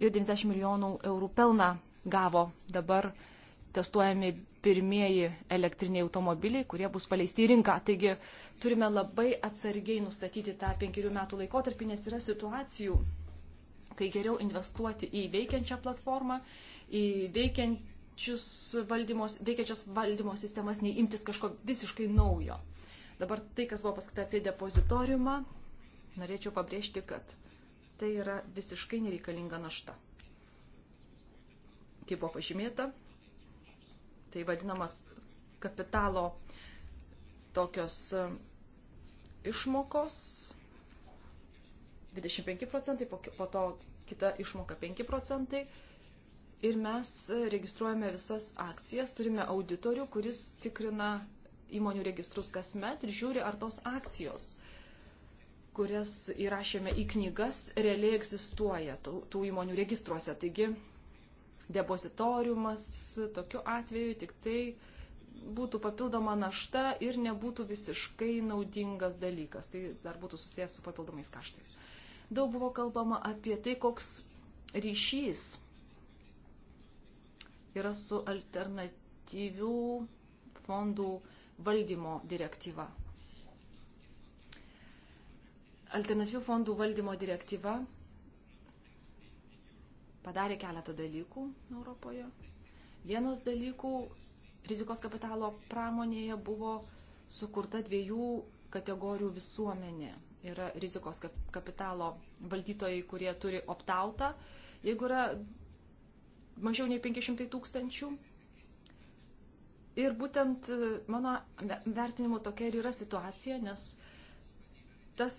ir 90 milijonų eurų pelną gavo. Dabar testuojami pirmieji elektriniai automobiliai, kurie bus paleisti į rinką. Taigi turime labai atsargiai nustatyti tą penkerių metų laikotarpį, nes yra situacijų, kai geriau investuoti į veikiančią platformą, į veikiančius valdymos, veikiančias valdymo sistemas, nei imtis kažko visiškai naujo. Dabar tai, kas buvo paskata apie depozitoriumą, norėčiau pabrėžti, kad tai yra visiškai nereikalinga našta. Kaip buvo pažymėta, Tai vadinamas kapitalo tokios e, išmokos 25 procentai, po to kita išmoka 5 procentai. Ir mes e, registruojame visas akcijas, turime auditorių, kuris tikrina įmonių registrus kasmet ir žiūri, ar tos akcijos, kurias įrašėme į knygas, realiai egzistuoja tų, tų įmonių registruose. Taigi depozitoriumas, tokiu atveju tik tai būtų papildoma našta ir nebūtų visiškai naudingas dalykas. Tai dar būtų susijęs su papildomais kaštais. Daug buvo kalbama apie tai, koks ryšys yra su alternatyvių fondų valdymo direktyva. Alternatyvių fondų valdymo direktyva padarė keletą dalykų Europoje. Vienas dalykų rizikos kapitalo pramonėje buvo sukurta dviejų kategorijų visuomenė. Yra rizikos kapitalo valdytojai, kurie turi optautą, jeigu yra mažiau nei 500 tūkstančių. Ir būtent mano vertinimu tokia ir yra situacija, nes uh, tas,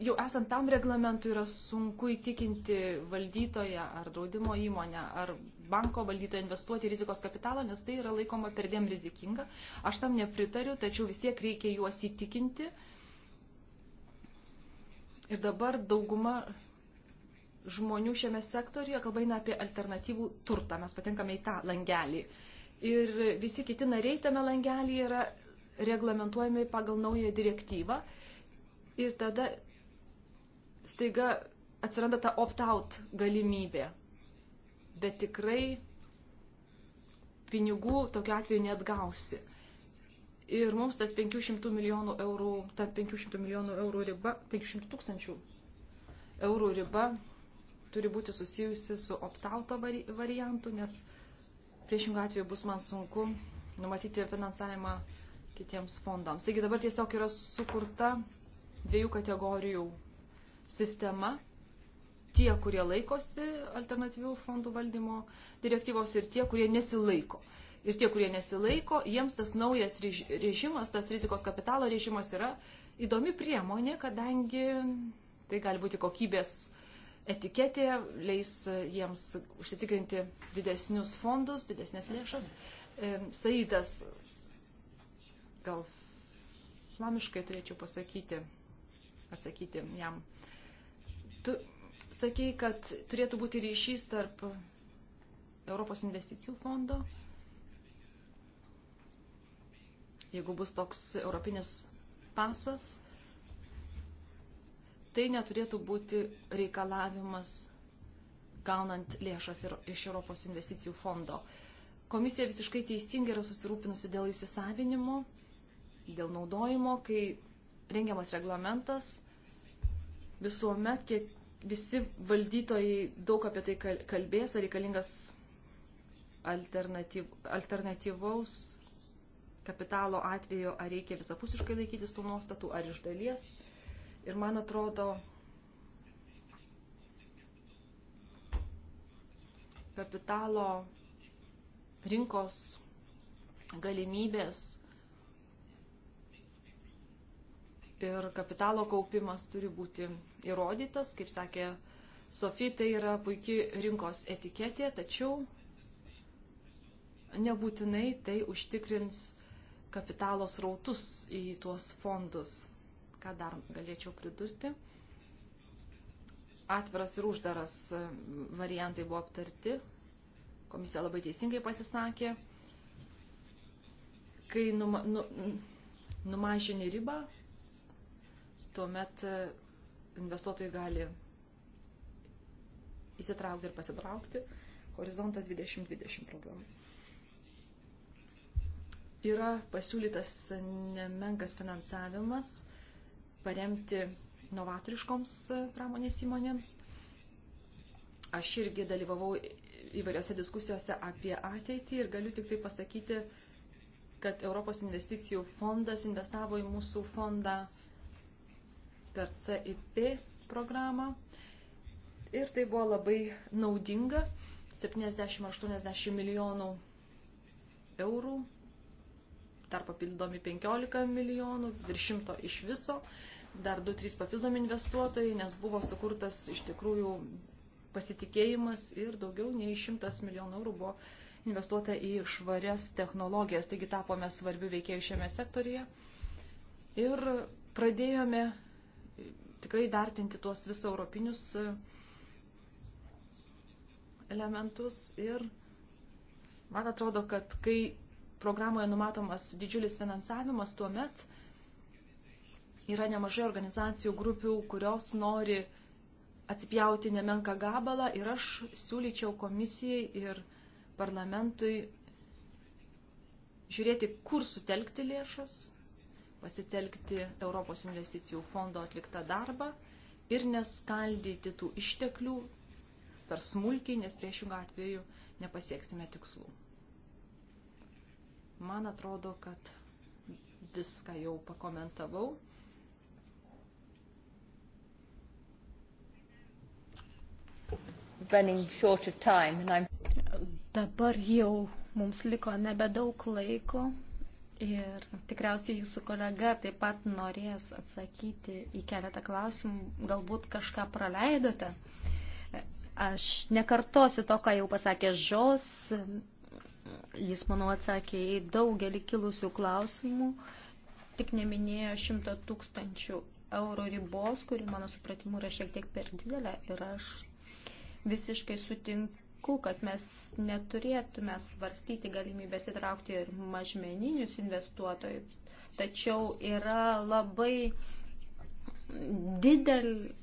jau esant tam reglamentui yra sunku įtikinti valdytoją ar draudimo įmonę ar banko valdytoją investuoti rizikos kapitalą, nes tai yra laikoma perdėm rizikinga. Aš tam nepritariu, tačiau vis tiek reikia juos įtikinti. Ir dabar dauguma žmonių šiame sektoriuje kalba eina apie alternatyvų turtą. Mes patenkame į tą langelį. Ir visi kiti nariai tame langelį yra reglamentuojami pagal naują direktyvą ir tada staiga atsiranda ta opt-out galimybė. Bet tikrai pinigų tokiu atveju netgausi. Ir mums tas 500 milijonų eurų, ta 500 milijonų eurų riba, 500 tūkstančių eurų riba turi būti susijusi su opt-out variantu, nes priešingų atveju bus man sunku numatyti finansavimą kitiems fondams. Taigi dabar tiesiog yra sukurta dviejų kategorijų sistema. Tie, kurie laikosi alternatyvių fondų valdymo direktyvos ir tie, kurie nesilaiko. Ir tie, kurie nesilaiko, jiems tas naujas režimas, tas rizikos kapitalo režimas yra įdomi priemonė, kadangi tai gali būti kokybės etiketė, leis jiems užsitikrinti didesnius fondus, didesnės lėšas. E, Saidas, gal flamiškai turėčiau pasakyti, atsakyti jam. Tu sakei, kad turėtų būti ryšys tarp Europos investicijų fondo, jeigu bus toks europinis pasas, tai neturėtų būti reikalavimas gaunant lėšas iš Europos investicijų fondo. Komisija visiškai teisingai yra susirūpinusi dėl įsisavinimo, dėl naudojimo, kai rengiamas reglamentas, visuomet, kiek visi valdytojai daug apie tai kalbės, ar reikalingas alternatyv, alternatyvaus kapitalo atveju, ar reikia visapusiškai laikytis tų nuostatų, ar iš dalies. Ir man atrodo, kapitalo rinkos galimybės ir kapitalo kaupimas turi būti įrodytas. Kaip sakė Sofija, tai yra puikia rinkos etiketė, tačiau nebūtinai tai užtikrins kapitalo srautus į tuos fondus. Ką dar galėčiau pridurti? Atviras ir uždaras variantai buvo aptarti. Komisija labai teisingai pasisakė. Kai numa, nu, numažini ribą, tuomet e, investuotojai gali įsitraukti ir pasitraukti. Horizontas 2020 programai. Yra pasiūlytas nemenkas finansavimas paremti novatoriškoms e, pramonės įmonėms. Aš irgi dalyvavau įvairiose diskusijose apie ateitį ir galiu tik tai pasakyti, kad Europos investicijų fondas investavo į mūsų fondą per CIP programą. Ir tai buvo labai naudinga. 70-80 milijonų eurų, dar papildomi 15 milijonų, virš šimto iš viso, dar 2-3 papildomi investuotojai, nes buvo sukurtas iš tikrųjų pasitikėjimas ir daugiau nei 100 milijonų eurų buvo investuota į švarias technologijas, taigi tapome svarbių veikėjų šiame sektorija. Ir pradėjome tikrai vertinti tuos visą europinius e, elementus ir man atrodo, kad kai programoje numatomas didžiulis finansavimas, tuomet yra nemažai organizacijų grupių, kurios nori atsipjauti nemenką gabalą ir aš siūlyčiau komisijai ir parlamentui žiūrėti, kur sutelkti lėšas, pasitelkti Europos investicijų fondo atliktą darbą ir neskaldyti tų išteklių per smulkiai, nes priešingų atveju nepasieksime tikslų. Man atrodo, kad viską jau pakomentavau. Dabar jau mums liko nebedaug laiko. Ir tikriausiai jūsų kolega taip pat norės atsakyti į keletą klausimų, galbūt kažką praleidote. Aš nekartosiu to, ką jau pasakė Žos, jis, manau, atsakė į daugelį kilusių klausimų, tik neminėjo šimto tūkstančių eurų ribos, kuri mano supratimu yra šiek tiek per didelė ir aš visiškai sutinku nepalanku, kad mes neturėtume svarstyti galimybės įtraukti ir mažmeninius investuotojus. Tačiau yra labai didelis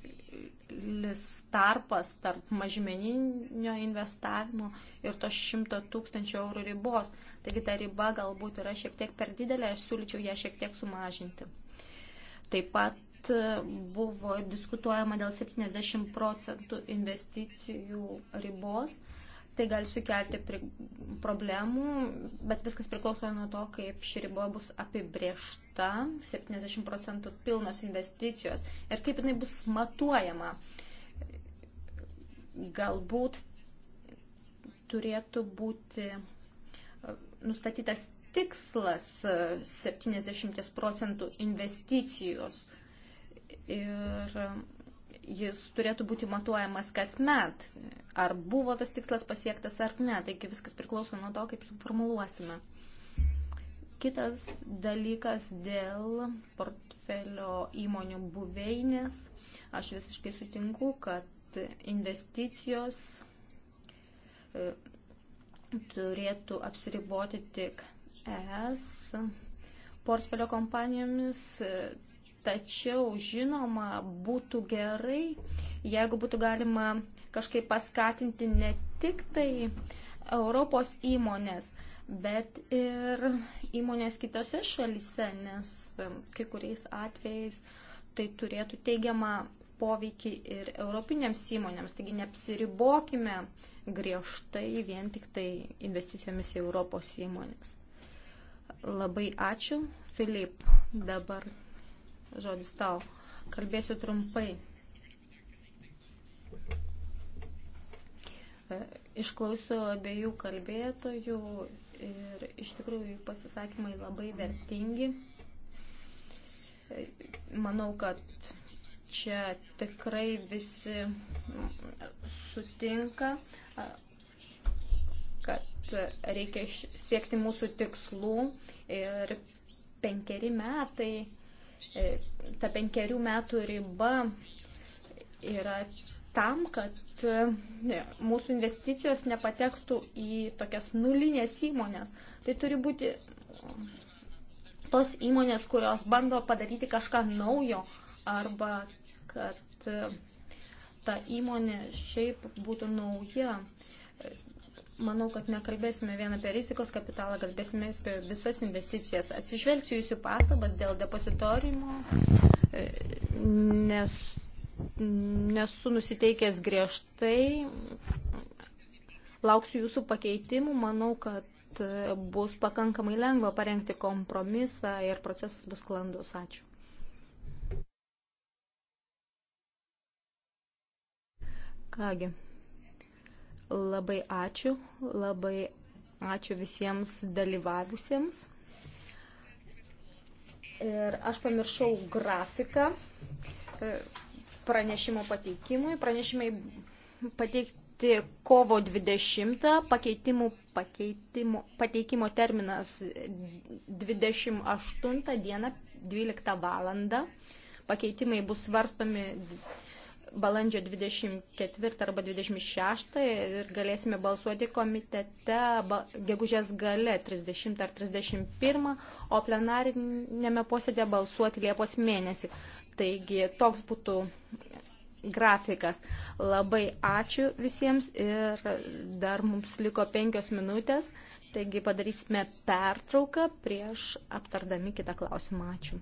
tarpas tarp mažmeninio investavimo ir tos 100 tūkstančių eurų ribos. Taigi ta riba galbūt yra šiek tiek per didelė, aš siūlyčiau ją šiek tiek sumažinti. Taip pat pat e, buvo diskutuojama dėl 70 procentų investicijų ribos. Tai gali sukelti problemų, bet viskas priklauso nuo to, kaip ši riba bus apibriešta, 70 procentų pilnos investicijos ir kaip jinai bus matuojama. Galbūt turėtų būti e, nustatytas tikslas 70 e, procentų investicijos ir um, jis turėtų būti matuojamas kasmet, ar buvo tas tikslas pasiektas ar ne, taigi viskas priklauso nuo to, kaip suformuluosime. Kitas dalykas dėl portfelio įmonių buveinės. Aš visiškai sutinku, kad investicijos e, turėtų apsiriboti tik ES portfelio kompanijomis, Tačiau, žinoma, būtų gerai, jeigu būtų galima kažkaip paskatinti ne tik tai Europos įmonės, bet ir įmonės kitose šalise, nes kai kuriais atvejais tai turėtų teigiamą poveikį ir europinėms įmonėms. Taigi neapsiribokime griežtai vien tik tai investicijomis į Europos įmonės. Labai ačiū. Filip, dabar žodis tau. Kalbėsiu trumpai. E, Išklausiau abiejų kalbėtojų ir iš tikrųjų jų pasisakymai labai vertingi. E, manau, kad čia tikrai visi sutinka, kad reikia siekti mūsų tikslų ir penkeri metai E, ta penkerių metų riba yra tam, kad e, mūsų investicijos nepatektų į tokias nulinės įmonės. Tai turi būti tos įmonės, kurios bando padaryti kažką naujo arba kad e, ta įmonė šiaip būtų nauja. E, manau, kad nekalbėsime vien apie rizikos kapitalą, kalbėsime apie visas investicijas. Atsižvelgsiu jūsų pastabas dėl depozitorimo, e, nes nesu nusiteikęs griežtai, lauksiu jūsų pakeitimų, manau, kad bus pakankamai lengva parengti kompromisą ir procesas bus klandus. Ačiū. Kągi. Labai ačiū, labai ačiū visiems dalyvavusiems. Ir aš pamiršau grafiką e, pranešimo pateikimui. Pranešimai pateikti kovo 20, pakeitimų, pakeitimų, pateikimo terminas 28 dieną 12 valandą. Pakeitimai bus svarstomi balandžio 24 arba 26 ir galėsime balsuoti komitete gegužės gale 30 ar 31, o plenarinėme posėdė balsuoti Liepos mėnesį. Taigi toks būtų grafikas. Labai ačiū visiems ir dar mums liko penkios minutės, taigi padarysime pertrauką prieš aptardami kitą klausimą. Ačiū.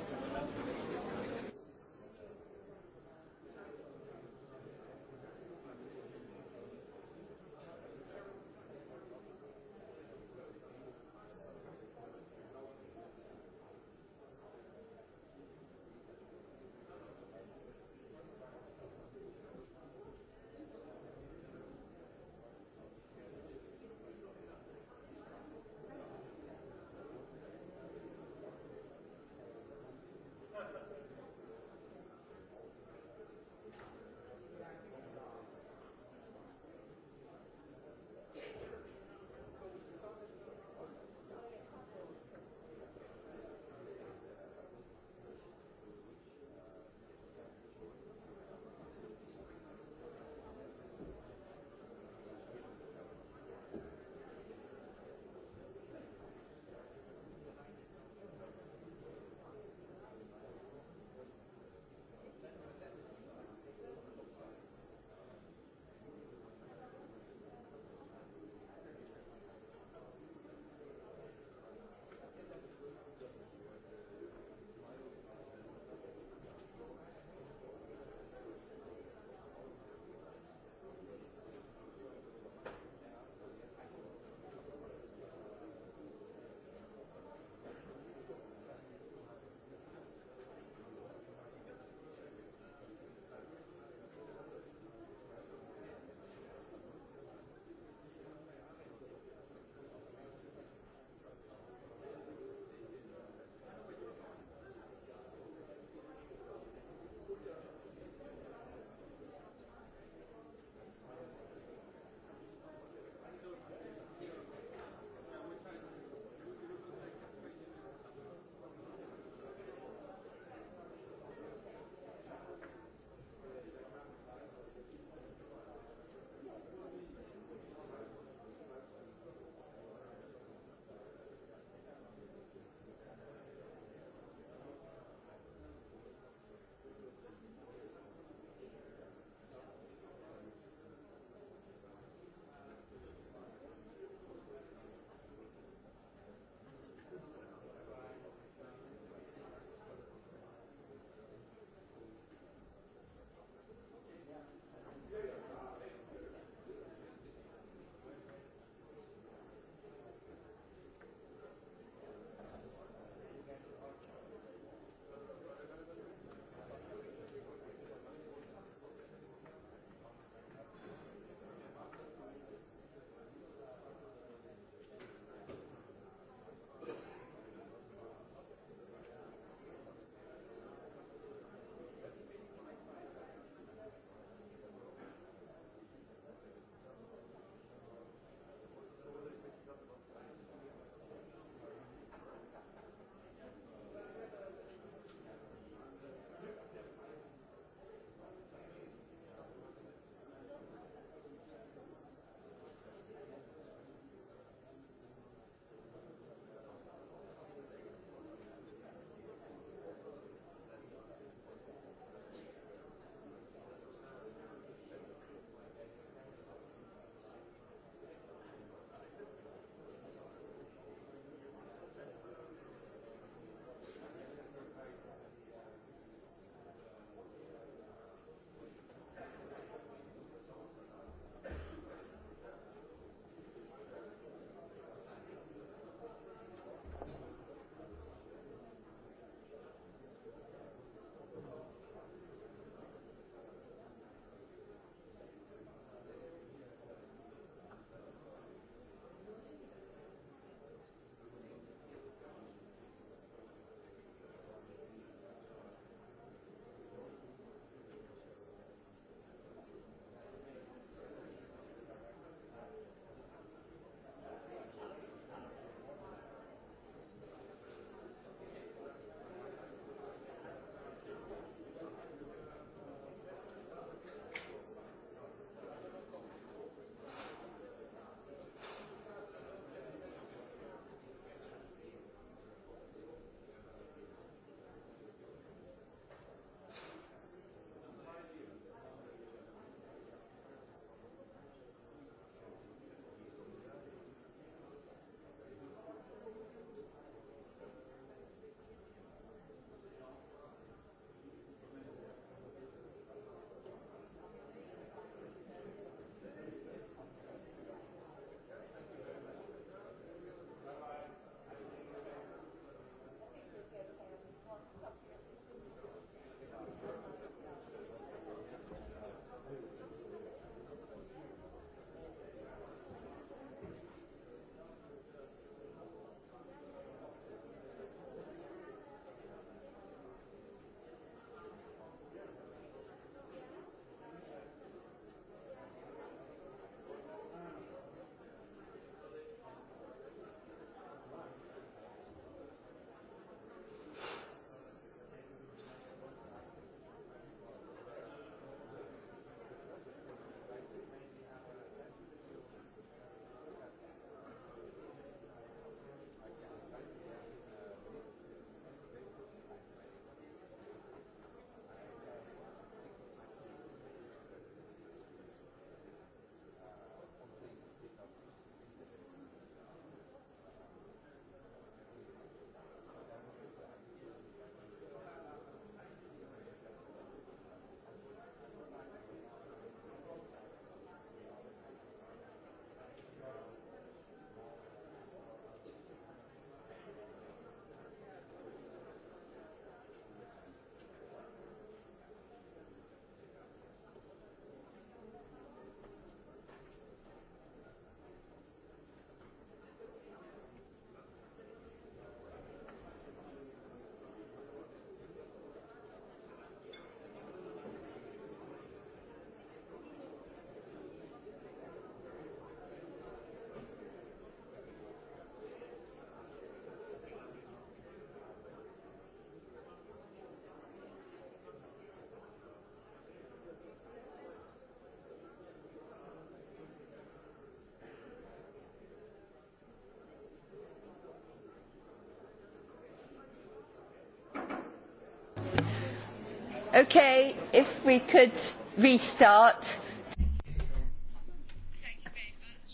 Okay, if we could restart.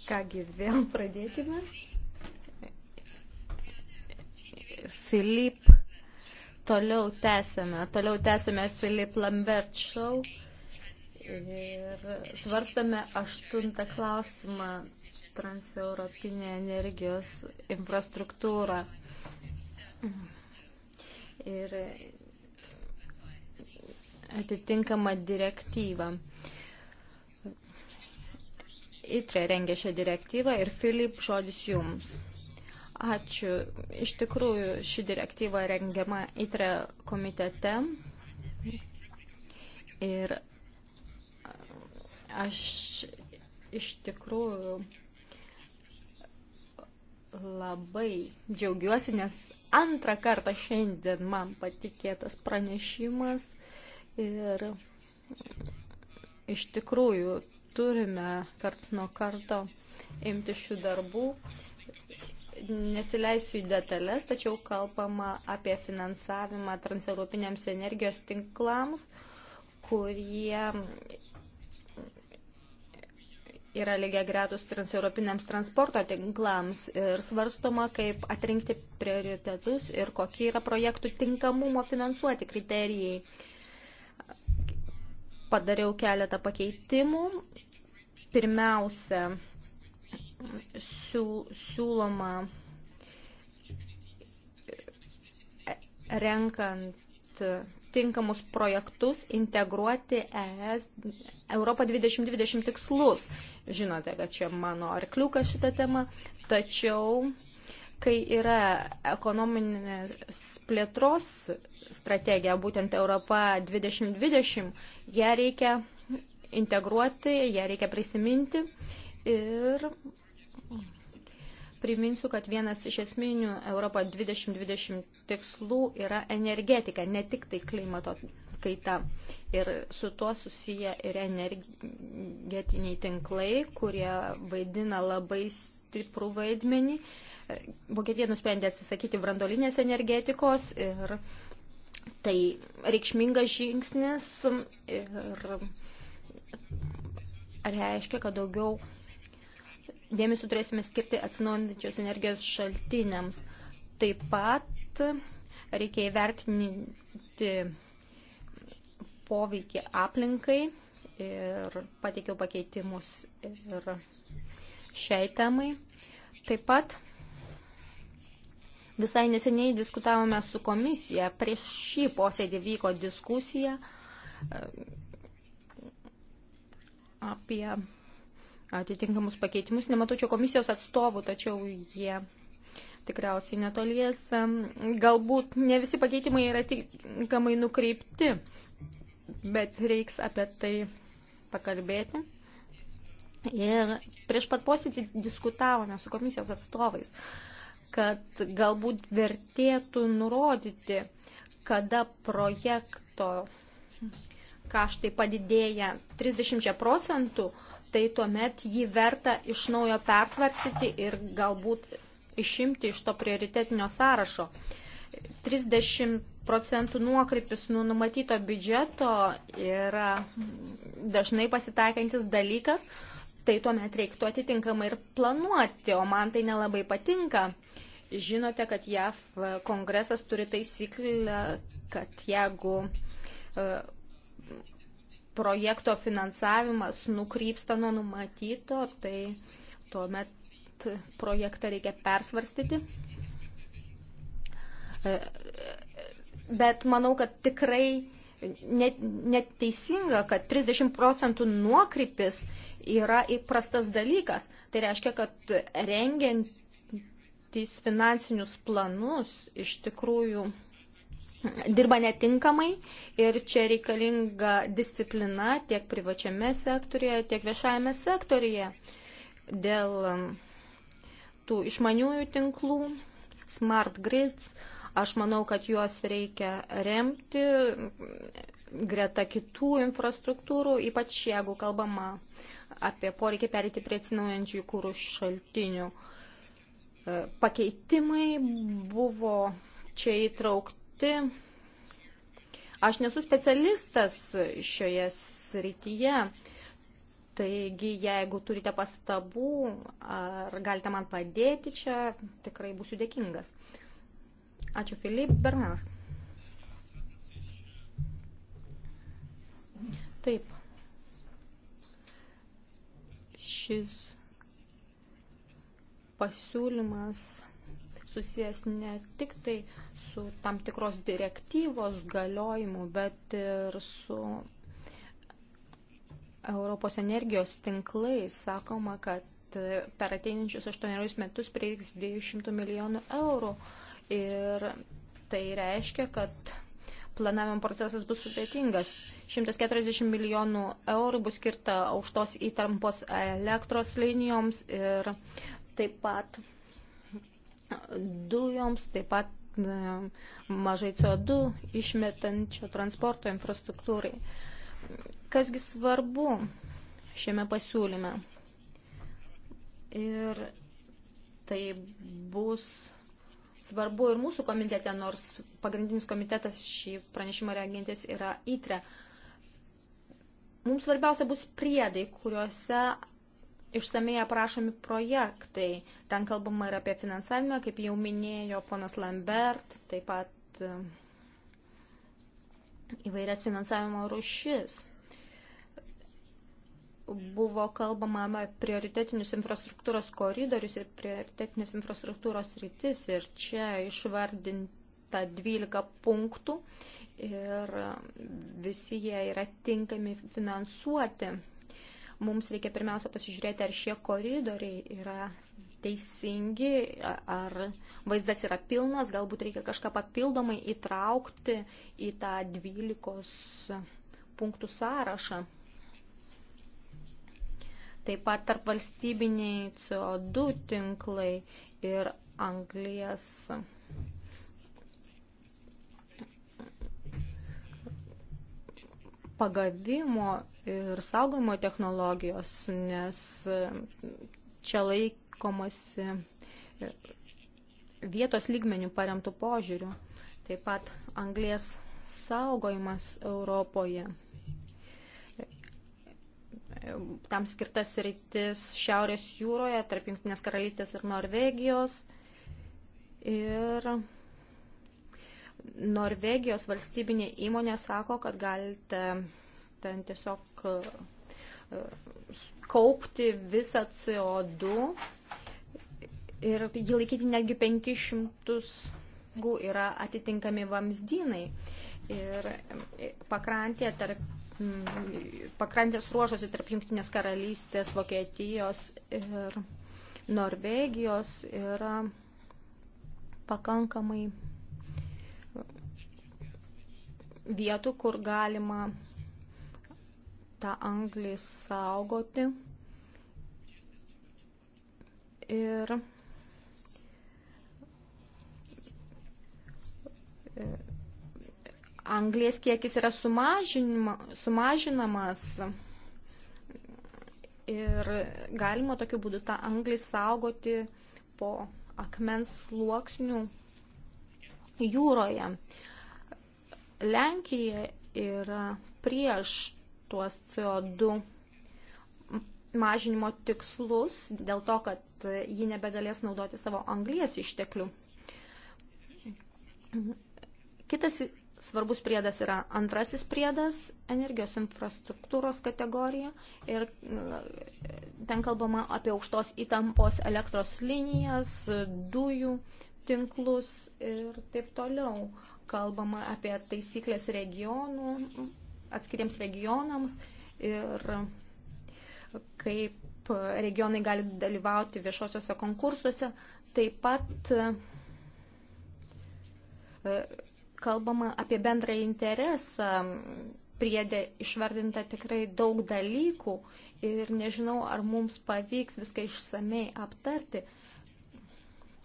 Kągi vėl pradėkime. Filip, toliau tęsime, toliau tęsime Filip Lambert show ir svarstame aštuntą klausimą transeuropinė energijos infrastruktūra. Ir atitinkamą direktyvą. ITRE rengė šią direktyvą ir Filip, žodis jums. Ačiū. Iš tikrųjų, ši direktyva rengiama ITRE komitete. Ir aš iš tikrųjų labai džiaugiuosi, nes antrą kartą šiandien man patikėtas pranešimas Ir iš tikrųjų turime karts nuo karto imti šių darbų. Nesileisiu į detalės, tačiau kalbama apie finansavimą transeuropiniams energijos tinklams, kurie yra lygiai gretus transeuropiniams transporto tinklams ir svarstoma, kaip atrinkti prioritetus ir kokie yra projektų tinkamumo finansuoti kriterijai padariau keletą pakeitimų. Pirmiausia, siūloma e, renkant tinkamus projektus integruoti ES Europą 2020 tikslus. Žinote, kad čia mano arkliukas šitą temą, tačiau kai yra ekonominės plėtros strategiją, būtent Europa 2020, ją reikia integruoti, ją reikia prisiminti ir priminsiu, kad vienas iš esminių Europo 2020 tikslų yra energetika, ne tik tai klimato kaita. Ir su tuo susiję ir energetiniai tinklai, kurie vaidina labai stiprų vaidmenį. Vokietija nusprendė atsisakyti brandolinės energetikos ir uh, Tai reikšmingas žingsnis ir reiškia, kad daugiau dėmesio turėsime skirti atsinaujančios energijos šaltiniams. Taip pat reikia įvertinti poveikį aplinkai ir pateikiau pakeitimus ir šiai temai. Taip pat Visai neseniai diskutavome su komisija, prieš šį posėdį vyko diskusija e, apie atitinkamus pakeitimus. Nematau čia komisijos atstovų, tačiau jie tikriausiai netolies. E, galbūt ne visi pakeitimai yra tinkamai nukreipti, bet reiks apie tai pakalbėti. Ir prieš pat posėdį diskutavome su komisijos atstovais. Uh, kad galbūt vertėtų nurodyti, kada projekto kaštai padidėja 30 procentų, tai tuomet jį verta iš naujo persvarstyti ir galbūt išimti iš to prioritetinio sąrašo. 30 procentų nuokrypis nuo numatyto biudžeto yra dažnai pasitaikantis dalykas, tai tuomet reiktų atitinkamai ir planuoti, o man tai nelabai patinka. Žinote, kad JAV kongresas turi taisyklę, kad jeigu e, projekto finansavimas nukrypsta nuo numatyto, tai tuomet projektą reikia persvarstyti. E, e, bet manau, kad tikrai net, neteisinga, kad 30 procentų nuokrypis yra įprastas dalykas. Tai reiškia, kad rengiantys finansinius planus iš tikrųjų dirba netinkamai ir čia reikalinga disciplina tiek privačiame sektorėje, tiek viešajame sektorėje dėl um, tų išmaniųjų tinklų, smart grids, Aš manau, kad juos reikia remti greta kitų infrastruktūrų, ypač jeigu kalbama apie poreikį perėti prie atsinaujančių kūrų šaltinių. E, pakeitimai buvo čia įtraukti. Aš nesu specialistas šioje srityje, taigi jeigu turite pastabų ar galite man padėti čia, tikrai būsiu dėkingas. Ačiū, Filip Bernard. Taip. Šis pasiūlymas susijęs ne tik tai su tam tikros direktyvos galiojimu, bet ir su Europos energijos tinklais. Sakoma, kad per ateinančius aštuonerius metus prireiks 200 milijonų eurų ir tai reiškia, kad planavimo procesas bus sudėtingas. 140 milijonų eurų bus skirta aukštos įtampos elektros linijoms ir taip pat dujoms, taip pat e, mažai CO2 išmetančio transporto infrastruktūrai. Kasgi svarbu šiame pasiūlyme? Ir tai bus svarbu ir mūsų komitete, nors pagrindinis komitetas šį pranešimą reagentis yra ITRE. Mums svarbiausia bus priedai, kuriuose išsamei aprašomi projektai. Ten kalbama ir apie finansavimą, kaip jau minėjo ponas Lambert, taip pat e, įvairias finansavimo rušis buvo kalbama apie prioritetinius infrastruktūros koridorius ir prioritetinės infrastruktūros rytis ir čia išvardinta 12 punktų ir um, visi jie yra tinkami finansuoti. Mums reikia pirmiausia pasižiūrėti, ar šie koridoriai yra teisingi, ar vaizdas yra pilnas, galbūt reikia kažką papildomai įtraukti į tą 12 punktų sąrašą. Taip pat tarp valstybiniai CO2 tinklai ir anglijas pagavimo ir saugojimo technologijos, nes čia laikomasi vietos lygmenių paremtų požiūrių, taip pat anglės saugojimas Europoje tam skirtas rytis Šiaurės jūroje tarp Junktinės karalystės ir Norvegijos. Ir Norvegijos valstybinė įmonė sako, kad galite ten tiesiog e, kaupti visą CO2 ir jį laikyti netgi 500 yra atitinkami vamzdynai. Ir pakrantė tarp Mm, pakrantės ruožuose tarp Junktinės karalystės, Vokietijos ir Norvegijos yra pakankamai vietų, kur galima tą anglį saugoti. Ir anglės kiekis yra sumažinamas ir galima tokiu būdu tą anglį saugoti po akmens sluoksnių jūroje. Lenkija yra prieš tuos CO2 mažinimo tikslus dėl to, kad ji nebegalės naudoti savo anglies išteklių. Kitas svarbus priedas yra antrasis priedas energijos infrastruktūros kategorija ir ten kalbama apie aukštos įtampos elektros linijas, dujų tinklus ir taip toliau. Kalbama apie taisyklės regionų, atskiriems regionams ir kaip regionai gali dalyvauti viešosiuose konkursuose. Taip pat e, kalbama apie bendrą interesą, priedė išvardinta tikrai daug dalykų ir nežinau, ar mums pavyks viską išsamei aptarti.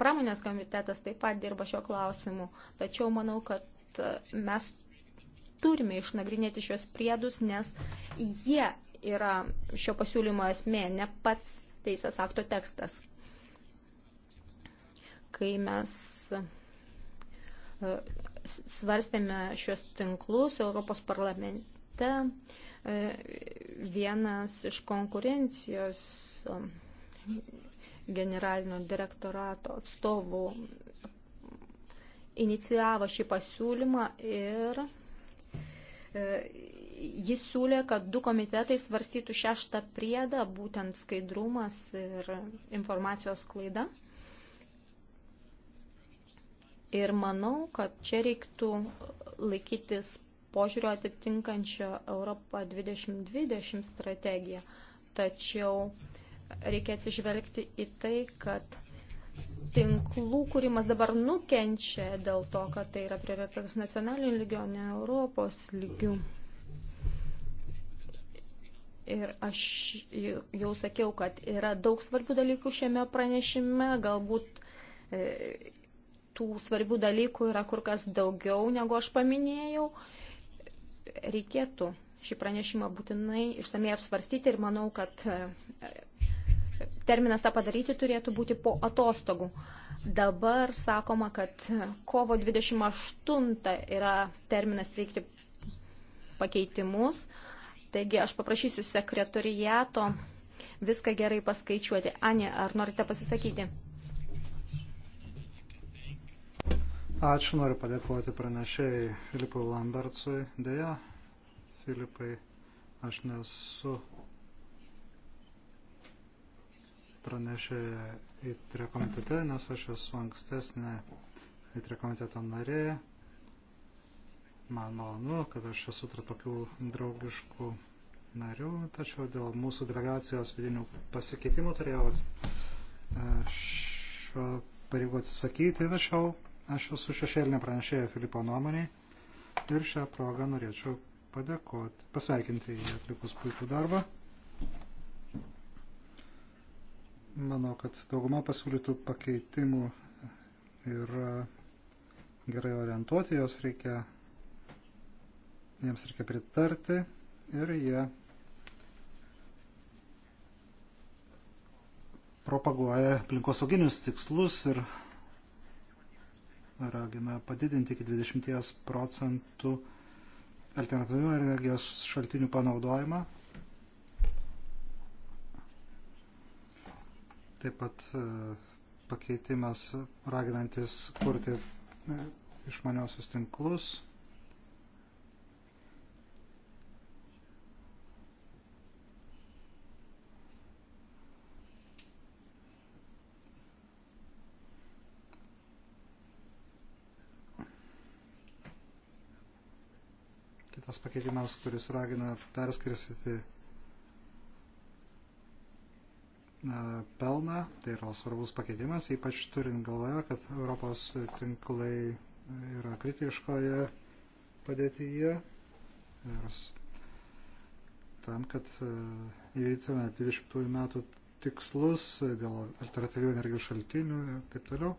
Pramonės komitetas taip pat dirba šio klausimu, tačiau manau, kad e, mes turime išnagrinėti šios priedus, nes jie yra šio pasiūlymo esmė, ne pats teisės akto tekstas. Kai mes e, svarstėme šios tinklus Europos parlamente, e, vienas iš konkurencijos generalinio direktorato atstovų inicijavo šį pasiūlymą ir e, jis siūlė, kad du komitetai svarstytų šeštą priedą, būtent skaidrumas ir informacijos klaida. Ir manau, kad čia reiktų laikytis požiūrio atitinkančio Europą 2020 strategiją. Tačiau reikia atsižvelgti į tai, kad tinklų kūrimas dabar nukenčia dėl to, kad tai yra prioritetas nacionalinių lygio, ne Europos lygių. Ir aš jau sakiau, kad yra daug svarbių dalykų šiame pranešime, galbūt e, tų svarbių dalykų yra kur kas daugiau, negu aš paminėjau. Reikėtų šį pranešimą būtinai išsamei apsvarstyti ir manau, kad e, terminas tą padaryti turėtų būti po atostogų. Dabar sakoma, kad kovo 28 yra terminas teikti pakeitimus. Taigi aš paprašysiu sekretorijato viską gerai paskaičiuoti. Anė, ar norite pasisakyti? Ačiū, noriu padėkoti pranešėjai Filipui Lambertsui. Deja, Filipai, aš nesu pranešėja įtrio komitete, nes aš esu ankstesnė įtrio komiteto narė. Man malonu, kad aš esu tarp tokių draugiškų narių, tačiau dėl mūsų delegacijos vidinių pasikeitimų turėjau e, šio pareigų atsisakyti, tačiau Aš esu šešėlinė pranešėja Filipo nuomoniai ir šią progą norėčiau padėkoti, pasveikinti jį atlikus puikų darbą. Manau, kad dauguma pasiūlytų pakeitimų yra gerai orientuoti, jos reikia, jiems reikia pritarti ir jie propaguoja aplinkosauginius tikslus ir ragina padidinti iki 20 procentų alternatyvių energijos šaltinių panaudojimą. Taip pat e, pakeitimas raginantis kurti e, išmaniosius tinklus skirtas pakeitimams, kuris ragina perskirstyti e, pelną, tai yra svarbus pakeitimas, ypač turint galvoje, kad Europos tinklai yra kritiškoje padėtyje ir tam, kad e, įveitume 20 metų tikslus dėl alternatyvių energijos šaltinių ir taip toliau.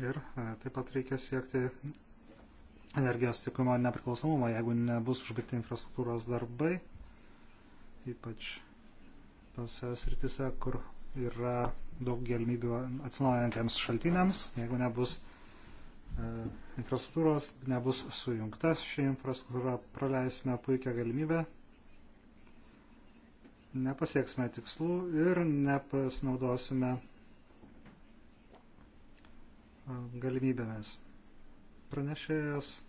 Ir e, taip pat reikia siekti energijos tiekimo nepriklausomumo, jeigu nebus užbaigti infrastruktūros darbai, ypač tose sritise, kur yra daug galimybių atsinaujantiems šaltiniams, jeigu nebus e, infrastruktūros, nebus sujungta ši infrastruktūra, praleisime puikią galimybę nepasieksime tikslų ir nepasinaudosime galimybėmis. Pranešėjas e,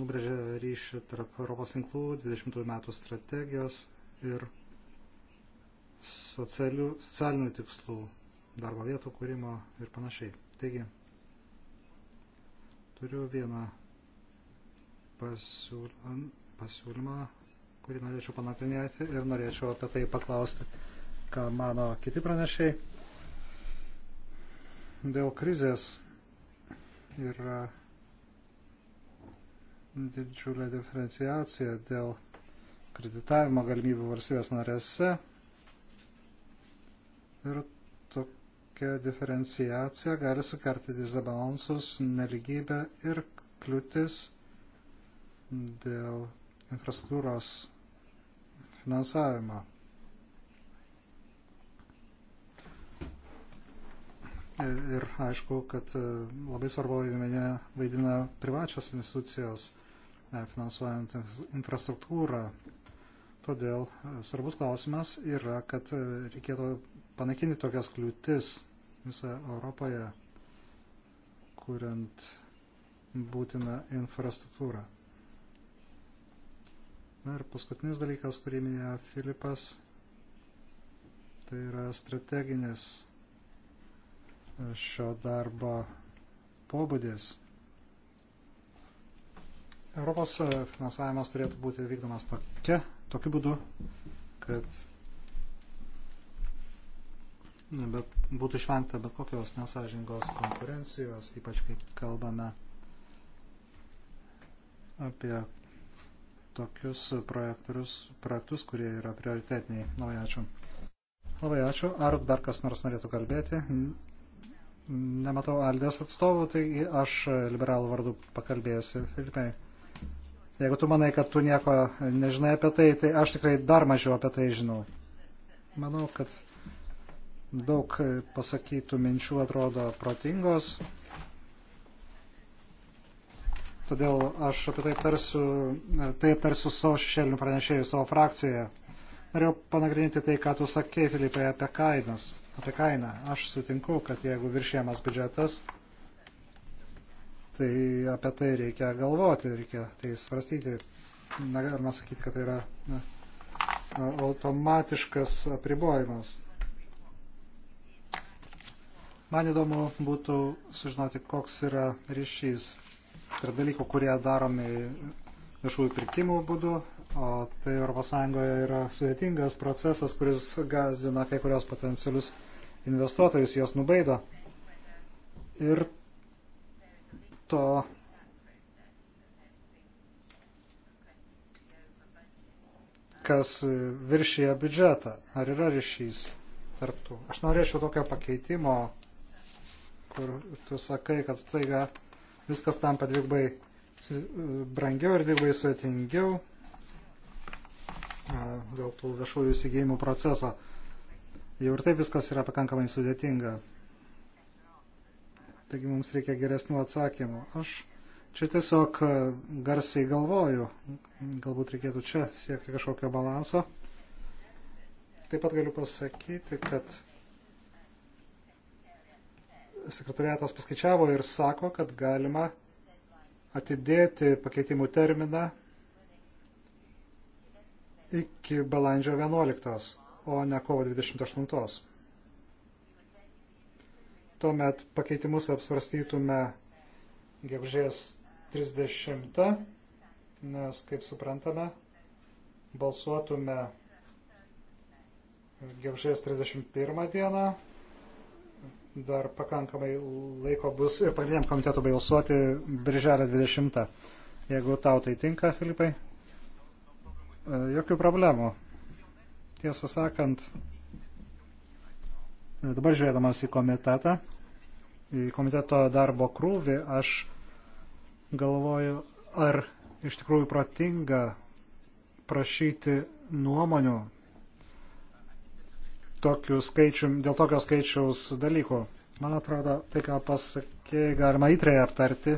nubrėžė ryšį tarp Europos tinklų 20 metų strategijos ir socialių, socialinių tikslų, darbo vietų kūrimo ir panašiai. Taigi, turiu vieną pasiūlymą, kurį norėčiau panagrinėti ir norėčiau apie tai paklausti, ką mano kiti pranešiai dėl krizės yra didžiulė diferenciacija dėl kreditavimo galimybių valstybės narėse. Ir tokia diferenciacija gali sukelti disbalansus, neligybę ir kliūtis dėl infrastruktūros finansavimo. Ir aišku, kad e, labai svarbu vaidina privačios institucijos e, finansuojant infrastruktūrą. Todėl e, svarbus klausimas yra, kad reikėtų panaikinti tokias kliūtis visoje Europoje, kuriant būtiną infrastruktūrą. Na ir paskutinis dalykas, kurį minėjo Filipas, tai yra strateginis šio darbo pobūdis. Europos finansavimas turėtų būti vykdomas tokia, tokiu būdu, kad bet būtų išvengta bet kokios nesažingos konkurencijos, ypač kai kalbame apie tokius projektus, kurie yra prioritetiniai. Labai ačiū. Labai ačiū. Ar dar kas nors norėtų kalbėti? nematau Aldės atstovų, tai aš liberalų vardu pakalbėsiu. Filipai, jeigu tu manai, kad tu nieko nežinai apie tai, tai aš tikrai dar mažiau apie tai žinau. Manau, kad daug pasakytų minčių atrodo protingos. Todėl aš apie tai tarsiu, tai tarsiu savo šešėlinių pranešėjų savo frakcijoje. Norėjau panagrinėti tai, ką tu sakei, Filipai, apie kainas apie kainą. Aš sutinku, kad jeigu viršėjamas biudžetas, tai apie tai reikia galvoti, reikia tai svarstyti. Negalima sakyti, kad tai yra na, automatiškas apribojimas. Man įdomu būtų sužinoti, koks yra ryšys tarp dalykų, kurie daromi viešųjų pirkimų būdu O tai ES yra sudėtingas procesas, kuris gazdina kai kurios potencialius investuotojus, jos nubaido. Ir to kas viršyje biudžetą. Ar yra ryšys tarptų? Aš norėčiau tokio pakeitimo, kur tu sakai, kad staiga viskas tampa dvigbai brangiau ir dvigbai sudėtingiau E, dėl tų viešųjų įsigijimų proceso. Jau ir taip viskas yra pakankamai sudėtinga. Taigi mums reikia geresnių atsakymų. Aš čia tiesiog e, garsiai galvoju, galbūt reikėtų čia siekti kažkokio balanso. Taip pat galiu pasakyti, kad sekretoriatas paskaičiavo ir sako, kad galima atidėti pakeitimų terminą iki balandžio 11, o ne kovo 28. Tuomet pakeitimus apsvarstytume gegužės 30, nes, kaip suprantame, balsuotume gegužės 31 dieną. Dar pakankamai laiko bus ir pagrindiniam komitetu balsuoti birželio 20. Jeigu tau tai tinka, Filipai. E, jokių problemų. Tiesą sakant, e, dabar žiūrėdamas į komitetą, į komiteto darbo krūvį, aš galvoju, ar iš tikrųjų protinga prašyti nuomonių tokių skaičių, dėl tokio skaičiaus dalykų. Man atrodo, tai ką pasakė, galima įtrėje aptarti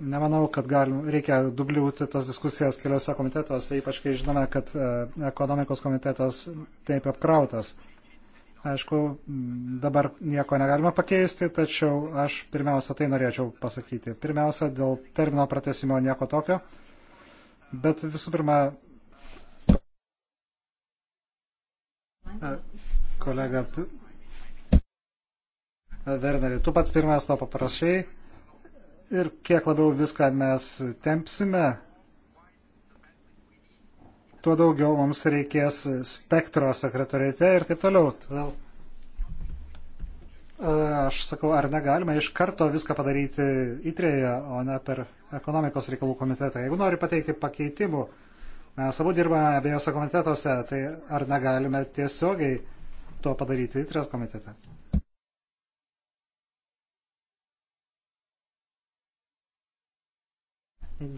nemanau, kad galim, reikia dubliuoti tas diskusijas keliose komitetuose, ypač kai žinome, kad e, ekonomikos komitetas taip apkrautas. Aišku, dabar nieko negalima pakeisti, tačiau aš pirmiausia tai norėčiau pasakyti. Pirmiausia, dėl termino pratesimo nieko tokio. Bet visų pirma, e, kolega Vernerį, tu pats pirmas to paprašai ir kiek labiau viską mes tempsime, tuo daugiau mums reikės spektro sekretorėte ir taip toliau. Todėl e, aš sakau, ar negalime iš karto viską padaryti įtrėje, o ne per ekonomikos reikalų komitetą. Jeigu nori pateikti pakeitimų, mes abu dirbame abiejose komitetuose, tai ar negalime tiesiogiai to padaryti įtrės komitete?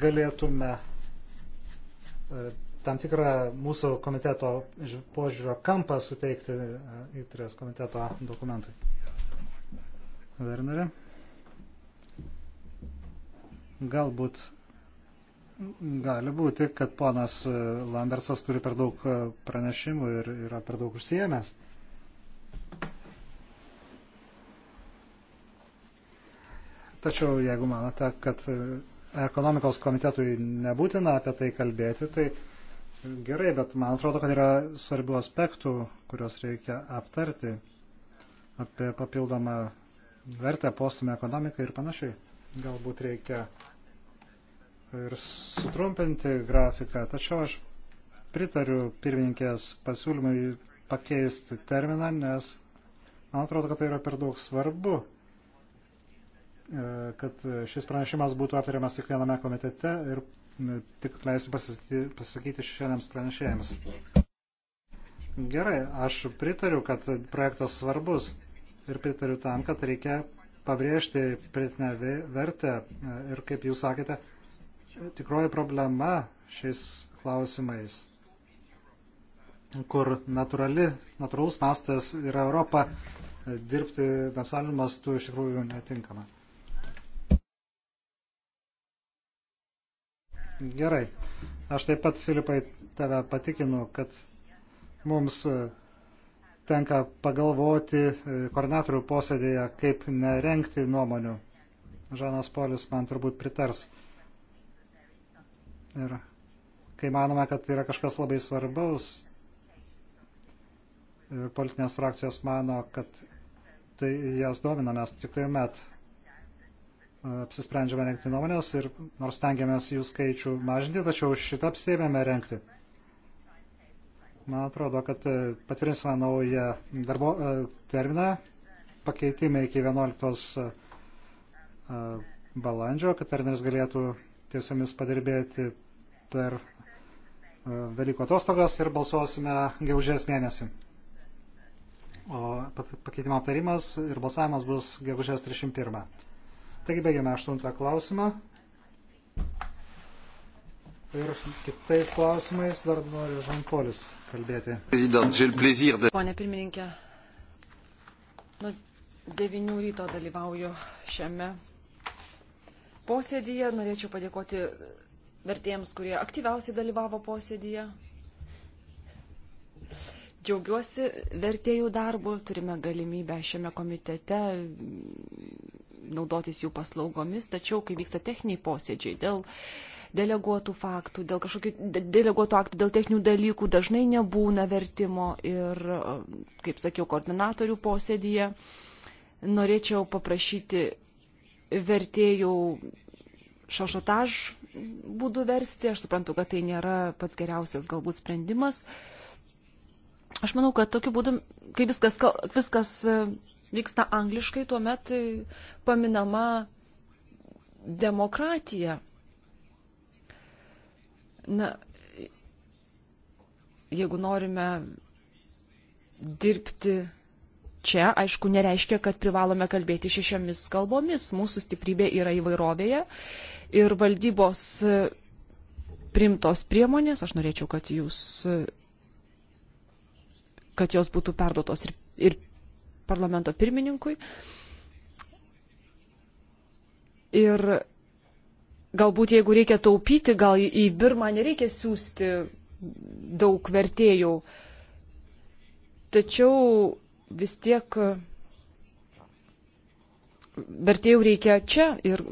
galėtume e, tam tikrą mūsų komiteto požiūrio kampą suteikti e, įtrės komiteto dokumentui. Vernerė. Galbūt gali būti, kad ponas e, Lambersas turi per daug pranešimų ir yra per daug užsiemęs. Tačiau jeigu manote, kad ekonomikos komitetui nebūtina apie tai kalbėti, tai gerai, bet man atrodo, kad yra svarbių aspektų, kuriuos reikia aptarti apie papildomą vertę, postumį ekonomikai ir panašiai. Galbūt reikia ir sutrumpinti grafiką, tačiau aš pritariu pirmininkės pasiūlymui pakeisti terminą, nes man atrodo, kad tai yra per daug svarbu E, kad šis pranešimas būtų aptariamas tik viename komitete ir tik leisti pasakyti šiandienams pranešėjams. Gerai, aš pritariu, kad projektas svarbus ir pritariu tam, kad reikia pabrėžti pritinę vertę e, ir, kaip jūs sakėte, tikroji problema šiais klausimais, kur natūrali, natūralus mastas yra Europa, e, dirbti nacionaliniu mastu iš tikrųjų netinkama. Gerai. Aš taip pat, Filipai, tave patikinu, kad mums e, tenka pagalvoti e, koordinatorių posėdėje, kaip nerenkti nuomonių. Žanas Polis man turbūt pritars. Ir kai manome, kad yra kažkas labai svarbaus, e, politinės frakcijos mano, kad tai jas domina, mes tik tai met apsisprendžiame renkti nuomonės ir nors tengiamės jų skaičių mažinti, tačiau šitą apsėmėme renkti. Man atrodo, kad e, patvirtinsime naują darbo e, terminą, pakeitimą iki 11 e, balandžio, kad Verneris galėtų tiesiomis padirbėti per Velyko atostogas ir balsuosime gegužės mėnesį. O pakeitimo aptarimas ir balsavimas bus gegužės 31. Taigi baigiame aštuntą klausimą. Ir kitais klausimais dar nori Žanpolis kalbėti. Pone pirmininkė, nuo 9 ryto dalyvauju šiame posėdyje. Norėčiau padėkoti vertėjams, kurie aktyviausiai dalyvavo posėdyje. Džiaugiuosi vertėjų darbu, turime galimybę šiame komitete naudotis jų paslaugomis, tačiau kai vyksta techniniai posėdžiai dėl deleguotų faktų, dėl kažkokių deleguotų aktų, dėl techninių dalykų dažnai nebūna vertimo ir, kaip sakiau, koordinatorių posėdėje norėčiau paprašyti vertėjų šašotaž būdų versti. Aš suprantu, kad tai nėra pats geriausias galbūt sprendimas. Aš manau, kad tokiu būdu, kai viskas, viskas vyksta angliškai, tuomet paminama demokratija. Na, jeigu norime dirbti čia, aišku, nereiškia, kad privalome kalbėti šešiomis kalbomis. Mūsų stiprybė yra įvairovėje ir valdybos primtos priemonės, aš norėčiau, kad jūs, kad jos būtų perdotos ir, ir parlamento pirmininkui. Ir galbūt jeigu reikia taupyti, gal į Birmą nereikia siūsti daug vertėjų. Tačiau vis tiek vertėjų reikia čia ir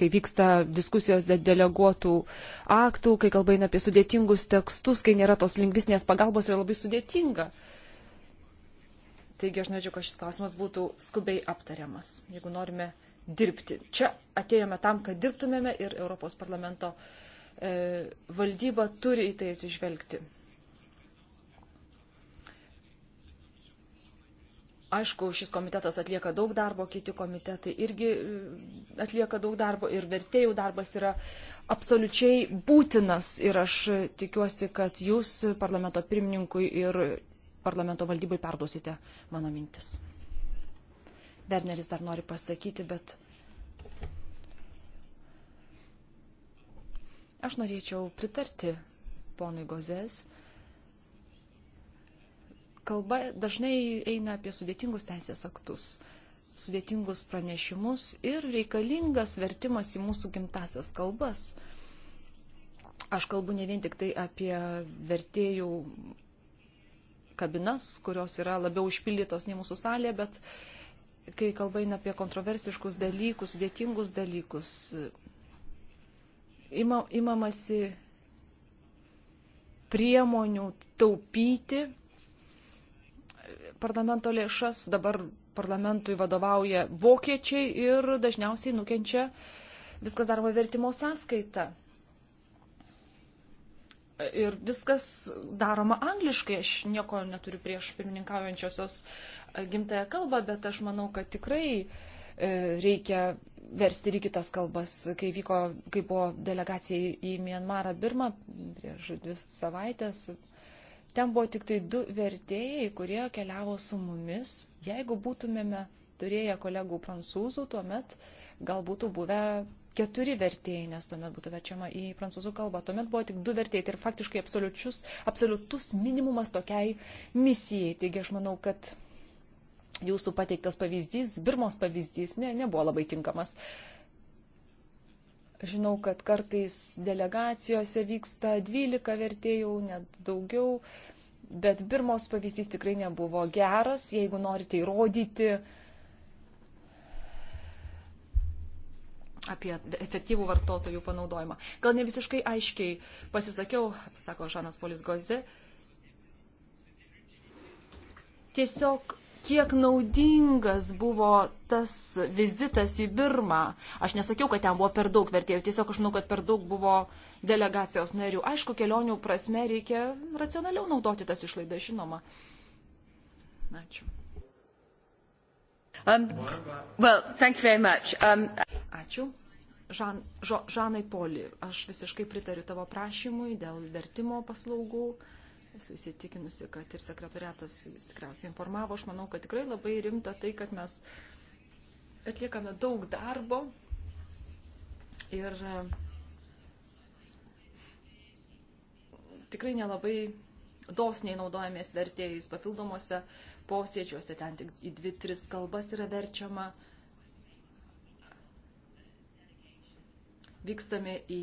kai vyksta diskusijos dėl deleguotų aktų, kai kalba eina apie sudėtingus tekstus, kai nėra tos lingvistinės pagalbos, yra labai sudėtinga. Uh, Taigi aš norėčiau, kad šis klausimas būtų skubiai aptariamas, jeigu norime dirbti. Čia atėjome tam, kad dirbtumėme ir Europos parlamento e, valdyba turi į tai atsižvelgti. Aišku, šis komitetas atlieka daug darbo, kiti komitetai irgi e, atlieka daug darbo ir vertėjų darbas yra absoliučiai būtinas ir aš tikiuosi, kad jūs parlamento pirmininkui ir parlamento valdybai perduosite mano mintis. Werneris dar nori pasakyti, bet aš norėčiau pritarti ponui Gozės. Kalba dažnai eina apie sudėtingus teisės aktus, sudėtingus pranešimus ir reikalingas vertimas į mūsų gimtasias kalbas. Aš kalbu ne vien tik tai apie vertėjų kabinas, kurios yra labiau užpildytos nei mūsų salė, bet kai kalba eina apie kontroversiškus dalykus, sudėtingus dalykus, ima, imamasi priemonių taupyti parlamento lėšas. Dabar parlamentui vadovauja vokiečiai ir dažniausiai nukenčia viskas daroma vertimo sąskaita ir viskas daroma angliškai. Aš nieko neturiu prieš pirmininkaujančiosios e, gimtąją kalbą, bet aš manau, kad tikrai e, reikia versti ir į kitas kalbas. Kai, vyko, kai buvo delegacija į Mianmarą, Birmą prieš dvi savaitės, ten buvo tik tai du vertėjai, kurie keliavo su mumis. Jeigu būtumėme turėję kolegų prancūzų, tuomet gal būtų buvę keturi vertėjai, nes tuomet būtų verčiama į prancūzų kalbą. Tuomet buvo tik du vertėjai, tai ir faktiškai absoliutus minimumas tokiai misijai. Taigi aš manau, kad jūsų pateiktas pavyzdys, Birmos pavyzdys, ne, nebuvo labai tinkamas. Žinau, kad kartais delegacijose vyksta 12 vertėjų, net daugiau, bet Birmos pavyzdys tikrai nebuvo geras. Jeigu norite įrodyti, uh, apie efektyvų vartotojų panaudojimą. Gal ne visiškai aiškiai pasisakiau, sako Žanas Polis Goze. Tiesiog kiek naudingas buvo tas vizitas į Birmą. Aš nesakiau, kad ten buvo per daug vertėjų, tiesiog aš manau, kad per daug buvo delegacijos narių. Aišku, kelionių prasme reikia racionaliau naudoti tas išlaidas, žinoma. Ačiū. Um, well, um... Ačiū. Žan, žo, Žanai Poli, aš visiškai pritariu tavo prašymui dėl vertimo paslaugų. Esu įsitikinusi, kad ir sekretoriatas jūs tikriausiai informavo. Aš manau, kad tikrai labai rimta tai, kad mes atliekame daug darbo ir e, tikrai nelabai dosniai naudojamės vertėjais papildomuose posėdžiuose, ten tik į dvi, tris kalbas yra verčiama. Uh, vykstame į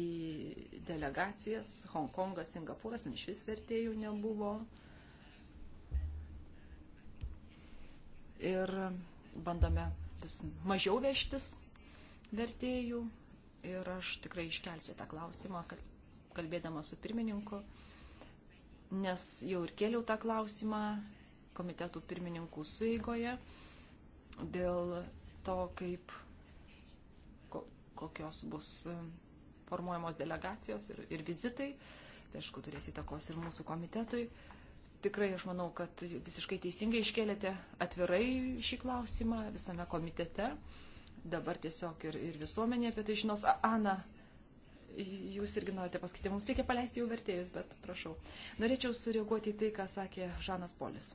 delegacijas, Hongkongas, Singapūras, ten iš vis vertėjų nebuvo. Ir bandome vis mažiau vežtis vertėjų. Ir aš tikrai iškelsiu tą klausimą, kalbėdama su pirmininku, nes jau ir kėliau tą klausimą komitetų pirmininkų suigoje dėl to, kaip kokios bus e, formuojamos delegacijos ir, ir vizitai. Tai aišku, turės įtakos ir mūsų komitetui. Tikrai aš manau, kad visiškai teisingai iškėlėte atvirai šį klausimą visame komitete. Dabar tiesiog ir, ir visuomenė apie tai žinos. A, Ana, jūs irgi norite pasakyti, mums reikia paleisti jų vertėjus, bet prašau. Norėčiau sureaguoti į tai, ką sakė Žanas Polis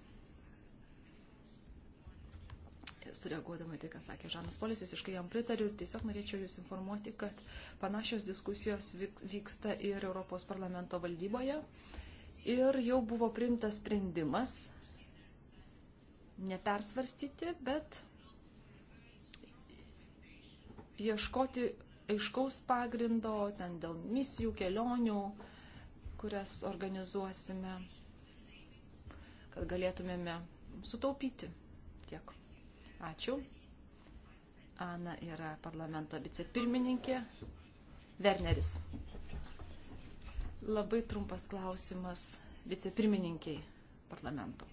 sureaguodama tai, ką sakė Žanas Polis, visiškai jam pritariu ir tiesiog norėčiau Jūs informuoti, kad panašios diskusijos vyksta ir Europos parlamento valdyboje. Ir jau buvo priimtas sprendimas nepersvarstyti, bet ieškoti aiškaus pagrindo ten dėl misijų, kelionių, kurias organizuosime, kad galėtumėme sutaupyti tiek. Ačiū. Ana yra parlamento vicepirmininkė. Werneris. Labai trumpas klausimas vicepirmininkiai parlamento.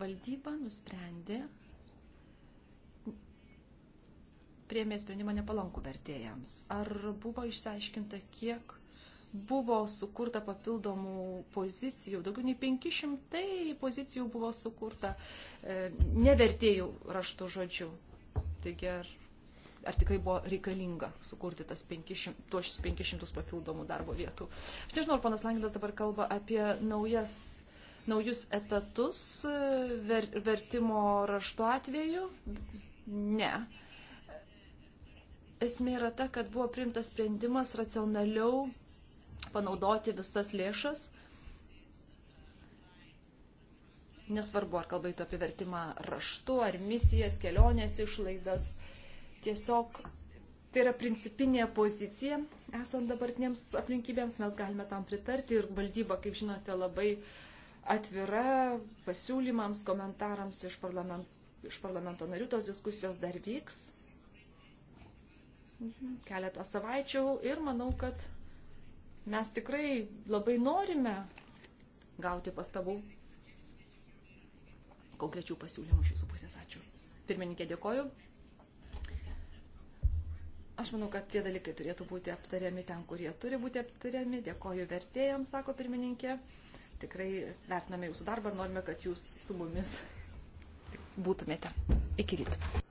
Valdyba nusprendė, priemė sprendimą nepalankų vertėjams. Ar buvo išsiaiškinta, kiek buvo sukurta papildomų pozicijų, daugiau nei 500 pozicijų buvo sukurta e, nevertėjų raštų žodžių. Taigi ar, ar tikrai buvo reikalinga sukurti tas 500, tuos 500 papildomų darbo vietų. Aš nežinau, ar panas Langinas dabar kalba apie naujas, naujus etatus e, ver, vertimo raštų atveju. Ne esmė yra ta, kad buvo priimtas sprendimas racionaliau panaudoti visas lėšas. Nesvarbu, ar kalbėtų apie vertimą raštu, ar misijas, kelionės išlaidas. Tiesiog tai yra principinė pozicija. Esant dabartiniams aplinkybėms mes galime tam pritarti ir valdyba, kaip žinote, labai atvira pasiūlymams, komentarams iš, parlament, iš parlamento narių. Tos diskusijos dar vyks mhm, keletą savaičių ir manau, kad Mes tikrai labai norime gauti pastabų konkrečių pasiūlymų iš jūsų pusės. Ačiū. Pirmininkė, dėkoju. Aš manau, kad tie dalykai turėtų būti aptariami ten, kurie turi būti aptariami. Dėkoju vertėjams, sako pirmininkė. Tikrai vertiname jūsų darbą ir norime, kad jūs su mumis būtumėte. Iki ryto.